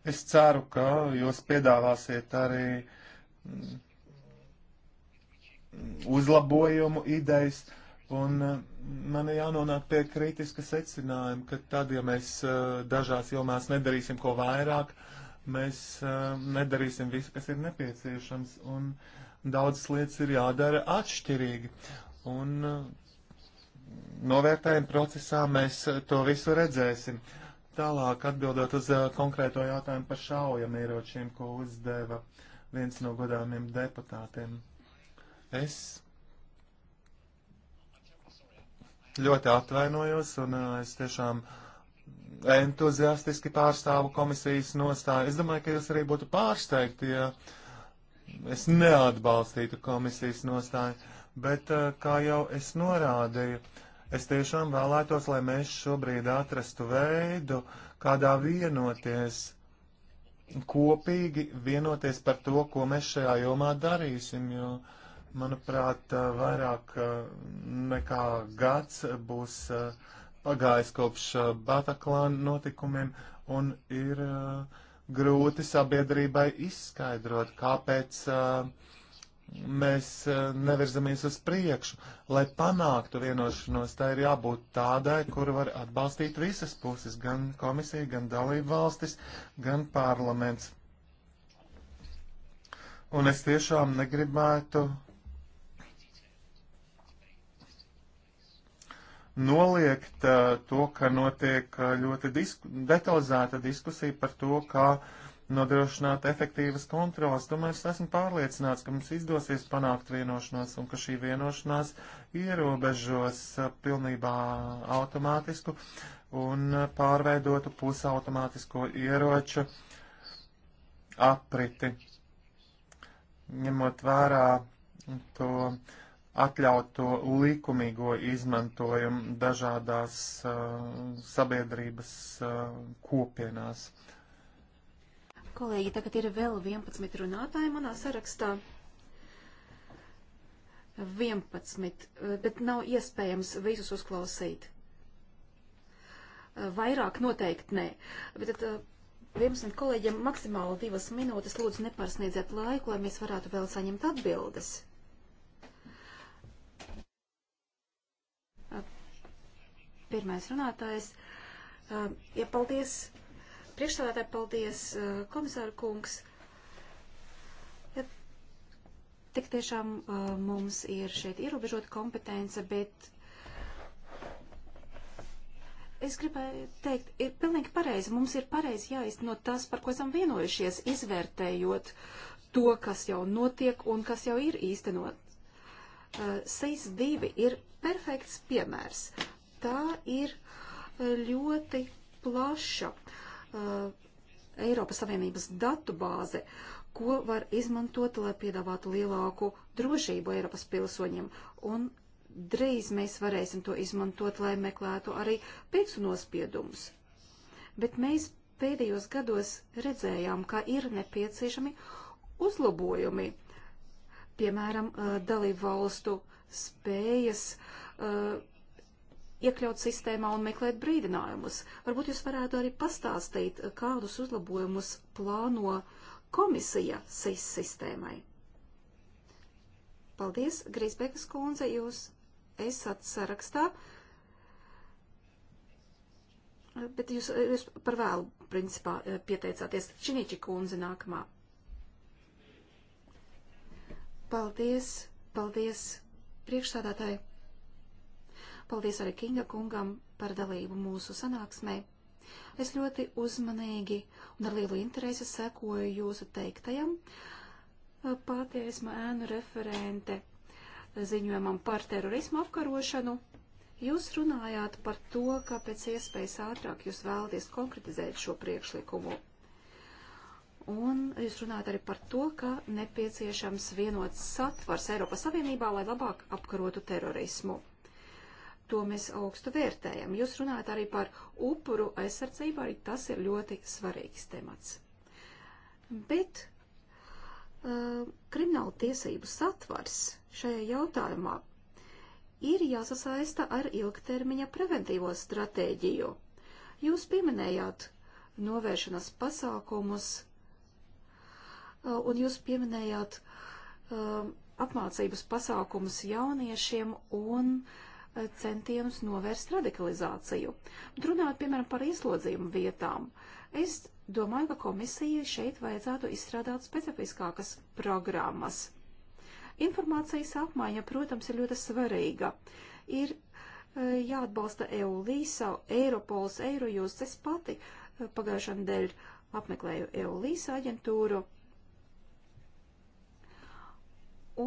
Es ceru, ka jūs piedāvāsiet arī uzlabojumu idejas. Uh, Un eh, man ir jānonāk pie kritiska secinājuma, ka tad, ja mēs eh, dažās jomās nedarīsim ko vairāk, mēs eh, nedarīsim visu, kas ir nepieciešams. Un daudzas lietas ir jādara atšķirīgi. Un novērtējuma procesā mēs to visu redzēsim. Tālāk atbildot uz konkrēto jautājumu par šaujamieročiem, ko uzdeva viens no godāmiem deputātiem. Es ļoti atvainojos un uh, es tiešām entuziastiski pārstāvu komisijas nostāju. Es domāju, ka jūs arī būtu pārsteigti, ja es neatbalstītu komisijas nostāju, bet uh, kā jau es norādīju, es tiešām vēlētos, lai mēs šobrīd atrastu veidu, kādā vienoties, kopīgi vienoties par to, ko mēs šajā jomā darīsim, jo uh, Manuprāt, vairāk nekā gads būs pagājis kopš Bataklāna notikumiem un ir grūti sabiedrībai izskaidrot, kāpēc mēs nevirzamies uz priekšu. Lai panāktu vienošanos, tā ir jābūt tādai, kur var atbalstīt visas puses, gan komisija, gan dalību valstis, gan parlaments. Un es tiešām negribētu noliegt to, ka notiek ļoti disku, detalizēta diskusija par to, kā nodrošināt efektīvas kontrolas. Tomēr es esmu pārliecināts, ka mums izdosies panākt vienošanos un ka šī vienošanās ierobežos pilnībā automātisku un pārveidotu pusautomātisko ieroču apriti, ņemot vērā to uh, atļautu likumīgo izmantojumu dažādās uh, sabiedrības uh, kopienās. Kolēģi, tagad ir vēl 11 runātāji manā sarakstā. 11, uh, bet nav iespējams visus uzklausīt. Uh, vairāk noteikti nē. Bet tad 11 uh, kolēģiem maksimāli divas minūtes lūdzu nepārsniedziet laiku, lai mēs varētu vēl saņemt atbildes. pirmais runātājs. Uh, ja paldies, priekšstādātāji, paldies, uh, komisāra kungs. Ja tik tiešām uh, mums ir šeit ierobežota kompetence, bet es gribēju teikt, ir pilnīgi pareizi. Mums ir pareizi jāizno tas, par ko esam vienojušies, izvērtējot to, kas jau notiek un kas jau ir īstenot. Uh, SEIS 2 ir perfekts piemērs tā ir e, ļoti plaša uh, Eiropas Savienības datubāze, ko var izmantot, lai piedāvātu lielāku drošību Eiropas pilsoņiem. Un drīz mēs varēsim to izmantot, lai meklētu arī pēcu nospiedumus. Bet mēs pēdējos gados redzējām, ka ir nepieciešami uzlabojumi, piemēram, e, dalību valstu spējas uh, iekļaut sistēmā un meklēt brīdinājumus. Varbūt jūs varētu arī pastāstīt, kādus uzlabojumus plāno komisija SIS sistēmai. Paldies, Grīsbekas kundze, jūs esat sarakstā, bet jūs, jūs par vēlu, principā, pieteicāties. Činiči kundze nākamā. Paldies, paldies priekšsādātāji. Paldies arī Kinga kungam par dalību mūsu sanāksmē. Es ļoti uzmanīgi un ar lielu interesi sekoju jūsu teiktajam. Pati esmu ēnu referente ziņojumam par terorismu apkarošanu. Jūs runājāt par to, ka pēc iespējas ātrāk jūs vēlaties konkretizēt šo priekšlikumu. Un jūs runājat arī par to, ka nepieciešams vienots satvars Eiropas Savienībā, lai labāk apkarotu terorismu. To mēs augstu vērtējam. Jūs runājat arī par upuru aizsardzību, arī tas ir ļoti svarīgs temats. Bet uh, krimināla tiesību satvars šajā jautājumā ir jāsasaista ar ilgtermiņa preventīvo stratēģiju. Jūs pieminējāt novēršanas pasākumus, uh, un jūs pieminējāt uh, apmācības pasākumus jauniešiem un uh, centienus novērst radikalizāciju. Runājot, piemēram, par ieslodzījumu vietām, es domāju, ka komisijai šeit vajadzētu izstrādāt specifiskākas programmas. Informācijas apmaiņa, protams, ir ļoti svarīga. Ir e, jāatbalsta EU līsa, Eiropols, Eirojūs. Es pati e, pagājušā nedēļa apmeklēju EU līsa aģentūru.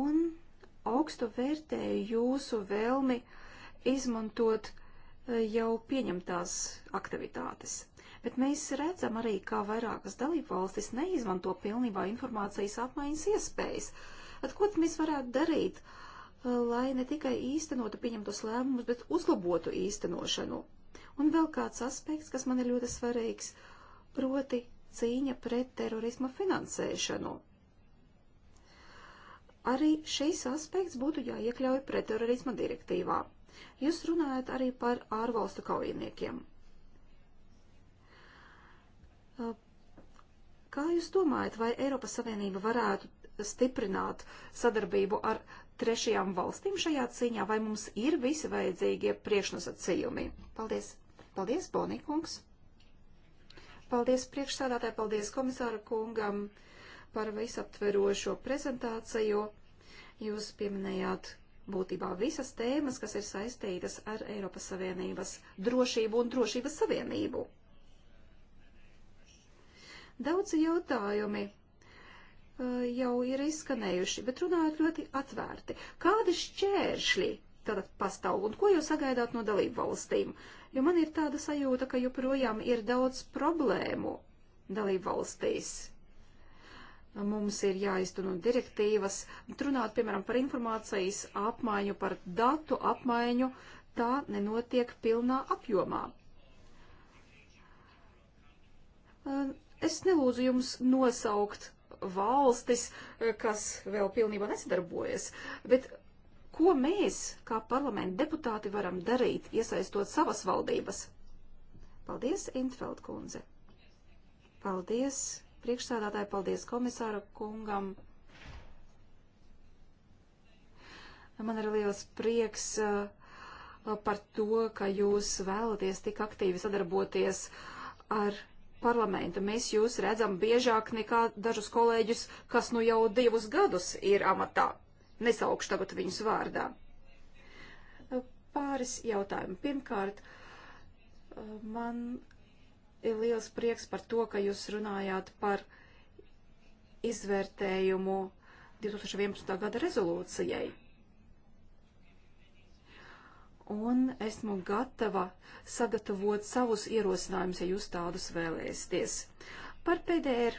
Un augstu vērtēju jūsu vēlmi uh, izmantot eh, jau pieņemtās aktivitātes. Bet mēs redzam arī, kā vairākas dalībvalstis neizmanto pilnībā informācijas apmaiņas iespējas. At ko tad mēs varētu darīt, eh, lai ne tikai īstenotu pieņemtos lēmumus, bet uzlabotu īstenošanu? Un vēl kāds aspekts, kas man ir ļoti svarīgs, proti cīņa pret terorisma finansēšanu. Arī šīs aspekts būtu jāiekļauj pretterorisma direktīvā. Jūs runājat arī par ārvalstu kaujiniekiem. Kā jūs domājat, vai Eiropas Savienība varētu stiprināt sadarbību ar trešajām valstīm šajā cīņā, vai mums ir visi vajadzīgie priekšnosacījumi? Paldies! Paldies, Bonīkungs! Paldies priekšsādātāji, paldies komisāra kungam par visaptverošo prezentāciju. Jūs pieminējāt būtībā visas tēmas, kas ir saistītas ar Eiropas Savienības drošību un drošības savienību. Daudzi jautājumi uh, jau ir izskanējuši, bet runājot ļoti atvērti. Kādi šķēršļi tad pastāv un ko jūs sagaidāt no dalību valstīm? Jo man ir tāda sajūta, ka joprojām ir daudz problēmu dalību valstīs mums ir jāiztuno direktīvas, runāt, piemēram, par informācijas apmaiņu, par datu apmaiņu, tā nenotiek pilnā apjomā. Es nelūdzu jums nosaukt valstis, kas vēl pilnībā nesadarbojas, bet ko mēs, kā parlamenta deputāti, varam darīt, iesaistot savas valdības? Paldies, Intfeld kundze! Paldies! priekšsēdātāji, paldies komisāra kungam. Man ir liels prieks uh, par to, ka jūs vēlaties tik aktīvi sadarboties ar parlamentu. Mēs jūs redzam biežāk nekā dažus kolēģus, kas nu jau divus gadus ir amatā. Nesaukšu tagad viņus vārdā. Pāris jautājumu. Pirmkārt, uh, man ir liels prieks par to, ka jūs runājāt par izvērtējumu 2011. gada rezolūcijai. Un esmu gatava sagatavot savus ierosinājumus, ja jūs tādus vēlēsieties. Par PDR,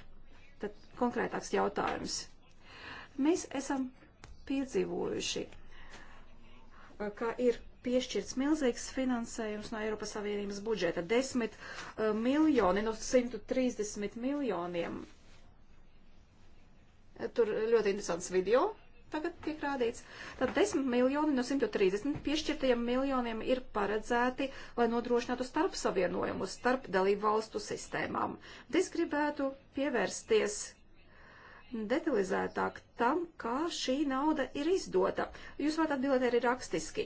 tad konkrētāks jautājums. Mēs esam piedzīvojuši, ka ir piešķirts milzīgs finansējums no Eiropas Savienības budžeta - 10 uh, miljoni no 130 miljoniem. Tur ļoti interesants video tagad tiek rādīts. Tad 10 miljoni no 130 piešķirtajiem miljoniem ir paredzēti, lai nodrošinātu starp savienojumus starp dalību valstu sistēmām. Es gribētu pievērsties detalizētāk tam, kā šī nauda ir izdota. Jūs varat atbildēt arī rakstiski.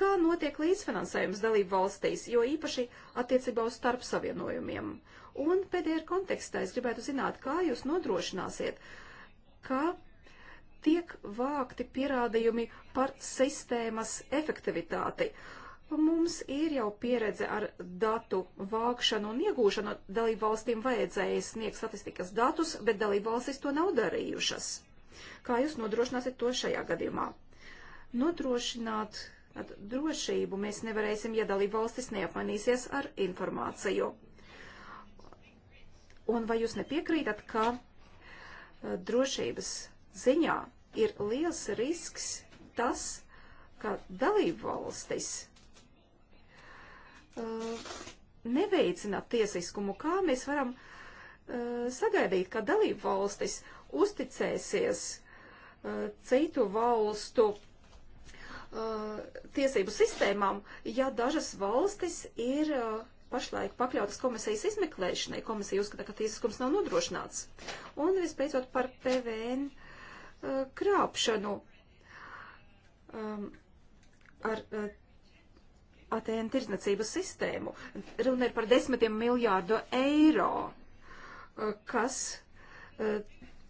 Kā notiek līdzfinansējums dalību valstīs, jo īpaši attiecībā uz starp savienojumiem? Un pēdējā kontekstā es gribētu zināt, kā jūs nodrošināsiet, ka tiek vākti pierādījumi par sistēmas efektivitāti. Uh, Mums ir jau pieredze ar datu vākšanu un iegūšanu. Dalību valstīm vajadzēja sniegt statistikas datus, bet dalību valstis to nav darījušas. Kā jūs nodrošināsiet to šajā gadījumā? Nodrošināt drošību mēs nevarēsim, ja dalību valstis neapmanīsies ar informāciju. Un vai jūs nepiekrītat, ka eh, drošības ziņā ir liels risks tas, ka dalību valstis uh, neveicināt tiesiskumu, kā mēs varam uh, sagaidīt, ka dalību valstis uzticēsies uh, citu valstu uh, tiesību sistēmām, ja dažas valstis ir uh, pašlaik pakļautas komisijas izmeklēšanai. Komisija uzskata, ka tiesiskums nav nodrošināts. Un visbeidzot par PVN uh, krāpšanu. Um, ar Atēnu tirdzniecības sistēmu. Runa ir par desmitiem miljārdu eiro, eh, kas eh,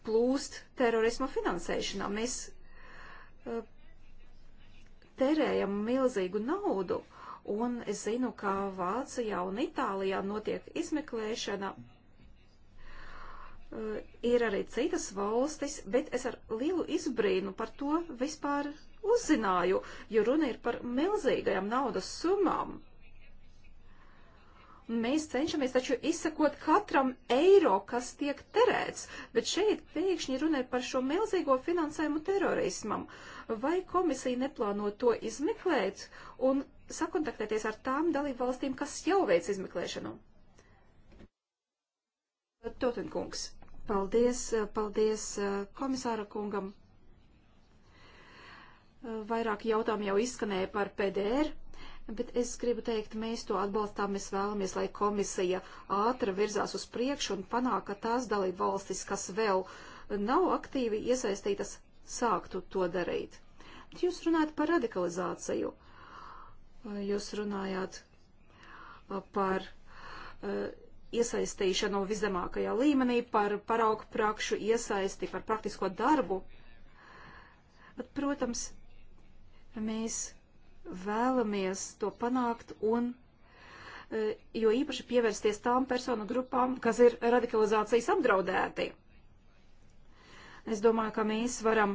plūst terorisma finansēšanā. Mēs eh, terējam milzīgu naudu, un es zinu, ka Vācijā un Itālijā notiek izmeklēšana. Ir arī citas valstis, bet es ar lielu izbrīnu par to vispār uzzināju, jo runa ir par milzīgajām naudas summām. Mēs cenšamies taču izsakot katram eiro, kas tiek terēts, bet šeit pēkšņi runē par šo milzīgo finansējumu terorismam. Vai komisija neplāno to izmeklēt un sakontaktēties ar tām dalību valstīm, kas jau veic izmeklēšanu? Totenkungs, paldies, paldies eh, komisāra kungam. Vairāki jautājumi jau izskanēja par PDR, bet es gribu teikt, mēs to atbalstām, mēs vēlamies, lai komisija ātri virzās uz priekšu un panāk, ka tās dalība valstis, kas vēl nav aktīvi iesaistītas, sāktu to darīt. Jūs runājat par radikalizāciju. Jūs runājāt uh, par uh, iesaistīšanu viszemākajā līmenī, par paraugu prakšu iesaisti, par praktisko darbu. Bet, protams, Mēs vēlamies to panākt un e, jo īpaši pievērsties tām personu grupām, kas ir radikalizācijas apdraudēti. Es domāju, ka mēs varam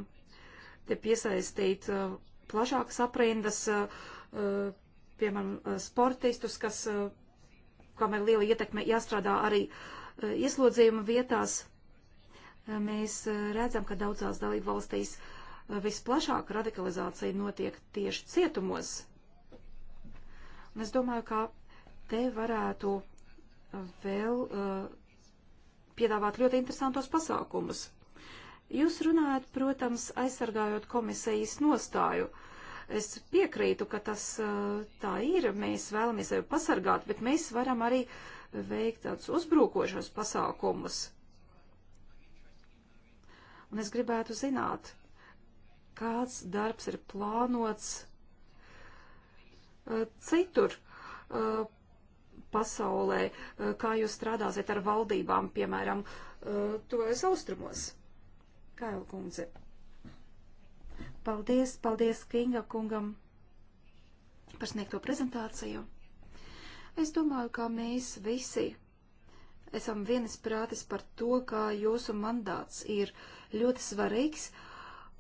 te piesaistīt e, plašākas aprindas, e, piemēram, sportistus, kas, kam ir liela ietekme, jāstrādā arī ieslodzījuma vietās. Mēs redzam, ka daudzās dalību valstīs uh, visplašāk radikalizācija notiek tieši cietumos. Un es domāju, ka te varētu vēl uh, piedāvāt ļoti interesantos pasākumus. Jūs runājat, protams, aizsargājot komisijas nostāju. Es piekrītu, ka tas uh, tā ir, mēs vēlamies sevi pasargāt, bet mēs varam arī veikt tādus uzbrūkošos pasākumus. Un es gribētu zināt, kāds darbs ir plānots eh, citur eh, pasaulē, eh, kā jūs strādāsiet ar valdībām, piemēram, tuvējos austrumos. Kaila kundze. Paldies, paldies Kinga kungam par sniegto prezentāciju. Es domāju, ka mēs visi esam vienisprātis par to, ka jūsu mandāts ir ļoti svarīgs. Uh,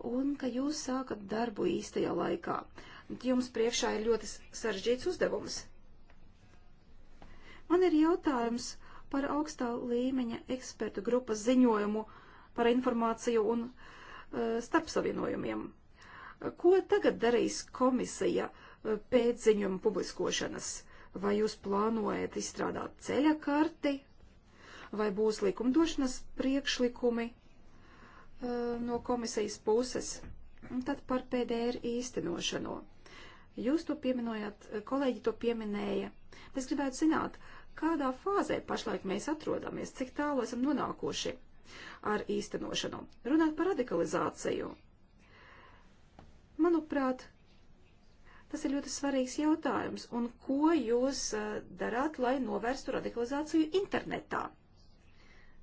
un ka jūs sākat darbu īstajā laikā. Jums priekšā ir ļoti sarežģīts uzdevums. Man ir jautājums par augstā līmeņa ekspertu grupas ziņojumu par informāciju un uh, starpsavienojumiem. Ko tagad darīs komisija uh, pēc ziņojuma publiskošanas? Vai jūs plānojat izstrādāt ceļa karti? Vai būs likumdošanas priekšlikumi? Eh, no komisijas puses. Un tad par PDR īstenošanu. Jūs to pieminojāt, eh, kolēģi to pieminēja. Es gribētu zināt, kādā fāzē pašlaik mēs atrodamies, cik tālu esam nonākuši ar īstenošanu. Runāt par radikalizāciju. Manuprāt, tas ir ļoti svarīgs jautājums. Un ko jūs eh, darāt, lai novērstu radikalizāciju internetā?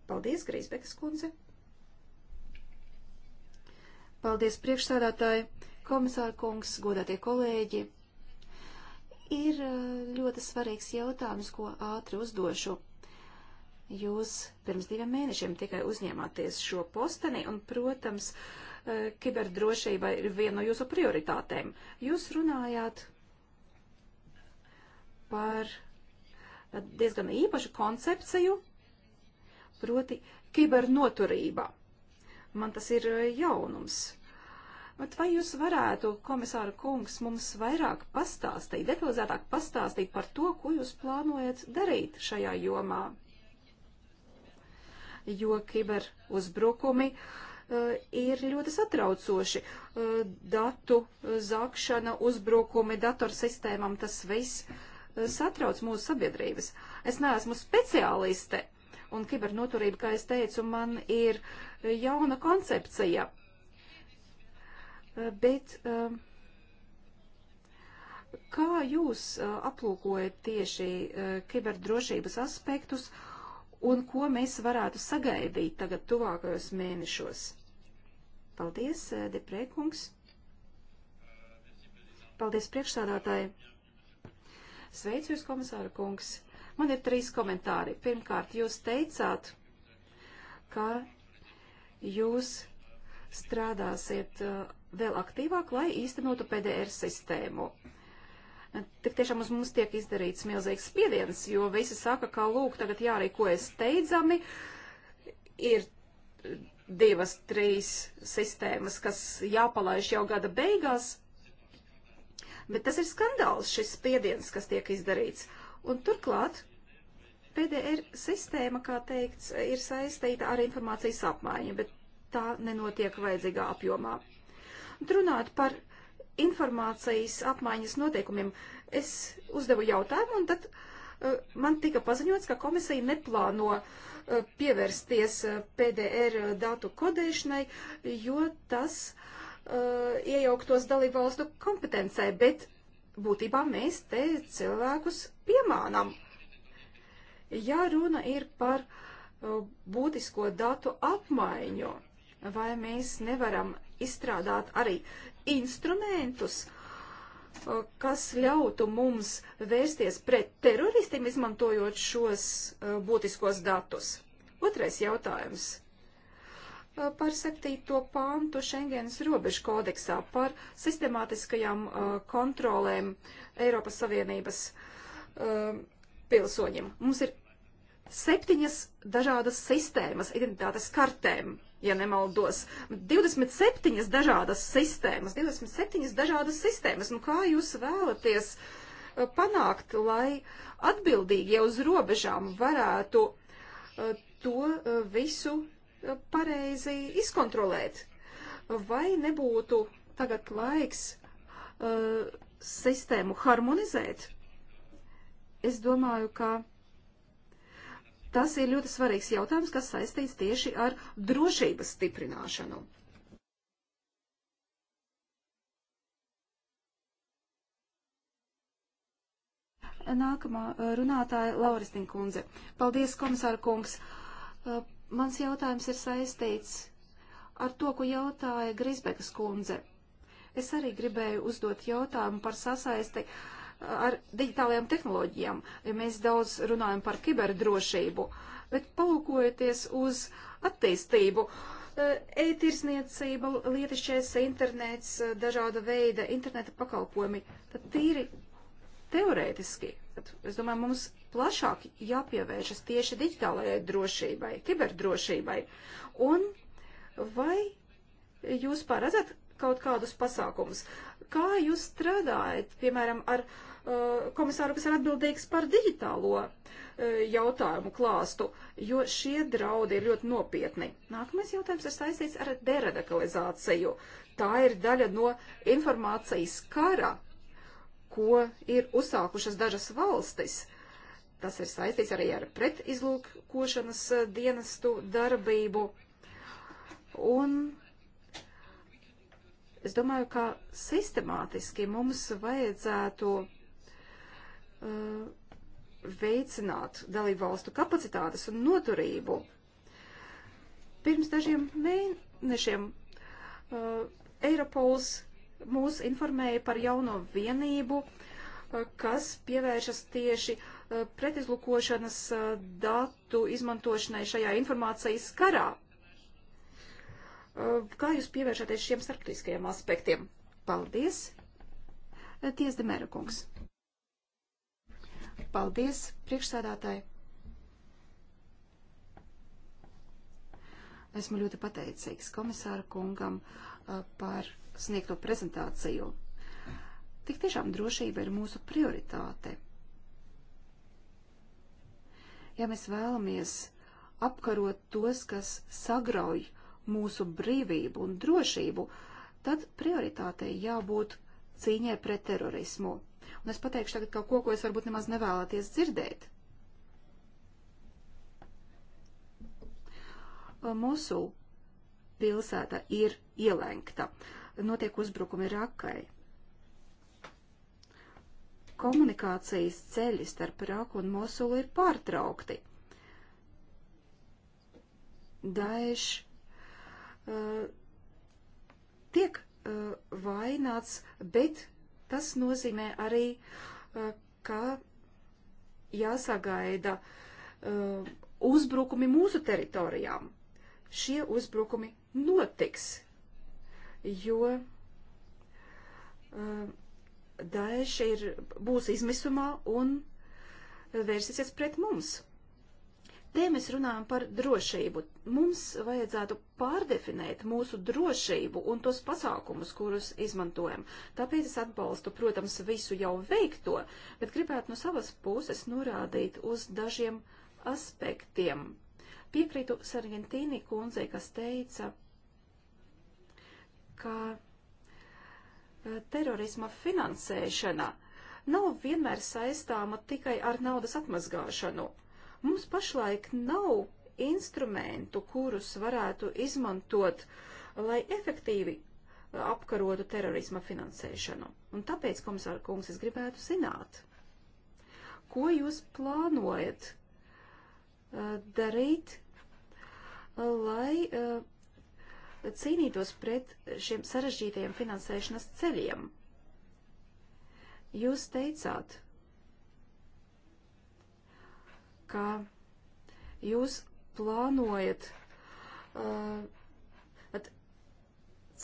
Paldies, Grīsbekas kundze! Paldies priekšsādātāji, komisāra kungs, godātie kolēģi. Ir uh, ļoti svarīgs jautājums, ko ātri uzdošu. Jūs pirms diviem mēnešiem tikai uzņēmāties šo posteni un, protams, uh, kiberdrošība ir viena no jūsu prioritātēm. Jūs runājāt par diezgan īpašu koncepciju, proti kibernoturība. Man tas ir eh, jaunums. Bet vai jūs varētu, komisāra kungs, mums vairāk pastāstīt, detalizētāk pastāstīt par to, ko jūs plānojat darīt šajā jomā? Jo kiberuzbrukumi uh, eh, ir ļoti satraucoši. Uh, datu zākšana, uzbrukumi datorsistēmām, tas viss uh, satrauc mūsu sabiedrības. Es neesmu speciāliste, un kibernoturība, kā es teicu, man ir uh, jauna koncepcija. Bet um, kā jūs uh, aplūkojat tieši uh, kiberdrošības aspektus un ko mēs varētu sagaidīt tagad tuvākajos mēnešos? Paldies, uh, Deprēkungs. Paldies priekšstādātāji. Sveicu jūs, komisāra kungs. Man ir trīs komentāri. Pirmkārt, jūs teicāt, ka jūs strādāsiet uh, vēl aktīvāk, lai īstenotu PDR sistēmu. Tik tiešām uz mums tiek izdarīts milzīgs spiediens, jo visi saka, ka lūk, tagad jārīkojas steidzami. Ir divas, trīs sistēmas, kas jāpalaiž jau gada beigās. Bet tas ir skandāls, šis spiediens, kas tiek izdarīts. Un turklāt PDR sistēma, kā teikts, ir saistīta ar informācijas apmaiņu, bet tā nenotiek vajadzīgā apjomā. Runājot par informācijas apmaiņas noteikumiem, es uzdevu jautājumu, un tad uh, man tika paziņots, ka komisija neplāno uh, pievērsties uh, PDR datu kodēšanai, jo tas uh, iejauktos dalībvalstu kompetencē, bet būtībā mēs te cilvēkus piemānam. Uh, Ja runa ir par uh, būtisko datu apmaiņu, vai mēs nevaram izstrādāt arī instrumentus, uh, kas ļautu mums vērsties pret teroristiem, izmantojot šos uh, būtiskos datus? Otrais jautājums par 7. pāntu Schengenas robežu kodeksā par sistemātiskajām uh, kontrolēm Eiropas Savienības uh, pilsoņiem. Mums ir septiņas dažādas sistēmas identitātes kartēm, ja nemaldos. 27 dažādas sistēmas, 27 dažādas sistēmas. Nu kā jūs vēlaties uh, panākt, lai atbildīgie uz robežām varētu uh, to uh, visu pareizi izkontrolēt? Vai nebūtu tagad laiks uh, sistēmu harmonizēt? Es domāju, ka Tas ir ļoti svarīgs jautājums, kas saistīts tieši ar drošības stiprināšanu. Nākamā runātāja Lauristin kundze. Paldies, komisāra kungs. Mans jautājums ir saistīts ar to, ko jautāja Grisbekas kundze. Es arī gribēju uzdot jautājumu par sasaisti uh, ar digitālajām tehnoloģijām. Mēs daudz runājam par kiberdrošību, bet palūkojoties uz attīstību, e, e-tirsniecība, lietišķais internets, e, dažāda veida interneta pakalpojumi, tad tīri teorētiski. Tad, es domāju, mums plašāk jāpievēršas tieši digitālajai drošībai, kiberdrošībai. Un vai jūs paredzat kaut kādus pasākumus? Kā jūs strādājat, piemēram, ar uh, Uh, komisāru, kas ir atbildīgs par digitālo uh, jautājumu klāstu, jo šie draudi ir ļoti nopietni. Nākamais jautājums ir saistīts ar deradikalizāciju. Tā ir daļa no informācijas kara, ko ir uzsākušas dažas valstis. Tas ir saistīts arī ar pretizlūkošanas uh, dienestu darbību. Un es domāju, ka sistemātiski mums vajadzētu Uh, veicināt dalību valstu kapacitātes un noturību. Pirms dažiem mēnešiem uh, Eiropols mūs informēja par jauno vienību, uh, kas pievēršas tieši uh, pretizlukošanas uh, datu izmantošanai šajā informācijas karā. Uh, kā jūs pievēršaties šiem starptautiskajiem aspektiem? Paldies! Tiesdemēra kungs. Paldies, priekšsādātāji! Esmu ļoti pateicīgs komisāra kungam uh, par sniegto prezentāciju. Tik tiešām drošība ir mūsu prioritāte. Ja mēs vēlamies apkarot tos, kas sagrauj mūsu brīvību un drošību, tad prioritātei jābūt cīņai pret terorismu. Un es pateikšu tagad kaut ko, ko es varbūt nemaz nevēlaties dzirdēt. Mūsu pilsēta ir ielenkta. Notiek uzbrukumi Rakai. Komunikācijas ceļi starp Raku un Mosulu ir pārtraukti. Daesh uh, tiek uh, vaināts, bet Tas nozīmē arī, eh, ka jāsagaida eh, uzbrukumi mūsu teritorijām. Šie uzbrukumi notiks, jo eh, Daesh ir, būs izmisumā un vērsīsies pret mums. Te mēs runājam par drošību. Mums vajadzētu pārdefinēt mūsu drošību un tos pasākumus, kurus izmantojam. Tāpēc es atbalstu, protams, visu jau veikto, bet gribētu no savas puses norādīt uz dažiem aspektiem. Piekrītu Sargentīnī kundzei, kas teica, ka eh, terorisma finansēšana nav vienmēr saistāma tikai ar naudas atmazgāšanu. Mums pašlaik nav instrumentu, kurus varētu izmantot, lai efektīvi uh, apkarotu terorisma finansēšanu. Un tāpēc, komisāra kungs, es gribētu zināt, ko jūs plānojat uh, darīt, lai uh, cīnītos pret šiem sarežģītajiem finansēšanas ceļiem. Jūs teicāt, ka jūs plānojat uh,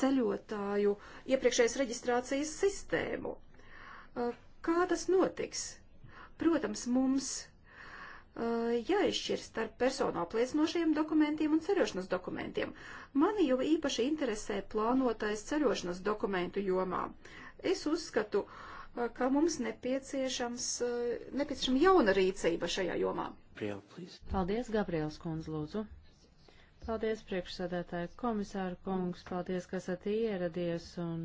ceļotāju iepriekšējas reģistrācijas sistēmu. Uh, kā tas notiks? Protams, mums uh, jāizšķir starp personu apliecinošiem dokumentiem un ceļošanas dokumentiem. Mani jau īpaši interesē plānotais ceļošanas dokumentu jomā. Es uzskatu, uh, ka mums nepieciešams, nepieciešama jauna rīcība šajā jomā. Paldies, Gabriels kundze, lūdzu. Paldies, priekšsēdētāji komisāra kungs, paldies, ka esat ieradies un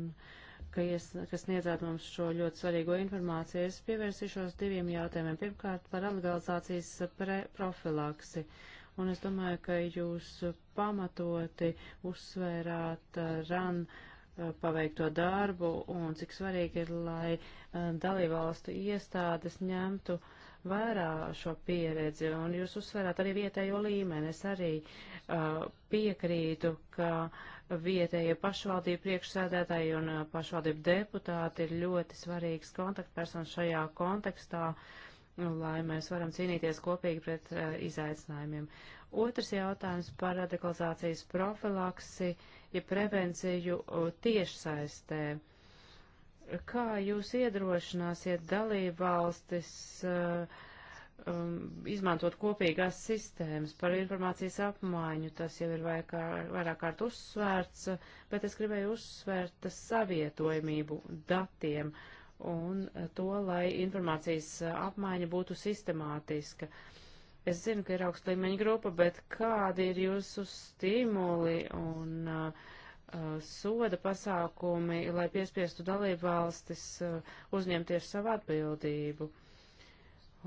ka, ies, ka sniedzāt mums šo ļoti svarīgo informāciju. Es pievērsīšos diviem jautājumiem. Pirmkārt, par legalizācijas profilaksi. Un es domāju, ka jūs pamatoti uzsvērāt RAN. Uh, Eh, paveikto darbu un cik svarīgi ir, lai eh, dalībvalstu iestādes ņemtu vērā šo pieredzi. Un jūs uzsverāt arī vietējo līmeni. Es arī uh, piekrītu, ka vietējie pašvaldību priekšsēdētāji un pašvaldību deputāti ir ļoti svarīgs kontaktpersonas šajā kontekstā, lai mēs varam cīnīties kopīgi pret uh, izaicinājumiem. Otrs jautājums par radikalizācijas profilaksi ja prevenciju tiešsaistē. Kā jūs iedrošināsiet dalību valstis uh, e, um, izmantot kopīgās sistēmas par informācijas apmaiņu. Tas jau ir vaikā, vairāk kārt uzsvērts, bet es gribēju uzsvērt savietojamību datiem un to, lai informācijas apmaiņa būtu sistemātiska. Uh, Es zinu, ka ir augsta līmeņa grupa, bet kādi ir jūsu stimuli un uh, uh soda pasākumi, lai piespiestu dalību valstis uh, uzņemties savu atbildību?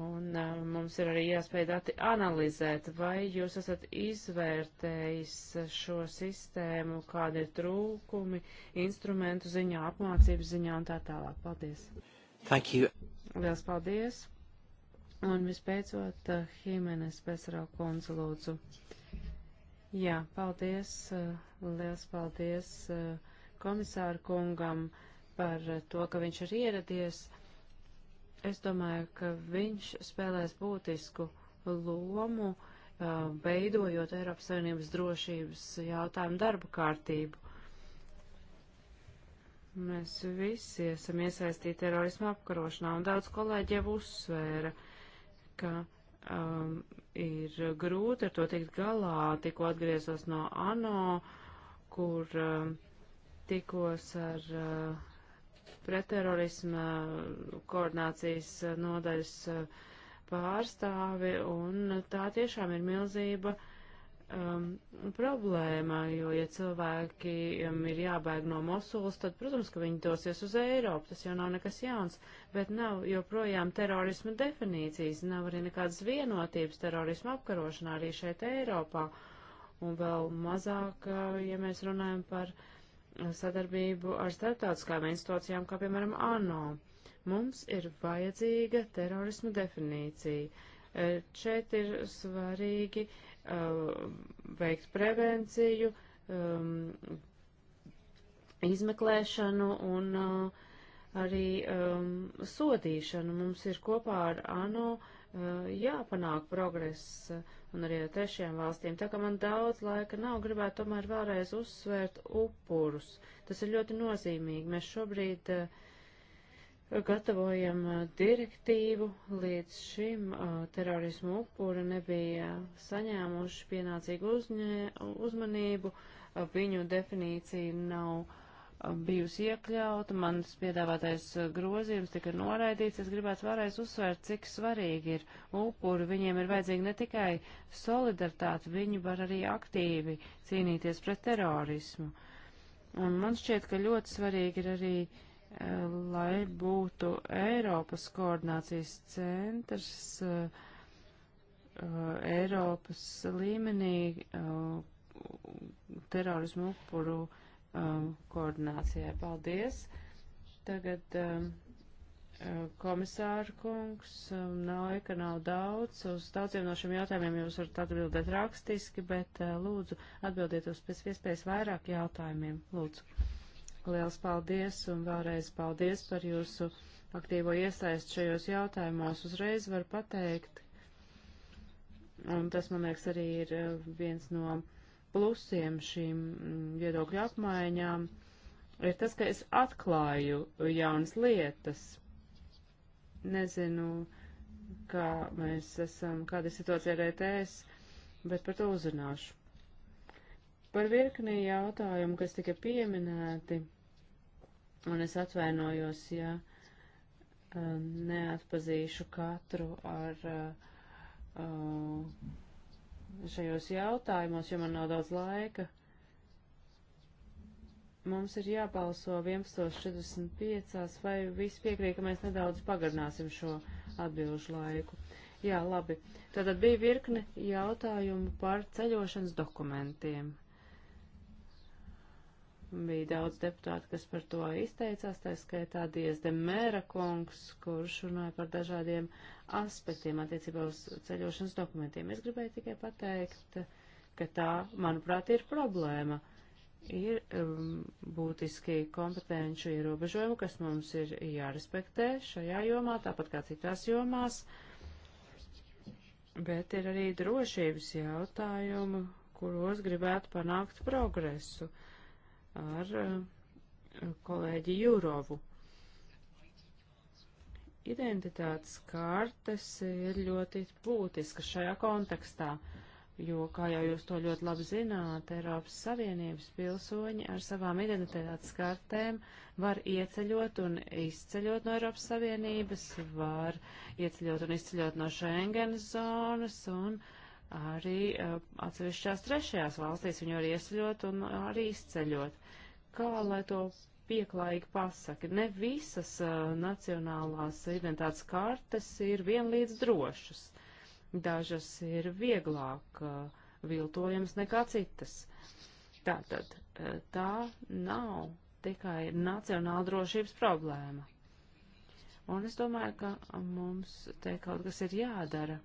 Un uh, mums ir arī jāspēj dati analizēt, vai jūs esat izvērtējis šo sistēmu, kādi ir trūkumi, instrumentu ziņā, apmācības ziņā un tā tālāk. Paldies! Thank you! Liels paldies! Un vispēcot, Hīmenes eh, Pesaro kundze lūdzu. Jā, paldies, eh, liels paldies eh, komisāru kungam par to, ka viņš ir ieradies. Es domāju, ka viņš spēlēs būtisku lomu, veidojot Eiropas Savienības drošības jautājumu darba kārtību. Mēs visi esam iesaistīti terorismu apkarošanā, un daudz kolēģi jau uzsvēra, uh, ka um, ir grūti ar to tikt galā. Tikko atgriezos no ANO, kur um, tikos ar uh, pretterorisma koordinācijas nodaļas uh, pārstāvi, un tā tiešām ir milzība. Uh, um, problēma, jo, ja cilvēkiem um, ir jābēg no Mosulas, tad, protams, ka viņi dosies uz Eiropu, tas jau nav nekas jauns, bet nav joprojām terorisma definīcijas, nav arī nekādas vienotības terorisma apkarošanā arī šeit Eiropā, un vēl mazāk, uh, ja mēs runājam par uh, sadarbību ar starptautiskām institūcijām, kā piemēram ANO. Mums ir vajadzīga terorisma definīcija uh, šeit ir svarīgi Uh, veikt prevenciju, um, izmeklēšanu un uh, arī um, sodīšanu. Mums ir kopā ar ANO uh, jāpanāk progress uh, un arī ar trešajām valstīm. Tā kā man daudz laika nav, gribētu tomēr vēlreiz uzsvērt upurus. Tas ir ļoti nozīmīgi. Mēs šobrīd uh, gatavojam direktīvu. Līdz šim terorismu upuri nebija saņēmuši pienācīgu uzņē, uzmanību, viņu definīcija nav bijusi iekļauta, mans piedāvātais grozījums tika noraidīts. Es gribētu vēlreiz uzsvērt, cik svarīgi ir upuri. Viņiem ir vajadzīga ne tikai solidaritāte, viņi var arī aktīvi cīnīties pret terorismu. Un man šķiet, ka ļoti svarīgi ir arī uh, lai būtu Eiropas koordinācijas centrs uh, Eiropas līmenī uh, terorismu upuru um, koordinācijai. Paldies! Tagad um, uh, komisāra kungs, laika um, nav daudz. Uz daudziem no šiem jautājumiem jūs varat atbildēt rakstiski, bet lūdzu atbildiet uz pēc iespējas vairāk jautājumiem. Lūdzu! Liels paldies un vēlreiz paldies par jūsu aktīvo iesaist šajos jautājumos. Uzreiz var pateikt, un tas, man liekas, arī ir eh, viens no plusiem šīm mm, viedokļu apmaiņām, ir tas, ka es atklāju jaunas lietas. Nezinu, kā mēs esam, kāda ir situācija ar ETS, bet par to uzzināšu. Par virknī jautājumu, kas tika pieminēti Un es atvainojos, ja um, neatpazīšu katru ar uh, uh, šajos jautājumos, jo man nav daudz laika. Mums ir jābalso 11.45, vai visi piekrīt, ka mēs nedaudz pagarināsim šo atbilžu laiku. Jā, labi. Tātad bija virkne jautājumu par ceļošanas dokumentiem. Bija daudz deputāti, kas par to izteicās, tā skaitā Diezde Mēra kungs, kurš runāja par dažādiem aspektiem attiecībā uz ceļošanas dokumentiem. Es gribēju tikai pateikt, ka tā, manuprāt, ir problēma. Ir um, būtiski kompetenču ierobežojumi, kas mums ir jārespektē šajā jomā, tāpat kā citās jomās. Bet ir arī drošības jautājumu, kuros gribētu panākt progresu. Uh, ar eh, kolēģi Jūrovu. Identitātes kartes ir ļoti būtiska šajā kontekstā, jo, kā jau jūs to ļoti labi zināt, Eiropas Savienības pilsoņi ar savām identitātes kartēm var ieceļot un izceļot no Eiropas Savienības, var ieceļot un izceļot no Schengenas zonas un uh, arī uh, atsevišķās trešajās valstīs viņu var iesļot un arī izceļot. Kā lai to pieklājīgi pasaka, ne visas uh, nacionālās identitātes kartes ir vienlīdz drošas. Dažas ir vieglāk uh, eh, viltojams nekā citas. Tātad tā nav tikai nacionāla drošības problēma. Un es domāju, ka mums te kaut kas ir jādara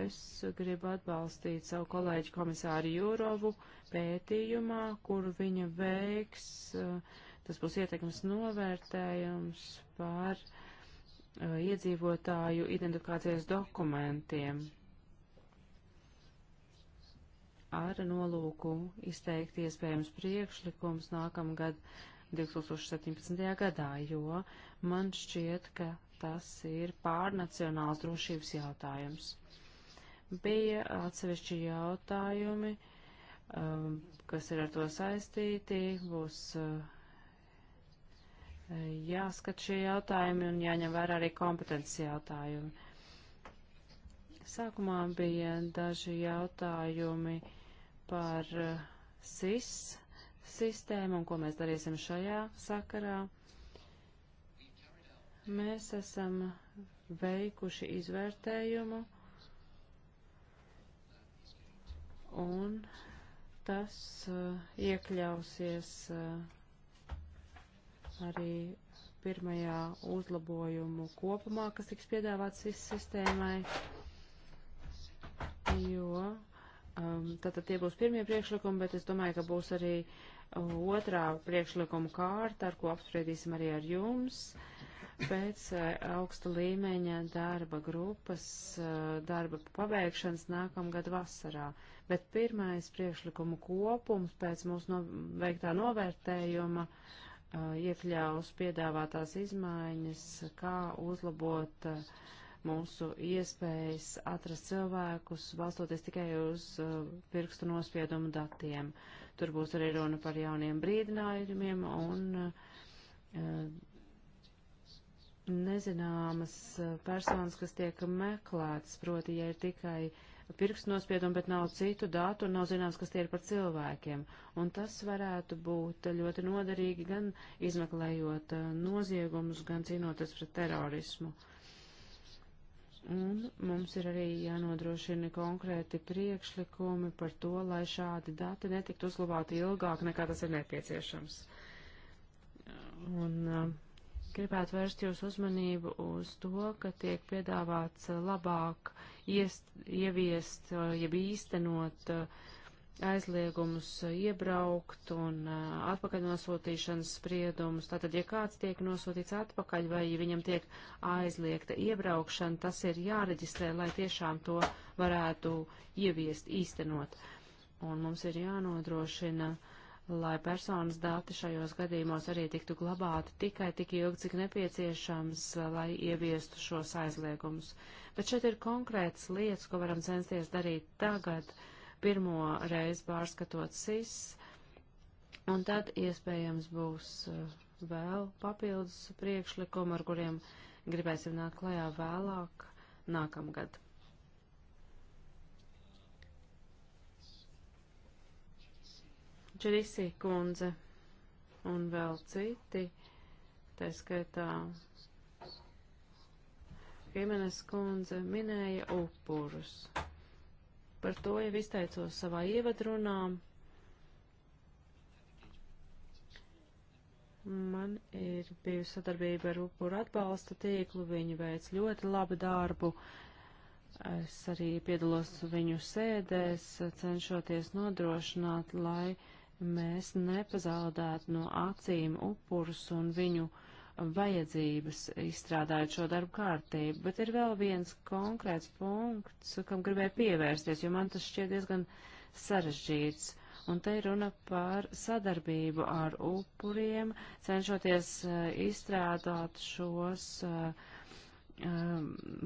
Es gribu atbalstīt savu kolēģi komisāru Jūrovu pētījumā, kur viņa veiks, eh, tas būs ietekmes novērtējums par eh, iedzīvotāju identifikācijas dokumentiem ar nolūku izteikt iespējams priekšlikums nākamgad 2017. gadā, jo man šķiet, ka tas ir pārnacionāls drošības jautājums. Bija atsevišķi jautājumi, um, kas ir ar to saistīti, būs uh, jāskat šie jautājumi un jāņem vērā arī kompetences jautājumi. Sākumā bija daži jautājumi par uh, SIS sistēmu un ko mēs darīsim šajā sakarā. Mēs esam veikuši izvērtējumu un tas uh, iekļausies uh, arī pirmajā uzlabojumu kopumā, kas tiks piedāvāts sistēmai, jo um, tātad tie būs pirmie priekšlikumi, bet es domāju, ka būs arī otrā priekšlikuma kārta, ar ko apspriedīsim arī ar jums. Uh, Pēc eh, augsta līmeņa darba grupas eh, darba pabeigšanas nākamgad vasarā, bet pirmais priekšlikumu kopums pēc mūsu no, veiktā novērtējuma eh, iekļaus piedāvātās izmaiņas, kā uzlabot mūsu iespējas atrast cilvēkus, balstoties tikai uz pirkstu nospiedumu datiem. Tur būs arī runa par jauniem brīdinājumiem un nezināmas eh, personas, kas tiek meklētas, proti, ja ir tikai pirkstu nospiedumi, bet nav citu datu un nav zināms, kas tie ir par cilvēkiem. Un tas varētu būt ļoti noderīgi gan izmeklējot eh, noziegumus, gan cīnoties pret terorismu. Un mums ir arī jānodrošina konkrēti priekšlikumi par to, lai šādi dati netiktu uzglabāti ilgāk, nekā tas ir nepieciešams. Un, uh, gribētu vērst jūsu uzmanību uz to, ka tiek piedāvāts eh, labāk iest, ieviest, eh, jeb īstenot eh, aizliegumus iebraukt un atpakaļnosūtīšanas spriedumus. Tātad, ja kāds tiek nosūtīts atpakaļ vai viņam tiek aizliegta iebraukšana, tas ir jāreģistrē, lai tiešām to varētu ieviest, īstenot. Un mums ir jānodrošina uh, lai personas dati šajos gadījumos arī tiktu glabāti tikai tik ilgi, cik nepieciešams, lai ieviestu šos aizliegumus. Bet šeit ir konkrētas lietas, ko varam censties darīt tagad, pirmo reizi pārskatot SIS, un tad iespējams būs uh, vēl papildus priekšlikumi, ar kuriem gribēsim nākt klajā vēlāk nākamgad. Džerisī kundze un vēl citi, tā skaitā Himenes kundze minēja upurus. Par to jau izteicos savā ievadrunā. Man ir bijusi sadarbība ar upuru atbalsta tīklu, viņi veic ļoti labu darbu. Es arī piedalos viņu sēdēs, cenšoties nodrošināt, lai uh, mēs nepazaudētu no acīm upurus un viņu vajadzības izstrādājot šo darbu kārtību. Bet ir vēl viens konkrēts punkts, kam gribēju pievērsties, jo man tas šķiet diezgan sarežģīts. Un te ir runa par sadarbību ar upuriem, cenšoties uh, izstrādāt šos uh,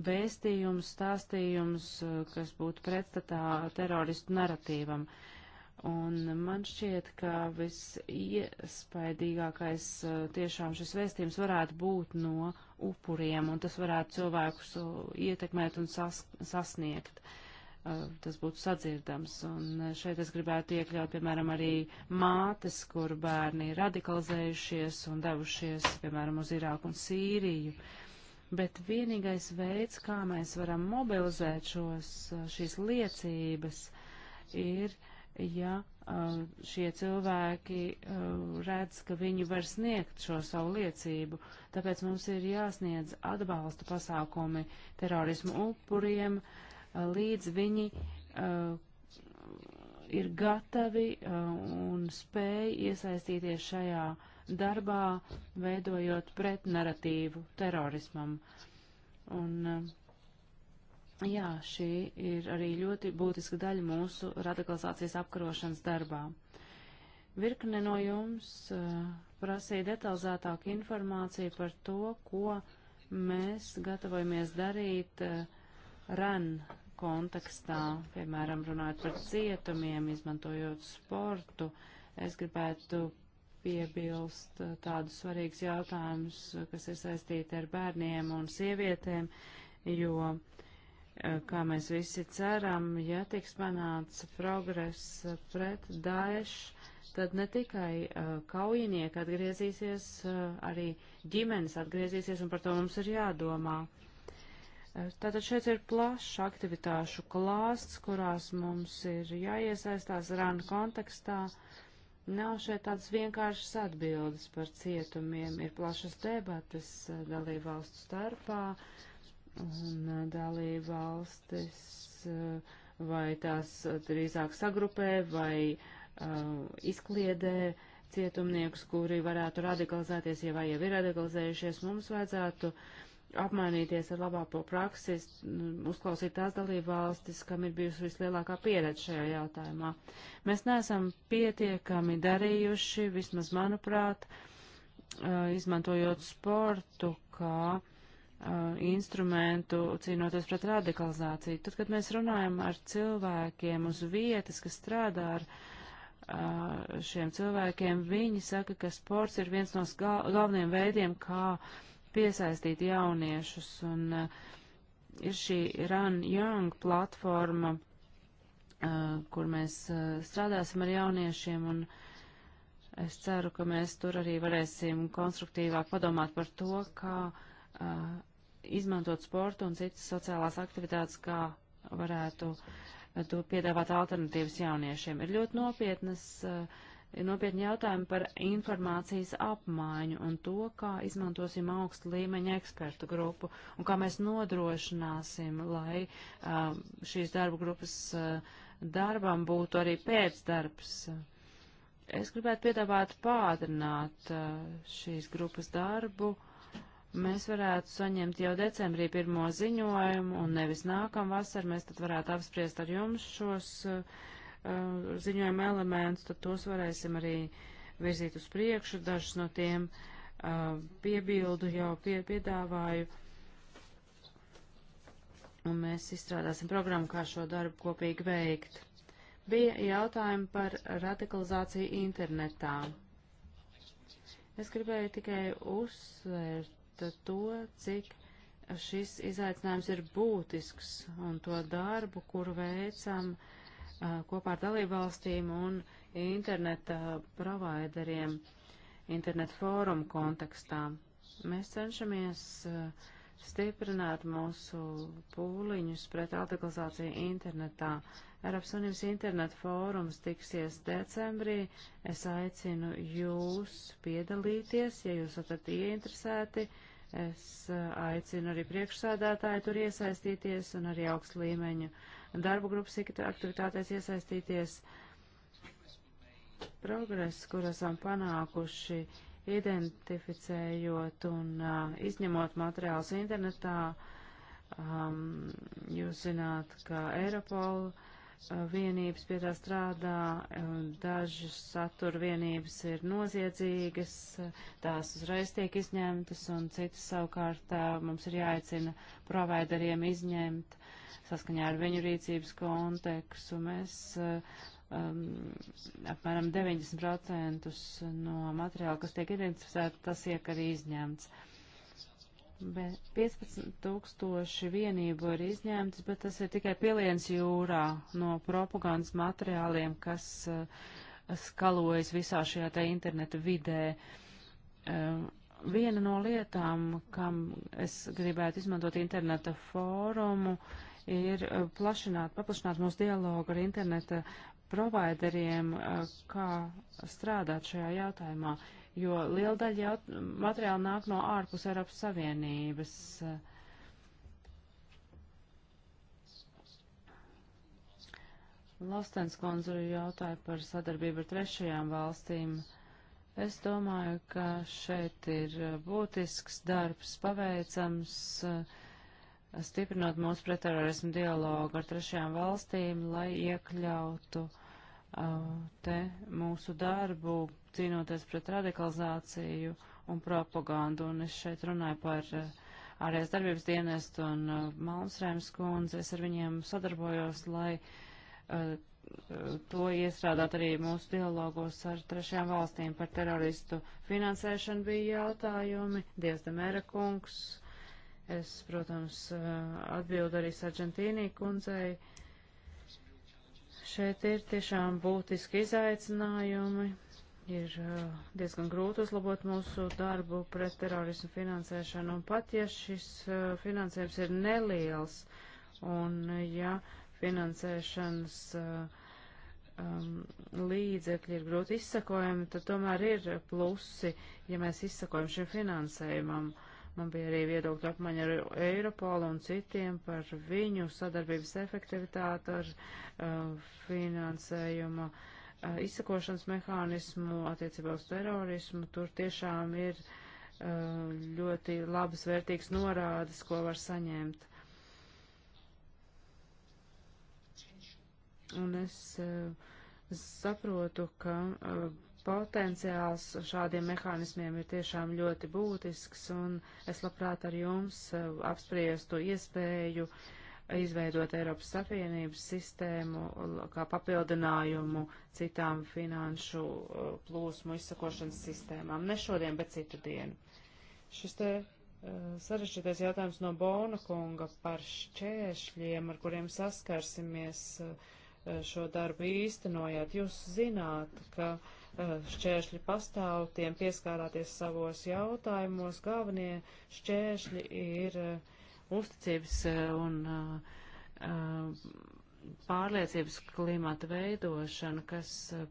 vēstījumus, stāstījumus, eh, kas būtu pretstatā teroristu naratīvam. Uh, Un man šķiet, ka visiespaidīgākais uh, tiešām šis vēstījums varētu būt no upuriem, un tas varētu cilvēkus uh, ietekmēt un sas, sasniegt. Uh, tas būtu sadzirdams. Un šeit es gribētu iekļaut, piemēram, arī mātes, kur bērni ir radikalizējušies un devušies, piemēram, uz Irāku un Sīriju. Bet vienīgais veids, kā mēs varam mobilizēt šos, šīs liecības, ir uh, ja uh, šie cilvēki uh, redz, ka viņi var sniegt šo savu liecību. Tāpēc mums ir jāsniedz atbalsta pasākumi terorismu upuriem, uh, līdz viņi ir gatavi un spēj iesaistīties šajā darbā, veidojot pretnaratīvu terorismam. Un, uh, Jā, šī ir arī ļoti būtiska daļa mūsu radikalizācijas apkarošanas darbā. Virkne no jums uh, prasīja detalizētāku informāciju par to, ko mēs gatavojamies darīt uh, eh, RAN kontekstā, piemēram, runājot par cietumiem, izmantojot sportu. Es gribētu piebilst eh, tādus svarīgus jautājumus, kas ir saistīti ar bērniem un sievietēm, jo uh, Eh, kā mēs visi ceram, ja tiks panāts progress eh, pret Daešu, tad ne tikai uh, kaujinieki atgriezīsies, uh, arī ģimenes atgriezīsies, un par to mums ir jādomā. Uh, tātad šeit ir plašs aktivitāšu klāsts, kurās mums ir jāiesaistās rānu kontekstā. Nav šeit tādas vienkāršas atbildes par cietumiem, ir plašas debatas dalībvalstu starpā. Uh, Un dalība valstis vai tās drīzāk sagrupē vai uh, izkliedē cietumniekus, kuri varētu radikalizēties, ja vai jau ir radikalizējušies, mums vajadzētu apmainīties ar labāko praksis, uzklausīt tās dalību valstis, kam ir bijusi vislielākā pieredze šajā jautājumā. Mēs neesam pietiekami darījuši, vismaz manuprāt, uh, izmantojot sportu, kā uh, Uh, instrumentu cīnoties pret radikalizāciju. Tad, kad mēs runājam ar cilvēkiem uz vietas, kas strādā ar uh, šiem cilvēkiem, viņi saka, ka sports ir viens no galvenajiem veidiem, kā piesaistīt jauniešus. Un uh, ir šī Run Young platforma, uh, kur mēs uh, strādāsim ar jauniešiem un es ceru, ka mēs tur arī varēsim konstruktīvāk padomāt par to, kā uh, izmantot sportu un citas sociālās aktivitātes, kā varētu to piedāvāt alternatīvas jauniešiem. Ir ļoti nopietnas, eh, ir nopietni jautājumi par informācijas apmaiņu un to, kā izmantosim augstu līmeņa ekspertu grupu un kā mēs nodrošināsim, lai eh, šīs darba grupas eh, darbam būtu arī pēcdarbs. Es gribētu piedāvāt pātrināt šīs grupas darbu mēs varētu saņemt jau decembrī pirmo ziņojumu, un nevis nākamvasar mēs tad varētu apspriest ar jums šos uh, ziņojuma elementus, tad tos varēsim arī virzīt uz priekšu. Dažus no tiem uh, piebildu jau pie, piedāvāju. Un mēs izstrādāsim programmu, kā šo darbu kopīgi veikt. Bija jautājumi par radikalizāciju internetā. Es gribēju tikai uzsvērt uzsvērt to, cik šis izaicinājums ir būtisks un to darbu, kuru veicam uh, kopā ar dalībvalstīm un interneta provideriem internetu fórumu kontekstā. Mēs cenšamies uh, stiprināt mūsu pūliņus pret radikalizāciju internetā. Eiropas Unības internetu fórums tiksies decembrī. Es aicinu jūs piedalīties, ja jūs esat ieinteresēti. Uh, Es uh, aicinu arī priekšsēdētāju tur iesaistīties un arī augstu līmeņa darbu grupas aktivitātēs iesaistīties. Progress, kur esam panākuši, identificējot un uh, izņemot materiālus internetā, um, jūs zināt, ka Eiropola Uh, vienības pie tā strādā, uh, dažas satura vienības ir noziedzīgas, uh, tās uzreiz tiek izņemtas, un citas savukārt mums ir jāicina provideriem izņemt saskaņā ar viņu rīcības kontekstu. Mēs um, apmēram 90% no materiāla, kas tiek identificēta, tas tiek arī izņemts. Uh, 15 tūkstoši vienību ir izņemtas, bet tas ir tikai pieliens jūrā no propagandas materiāliem, kas uh, skalojas visā šajā te interneta vidē. Uh, viena no lietām, kam es gribētu izmantot interneta fórumu, ir eh, plašināt, paplašināt mūsu dialogu ar interneta provideriem, kā strādāt šajā jautājumā jo liela daļa materiāla nāk no ārpus Eiropas Savienības. Lostens konzulu jautāja par sadarbību ar trešajām valstīm. Es domāju, ka šeit ir būtisks darbs paveicams, eh, stiprinot mūsu pretterorismu dialogu ar trešajām valstīm, lai iekļautu eh, te mūsu darbu cīnoties pret radikalizāciju un propagandu. Un es šeit runāju par eh, ārējās darbības dienestu un eh, Malmsrēmas kundzi. Es ar viņiem sadarbojos, lai uh, to iestrādāt arī mūsu dialogos ar trešajām valstīm par teroristu finansēšanu bija jautājumi. Dievs Demēra kungs, es, protams, atbildu arī Sargentīnī kundzei. Šeit ir tiešām būtiski izaicinājumi, ir uh, diezgan grūti uzlabot mūsu darbu pret terorismu finansēšanu, un pat ja šis uh, finansējums ir neliels, un uh, ja finansēšanas um, līdzekļi ir grūti izsakojami, tad tomēr ir plusi, ja mēs izsakojam šim finansējumam. Man bija arī viedokļu apmaiņa ar Eiropolu un citiem par viņu sadarbības efektivitāti ar uh, finansējuma uh, izsakošanas mehānismu attiecībā uz terorismu. Tur tiešām ir ļoti labas, vērtīgas norādes, ko var saņemt. Un es saprotu, ka potenciāls šādiem mehānismiem ir tiešām ļoti būtisks, un es labprāt ar jums apspriestu iespēju uh, izveidot Eiropas Savienības sistēmu kā papildinājumu citām finanšu uh, plūsmu izsakošanas sistēmām. Ne šodien, bet citu dienu. Šis te uh, sarežģītais jautājums no Bona kunga par šķēršļiem, ar kuriem saskarsimies uh, šo darbu īstenojot. Jūs zināt, ka šķēršļi pastāv, tiem pieskārāties savos jautājumos. Galvenie šķēršļi ir uh, uzticības eh, un eh, eh, pārliecības klimata veidošana, kas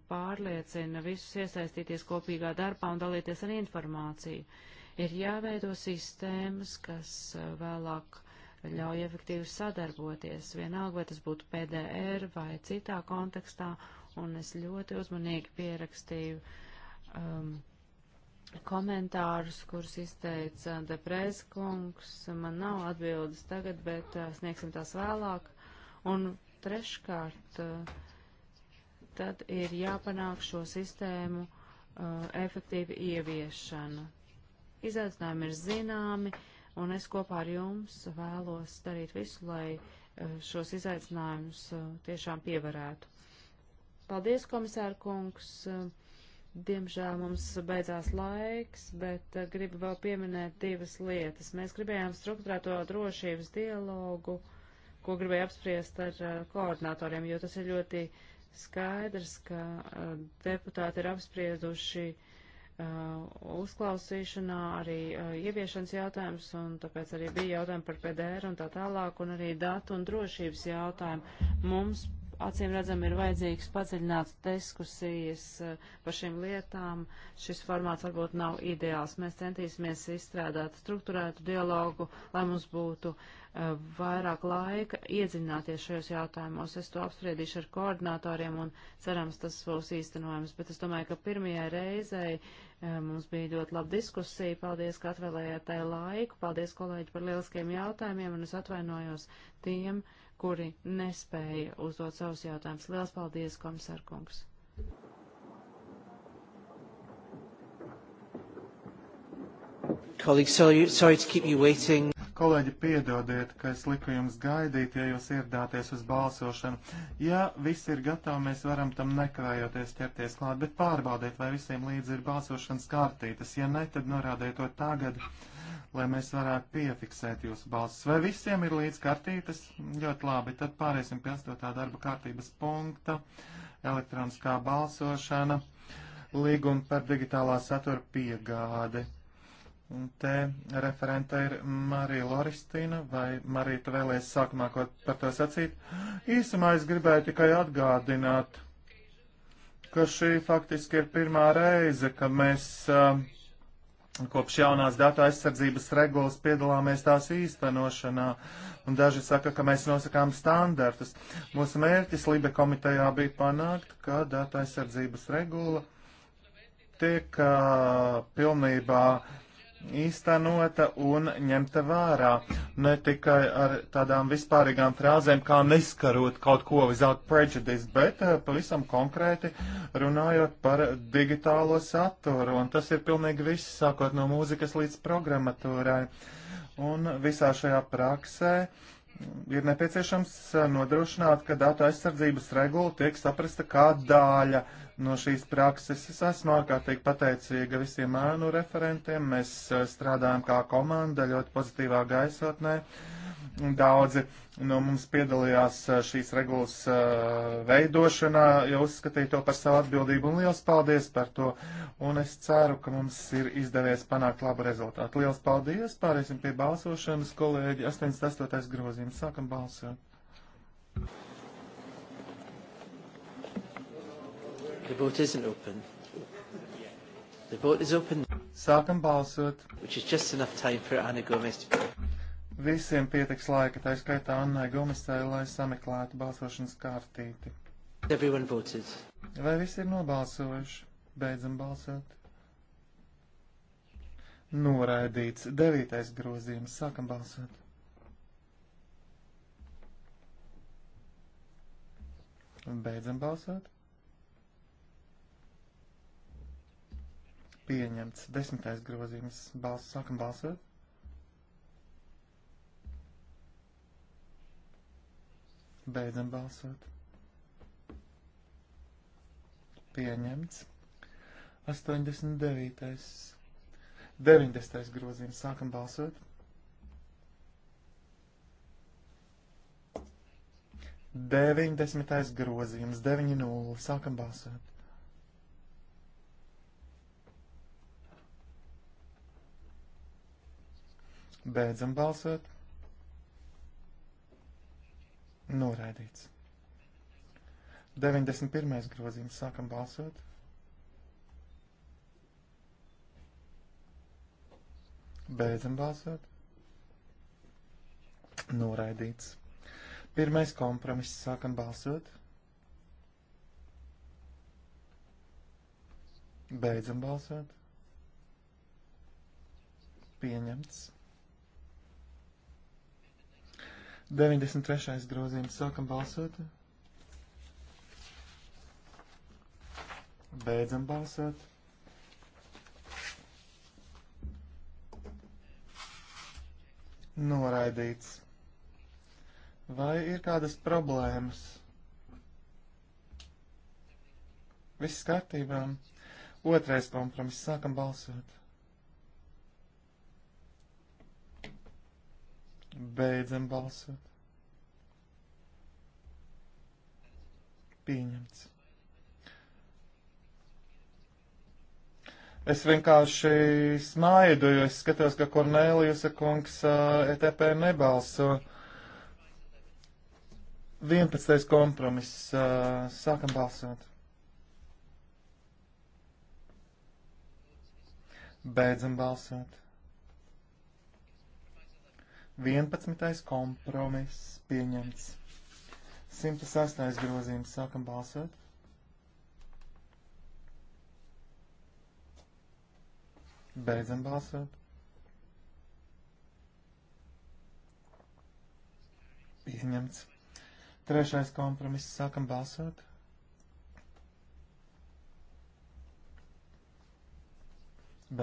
pārliecina visus iesaistīties kopīgā darbā un dalīties ar informāciju. Ir jāveido sistēmas, kas vēlāk ļauj efektīvi sadarboties, vienalga, vai tas būtu PDR vai citā kontekstā, un es ļoti uzmanīgi pierakstīju um, komentārus, kurus izteica Deprēz kungs. Man nav atbildes tagad, bet sniegsim tās vēlāk. Un treškārt, tad ir jāpanāk šo sistēmu uh, efektīvi ieviešana. Izaicinājumi ir zināmi, un es kopā ar jums vēlos darīt visu, lai uh, šos izaicinājumus uh, tiešām pievarētu. Paldies, komisāra kungs! Uh, Diemžēl mums beidzās laiks, bet eh, gribu vēl pieminēt divas lietas. Mēs gribējām struktūrēto drošības dialogu, ko gribēju apspriest ar eh, koordinatoriem, jo tas ir ļoti skaidrs, ka eh, deputāti ir apsprieduši uzklausīšanā arī ieviešanas jautājums, un tāpēc arī bija jautājumi par PDR un tā tālāk, un arī datu un drošības jautājumu. Mums acīm redzam ir vajadzīgs padziļināts diskusijas eh, par šīm lietām. Šis formāts varbūt nav ideāls. Mēs centīsimies izstrādāt struktūrētu dialogu, lai mums būtu eh, vairāk laika iedziļināties šajos jautājumos. Es to apspriedīšu ar koordinatoriem un cerams, tas būs īstenojams. Bet es domāju, ka pirmajai reizei eh, mums bija ļoti laba diskusija. Paldies, ka atvēlējāt tai laiku. Paldies, kolēģi, par lieliskiem jautājumiem un es atvainojos tiem, uh, kuri nespēja uzdot savus jautājumus. Lielas paldies, komisārkungs! Kolēģi, piedodiet, ka es liku jums gaidīt, ja jūs ieradāties uz balsošanu. Ja viss ir gatavs, mēs varam tam nekavējoties ķerties klāt, bet pārbaudiet, vai visiem līdzi ir balsošanas kārtītas. Ja ne, tad norādiet to tagad lai mēs varētu piefiksēt jūsu balsis. Vai visiem ir līdz kartītes? Ļoti labi, tad pāriesim pie 8. darba kārtības punkta - elektroniskā balsošana, līguma par digitālā satura piegādi. Un te referenta ir Marija Loristina, vai Marija, tu vēlējies sākumā ko par to sacīt? Īsumā es gribēju tikai atgādināt, ka šī faktiski ir pirmā reize, ka mēs uh, Kopš jaunās datu aizsardzības regulas piedalāmies tās īstenošanā, un daži saka, ka mēs nosakām standartus. Mūsu mērķis Libe komitejā bija panākt, ka datu aizsardzības regula tiek uh, pilnībā uh, īstenota un ņemta vērā, ne tikai ar tādām vispārīgām frāzēm, kā neskarot kaut ko without prejudice, bet eh, pavisam konkrēti runājot par digitālo saturu, un tas ir pilnīgi viss, sākot no mūzikas līdz programmatūrai. Un visā šajā praksē ir nepieciešams eh, nodrošināt, ka datu aizsardzības regula tiek saprasta kā dāļa no šīs prakses. Es esmu ārkārtīgi pateicīga visiem ēnu referentiem. Mēs eh, strādājam kā komanda ļoti pozitīvā gaisotnē. Daudzi no mums piedalījās eh, šīs regulas eh, veidošanā, jau uzskatīja to par savu atbildību un liels paldies par to. Un es ceru, ka mums ir izdevies panākt labu rezultātu. Liels paldies! Pāriesim pie balsošanas, kolēģi. 88. grozījums. Sākam balsot! Thank you. The vote isn't open. The vote is open. Sākam balsot. Which is just enough time for Anna Gomez to... Visiem pietiks laika, tā skaitā Annai Gomesai, lai sameklētu balsošanas kārtīti. Everyone voted. Vai visi ir nobalsojuši? Beidzam balsot. Noraidīts. Devītais grozījums. Sākam balsot. Beidzam balsot. pieņemts. Desmitais grozījums. Bals, sākam balsot. Beidzam balsot. Pieņemts. 89. 90. grozījums. Sākam balsot. Deviņdesmitais grozījums. Deviņi nulli. Sākam balsot. Beidzam balsot. Noraidīts. 91. grozījums. Sākam balsot. Beidzam balsot. Noraidīts. Pirmais kompromiss. Sākam balsot. Beidzam balsot. Pieņemts. 93. grozījums. Sākam balsot. Beidzam balsot. Noraidīts. Vai ir kādas problēmas? Viss kārtībā. Otrais kompromiss. Sākam balsot. Beidzam balsot. Pieņemts. Es vienkārši smaidu, jo es skatos, ka Kornēlijas kungs ETP nebalso. 11. kompromiss. Sākam balsot. Beidzam balsot. 11. kompromiss pieņemts. 106. grozījums sākam balsot. Beidzam balsot. Pieņemts. Trešais kompromiss sākam balsot.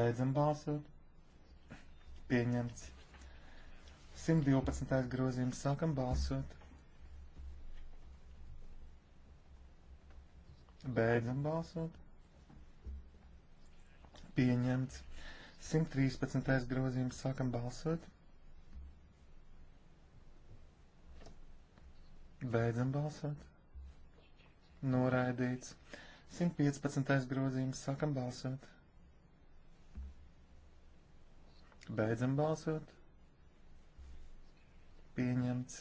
Beidzam balsot. Pieņemts. 112. grozījums. Sākam balsot. Beidzam balsot. Pieņemts. 113. grozījums. Sākam balsot. Beidzam balsot. Noraidīts. 115. grozījums. Sākam balsot. Beidzam balsot pieņemts.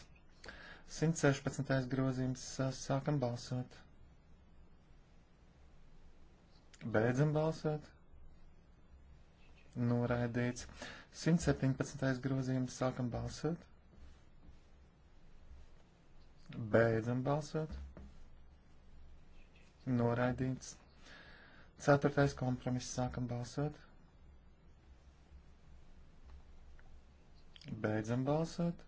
116. grozījums sākam balsot. Beidzam balsot. Noraidīts. 117. grozījums sākam balsot. Beidzam balsot. Noraidīts. Ceturtais kompromiss sākam balsot. Beidzam balsot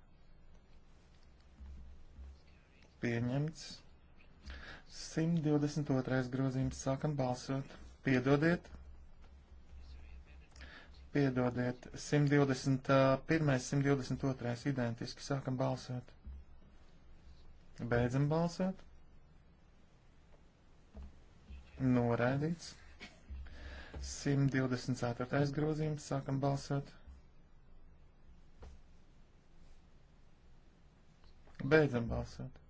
pieņemts. 122. grozījums sākam balsot. Piedodiet. Piedodiet. 121. 122. identiski sākam balsot. Beidzam balsot. Noraidīts. 124. grozījums sākam balsot. Beidzam balsot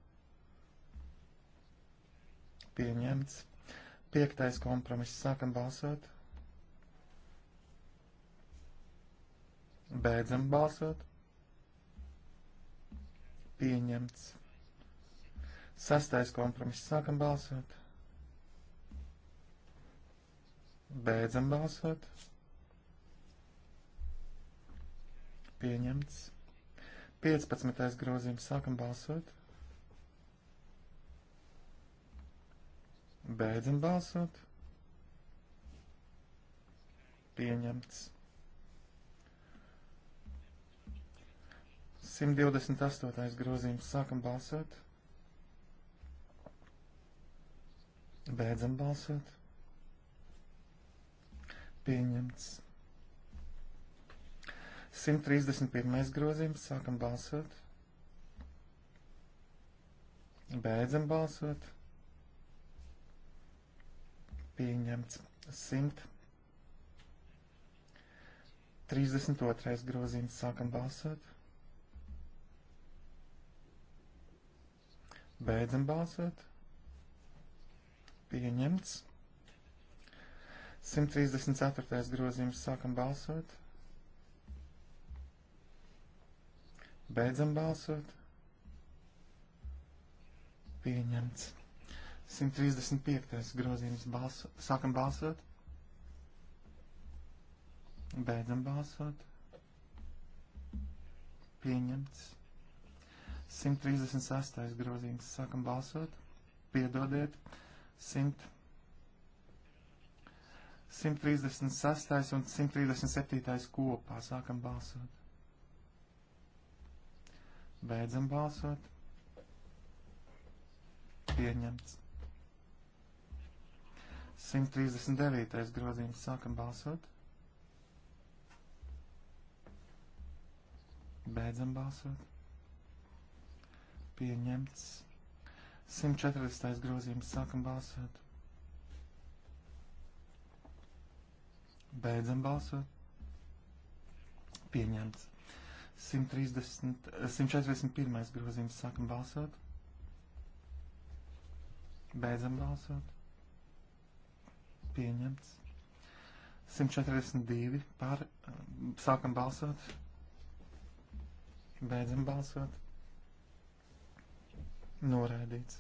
pieņemts. Piektais kompromiss. Sākam balsot. Beidzam balsot. Pieņemts. Sastais kompromiss. Sākam balsot. Beidzam balsot. Pieņemts. 15. grozījums. Sākam balsot. Beidzam balsot. Pieņemts. 128. grozījums. Sākam balsot. Beidzam balsot. Pieņemts. 131. grozījums. Sākam balsot. Beidzam balsot pieņemts 132. grozījums. Sākam balsot. Beidzam balsot. Pieņemts. 134. grozījums. Sākam balsot. Beidzam balsot. Pieņemts. 135. grozījums balso, sākam balsot, beidzam balsot, pieņemts. 136. grozījums sākam balsot, piedodiet, 100. 136. un 137. kopā sākam balsot. Beidzam balsot. Pieņemts. 139. grozījums. Sākam balsot. Beidzam balsot. Pieņemts. 140. grozījums. Sākam balsot. Beidzam balsot. Pieņemts. 130, 141. grozījums. Sākam balsot. Beidzam balsot pieņemts. 142 pār, sākam balsot, beidzam balsot, noraidīts.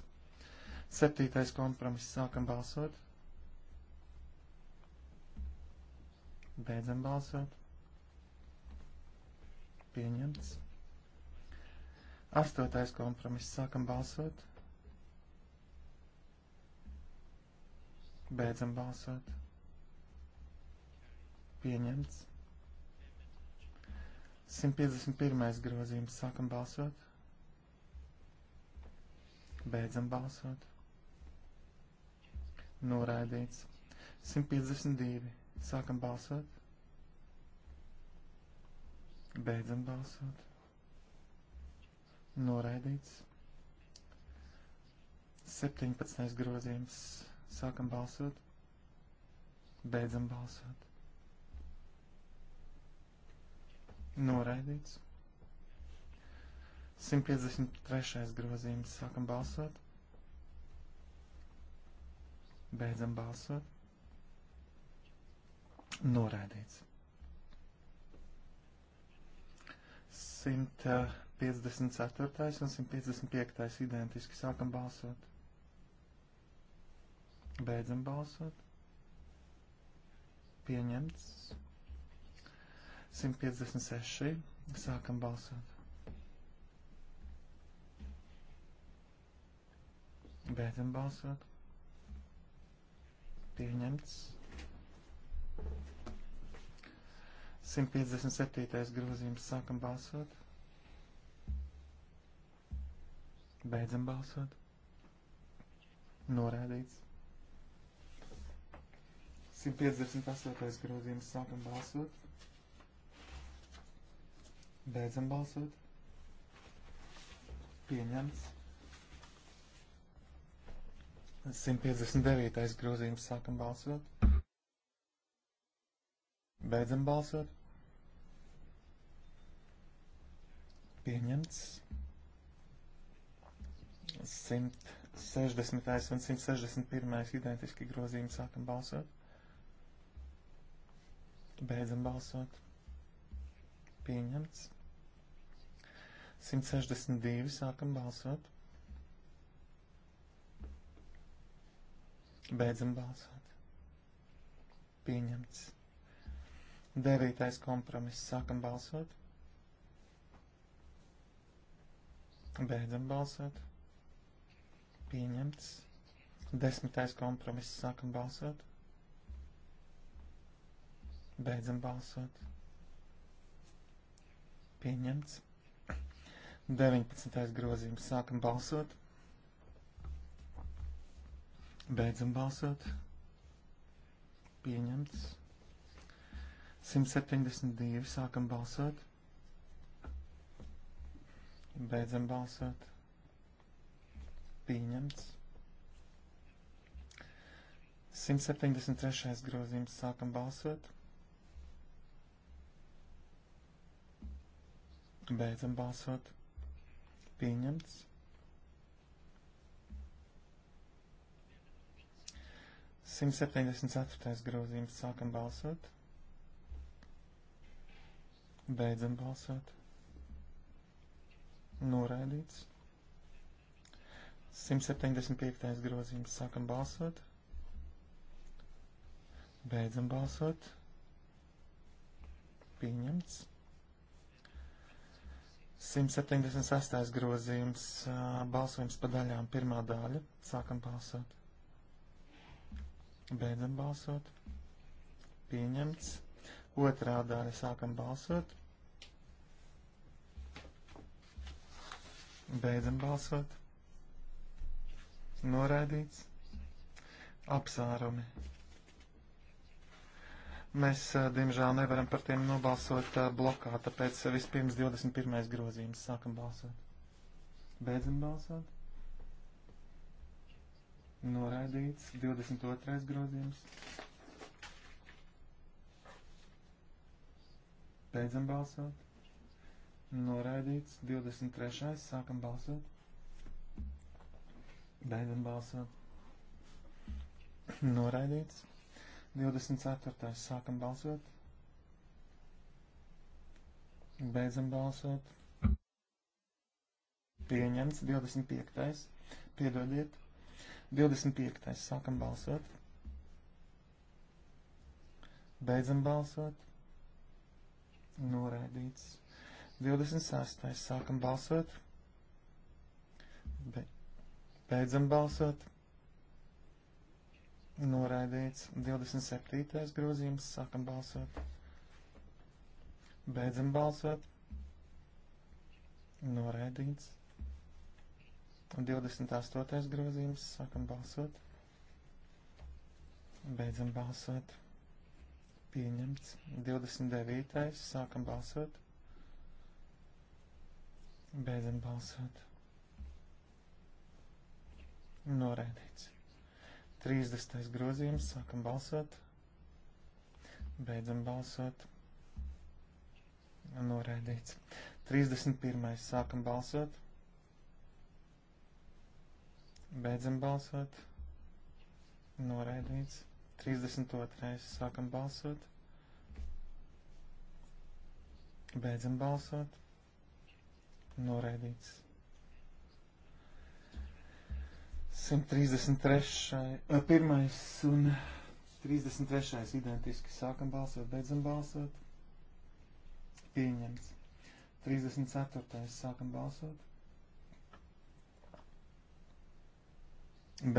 Septītais kompromiss, sākam balsot, beidzam balsot, pieņemts. Astotais kompromiss, sākam balsot, Beidzam balsot. Pieņemts. 151. grozījums. Sākam balsot. Beidzam balsot. Noraidīts. 152. Sākam balsot. Beidzam balsot. Noraidīts. 17. grozījums. Sākam balsot. Beidzam balsot. Noraidīts. 153. grozījums. Sākam balsot. Beidzam balsot. Noraidīts. 154. un 155. identiski. Sākam balsot. Beidzam balsot. Pieņemts. 156. Sākam balsot. Beidzam balsot. Pieņemts. 157. grozījums. Sākam balsot. Beidzam balsot. Norādīts. 158. grozījums sākam balsot. Beidzam balsot. Pieņemts. 159. grozījums sākam balsot. Beidzam balsot. Pieņemts. 160. un 161. identiski grozījumi sākam balsot. Beidzam balsot. Pieņemts. 162. Sākam balsot. Beidzam balsot. Pieņemts. Devītais kompromiss. Sākam balsot. Beidzam balsot. Pieņemts. Desmitais kompromiss. Sākam balsot. Beidzam balsot. Pieņemts. 19. grozījums. Sākam balsot. Beidzam balsot. Pieņemts. 172. Sākam balsot. Beidzam balsot. Pieņemts. 173. grozījums. Sākam balsot. Beidzam balsot. Pieņemts. Simt septiņdesmit ceturtais grozījums. Sākam balsot. Beidzam balsot. Noraidīts. 175. grozījums. Sākam balsot. Beidzam balsot. Pieņemts. 176. grozījums, balsojums pa daļām, pirmā daļa. Sākam balsot. Beidzam balsot. Pieņemts. Otrā daļa sākam balsot. Beidzam balsot. Noraidīts. Apsārumi. Mēs, eh, diemžēl, nevaram par tiem nobalsot eh, blokā, tāpēc vispirms 21. grozījums sākam balsot. Beidzam balsot. Noraidīts 22. grozījums. Beidzam balsot. Noraidīts 23. sākam balsot. Beidzam balsot. Noraidīts 24. sākam balsot. Beidzam balsot. Pieņemts 25. Piedodiet. 25. sākam balsot. Beidzam balsot. Noraidīts. 26. sākam balsot. Be beidzam balsot. Noraidīts 27. grozījums. Sākam balsot. Beidzam balsot. Noraidīts. 28. grozījums. Sākam balsot. Beidzam balsot. Pieņemts. 29. Sākam balsot. Beidzam balsot. Noraidīts. 30. grozījums. Sākam balsot. Beidzam balsot. Noraidīts. 31. Sākam balsot. Beidzam balsot. Noraidīts. 32. Sākam balsot. Beidzam balsot. Noraidīts. 133. Eh, pirmais un 33. identiski sākam balsot, beidzam balsot. Pieņemts. 34. sākam balsot.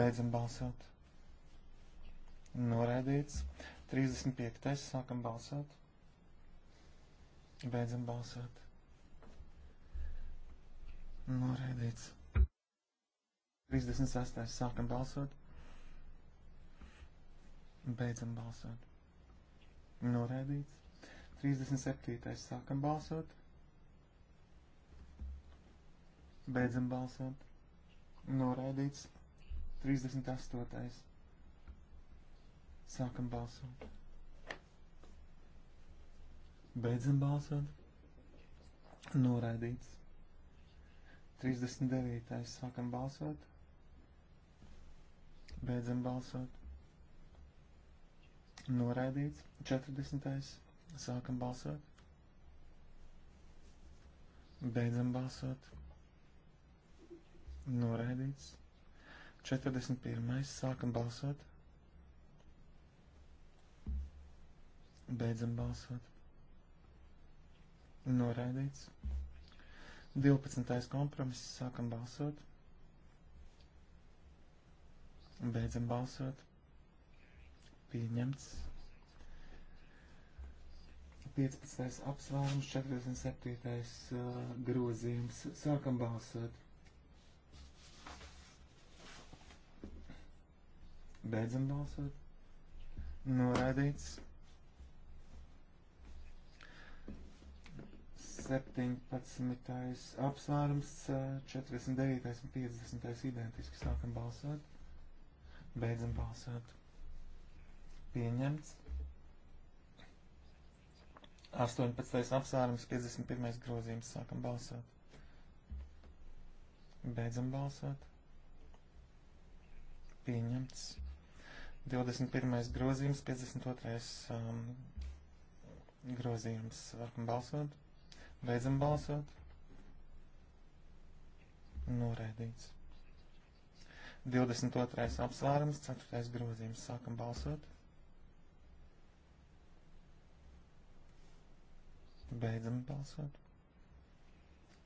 Beidzam balsot. Norēdīts. 35. sākam balsot. Beidzam balsot. Norēdīts. 36. sākam balsot. Beidzam balsot. Noraidīts. 37. sākam balsot. Beidzam balsot. Noraidīts. 38. Sākam balsot. Beidzam balsot. Noraidīts. 39. Sākam balsot. Beidzam balsot. Noraidīts. 40. Sākam balsot. Beidzam balsot. Noraidīts. 41. Sākam balsot. Beidzam balsot. Noraidīts. 12. kompromiss. Sākam balsot. Beidzam balsot. Pieņemts. 15. apsvērums, 47. Uh, grozījums. Sākam balsot. Beidzam balsot. Noraidīts. 17. apsvērums, 49. Uh, un 50. identiski sākam balsot. Beidzam balsot. Pieņemts. 18. apsvērums, 51. grozījums. Sākam balsot. Beidzam balsot. Pieņemts. 21. grozījums, 52. Um, grozījums. Sākam balsot. Beidzam balsot. Noraidīts. 22. apsvērums, 4. grozījums. Sākam balsot. Beidzam balsot.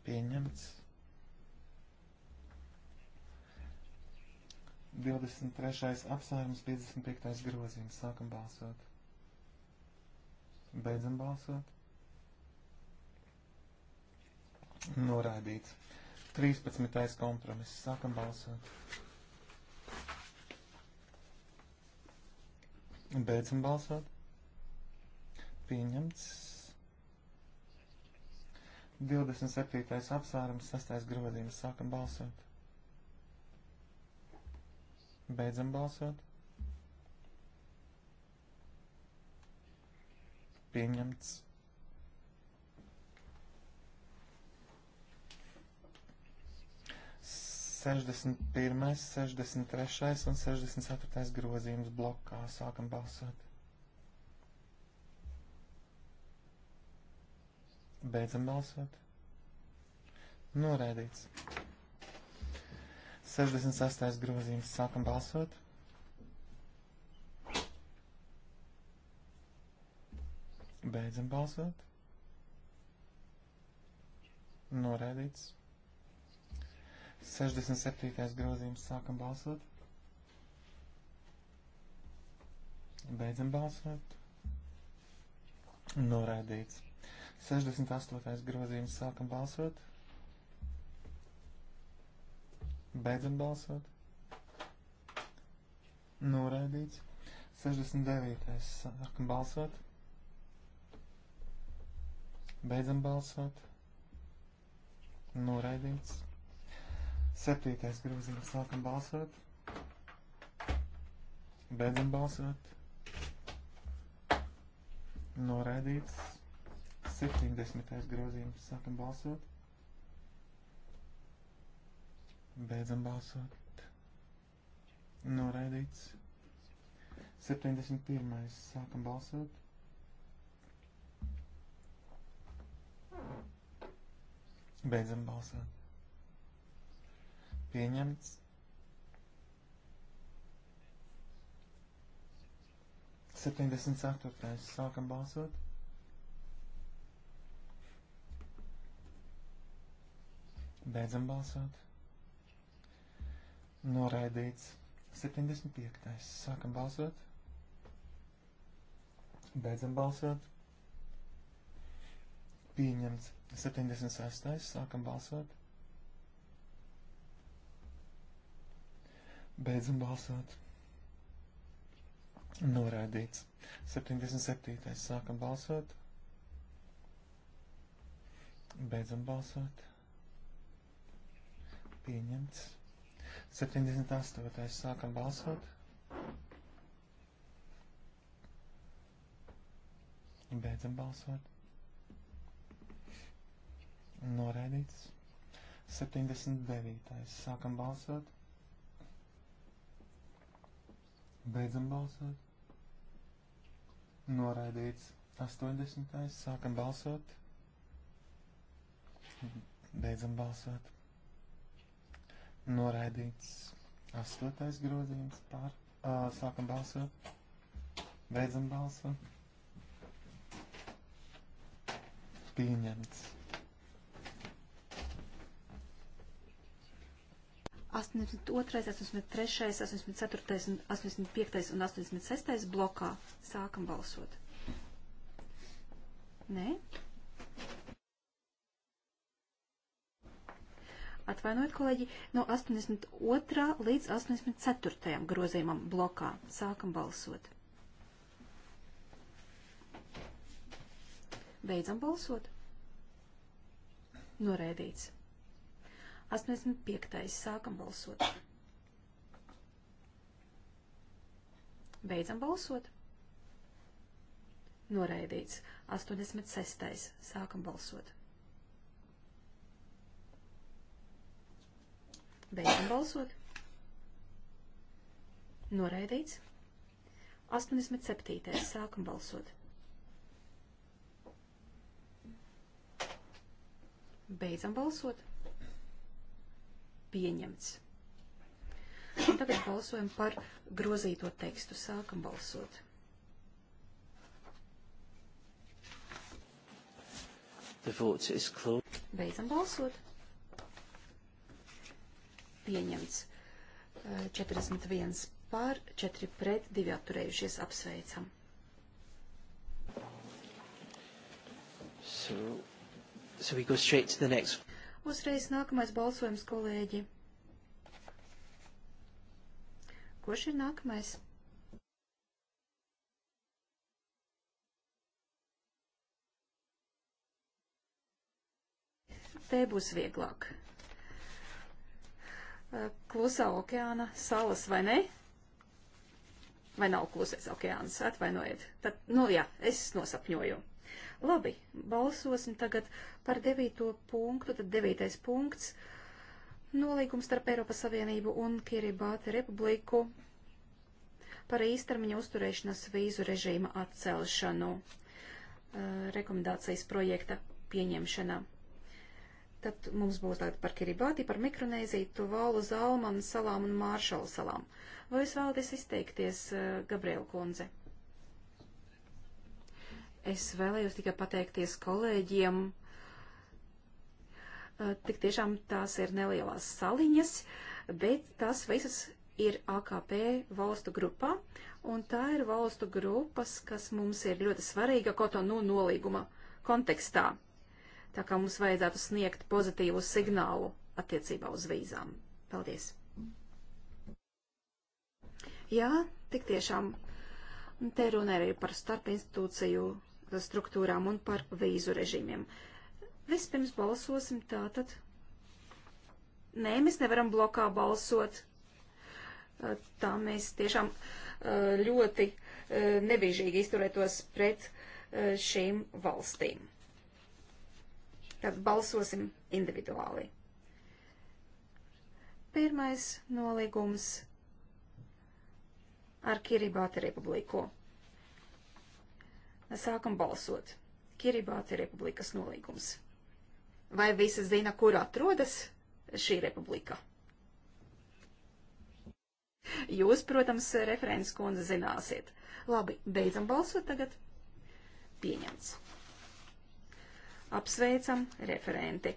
Pieņemts. 23. apsvērums, 55. grozījums. Sākam balsot. Beidzam balsot. Noraidīts. 13. kompromiss. Sākam balsot. Beidzam balsot. Pieņemts. 27. apsvērums, 6. grozījums. Sākam balsot. Beidzam balsot. Pieņemts. 61, 63 un 64 grozījums blokā. Sākam balsot. Beidzam balsot. Noraidīts. 68. grozījums. Sākam balsot. Beidzam balsot. Noraidīts. 67. grozījums sākam balsot. Beidzam balsot. Noraidīts. 68. grozījums sākam balsot. Beidzam balsot. Noraidīts. 69. sākam balsot. Beidzam balsot. Noraidīts. Septītais grozījums. Sākam balsot. Beidzam balsot. Noraidīts. 70. grozījums. Sākam balsot. Beidzam balsot. Noraidīts. 71. Sākam balsot. Beidzam balsot pieņemts. Septiņdesmit ceturtais. Sākam balsot. Beidzam balsot. Noraidīts. 75. Sākam balsot. Beidzam balsot. Pieņemts. 76. Sākam balsot. Beidzam balsot. Noraidīts. 77. Sākam balsot. Beidzam balsot. Pieņemts. 78. Sākam balsot. Beidzam balsot. Noraidīts. 79. Sākam balsot. Beidzam balsot. Noraidīts 80. Sākam balsot. Beidzam balsot. Noraidīts 8. grozījums pār. Uh, sākam balsot. Beidzam balsot. Pieņemts 82, 83, 84, 85 un 86 blokā. Sākam balsot. Nē? Atvainojiet, kolēģi, no 82. līdz 84. grozījumam blokā. Sākam balsot. Beidzam balsot. Norēdīts. 85. Sākam balsot. Beidzam balsot. Noraidīts. 86. Sākam balsot. Beidzam balsot. Noraidīts. 87. Sākam balsot. Beidzam balsot pieņemts. Un tagad balsojam par grozīto tekstu. Sākam balsot. Beidzam balsot. Pieņemts 41 pār, 4 pret, 2 atturējušies. Apsveicam. So, so we go straight to the next one. Uzreiz nākamais balsojums, kolēģi. Kurš ir nākamais? Te būs vieglāk. Klusā okeāna salas, vai ne? Vai nav klusais okeāns? Atvainojiet. Tad, nu jā, es nosapņoju. Labi, balsosim tagad par devīto punktu, tad devītais punkts - nolīgums starp Eiropas Savienību un Kiribāti Republiku par īstermiņa uzturēšanas vīzu režīma atcelšanu uh, rekomendācijas projekta pieņemšanā. Tad mums būs tāda par Kiribāti, par Mikronēziju, Tuvalu, Zalmanu salām un Māršalu salām. Vai jūs vēlaties izteikties, uh, Gabriela Kunze? Es vēlējos tikai pateikties kolēģiem. Tik tiešām tās ir nelielās saliņas, bet tās visas ir AKP valstu grupā, un tā ir valstu grupas, kas mums ir ļoti svarīga Kotonu nolīguma kontekstā. Tā kā mums vajadzētu sniegt pozitīvu signālu attiecībā uz vīzām. Paldies! Jā, tik tiešām. Un te runa arī par starpinstitūciju struktūrām un par vīzu režīmiem. Vispirms balsosim tātad. Nē, mēs nevaram blokā balsot. Tā mēs tiešām ļoti nebīžīgi izturētos pret šīm valstīm. Tad balsosim individuāli. Pirmais nolīgums ar Kiribāti republiku. Sākam balsot. Kiribāti republikas nolīgums. Vai visi zina, kur atrodas šī republika? Jūs, protams, referents kundze zināsiet. Labi, beidzam balsot tagad. Pieņemts. Apsveicam referenti.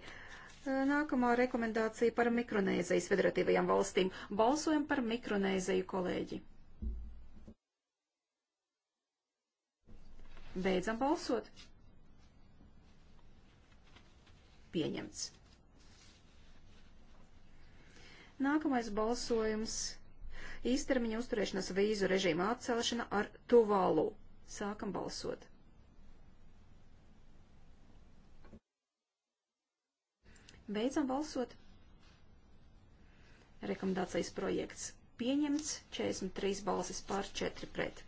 Nākamā rekomendācija par Mikronēzijas federatīvajām valstīm. Balsojam par Mikronēziju, kolēģi. Beidzam balsot. Pieņemts. Nākamais balsojums - īstermiņa uzturēšanas vīzu režīma atcelšana ar Tuvalu. Sākam balsot. Beidzam balsot. Rekomendācijas projekts pieņemts 43 balsis pār 4 pret.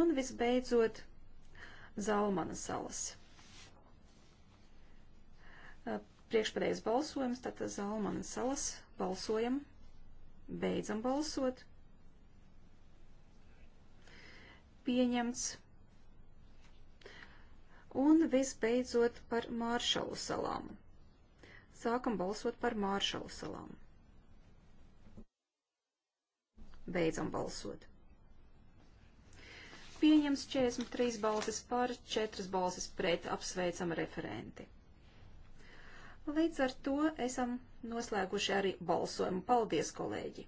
Un visbeidzot Zalmana salas. Priekšpēdējais balsojums, tātad Zalmana salas. Balsojam. Beidzam balsot. Pieņemts. Un visbeidzot par Māršalu salām. Sākam balsot par Māršalu salām. Beidzam balsot. Pieņems 43 balsis par, 4 balsis pret, apsveicam referenti. Līdz ar to esam noslēguši arī balsojumu. Paldies, kolēģi!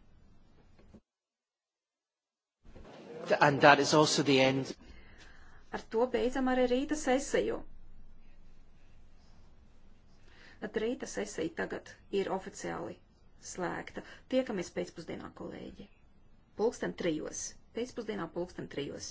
And that is also the end. Ar to beidzam arī rīta sesiju. Tad rīta sesija tagad ir oficiāli slēgta. Tiekamies pēcpusdienā, kolēģi. Pulksten trijos. Pēcpusdienā pulksten trijos.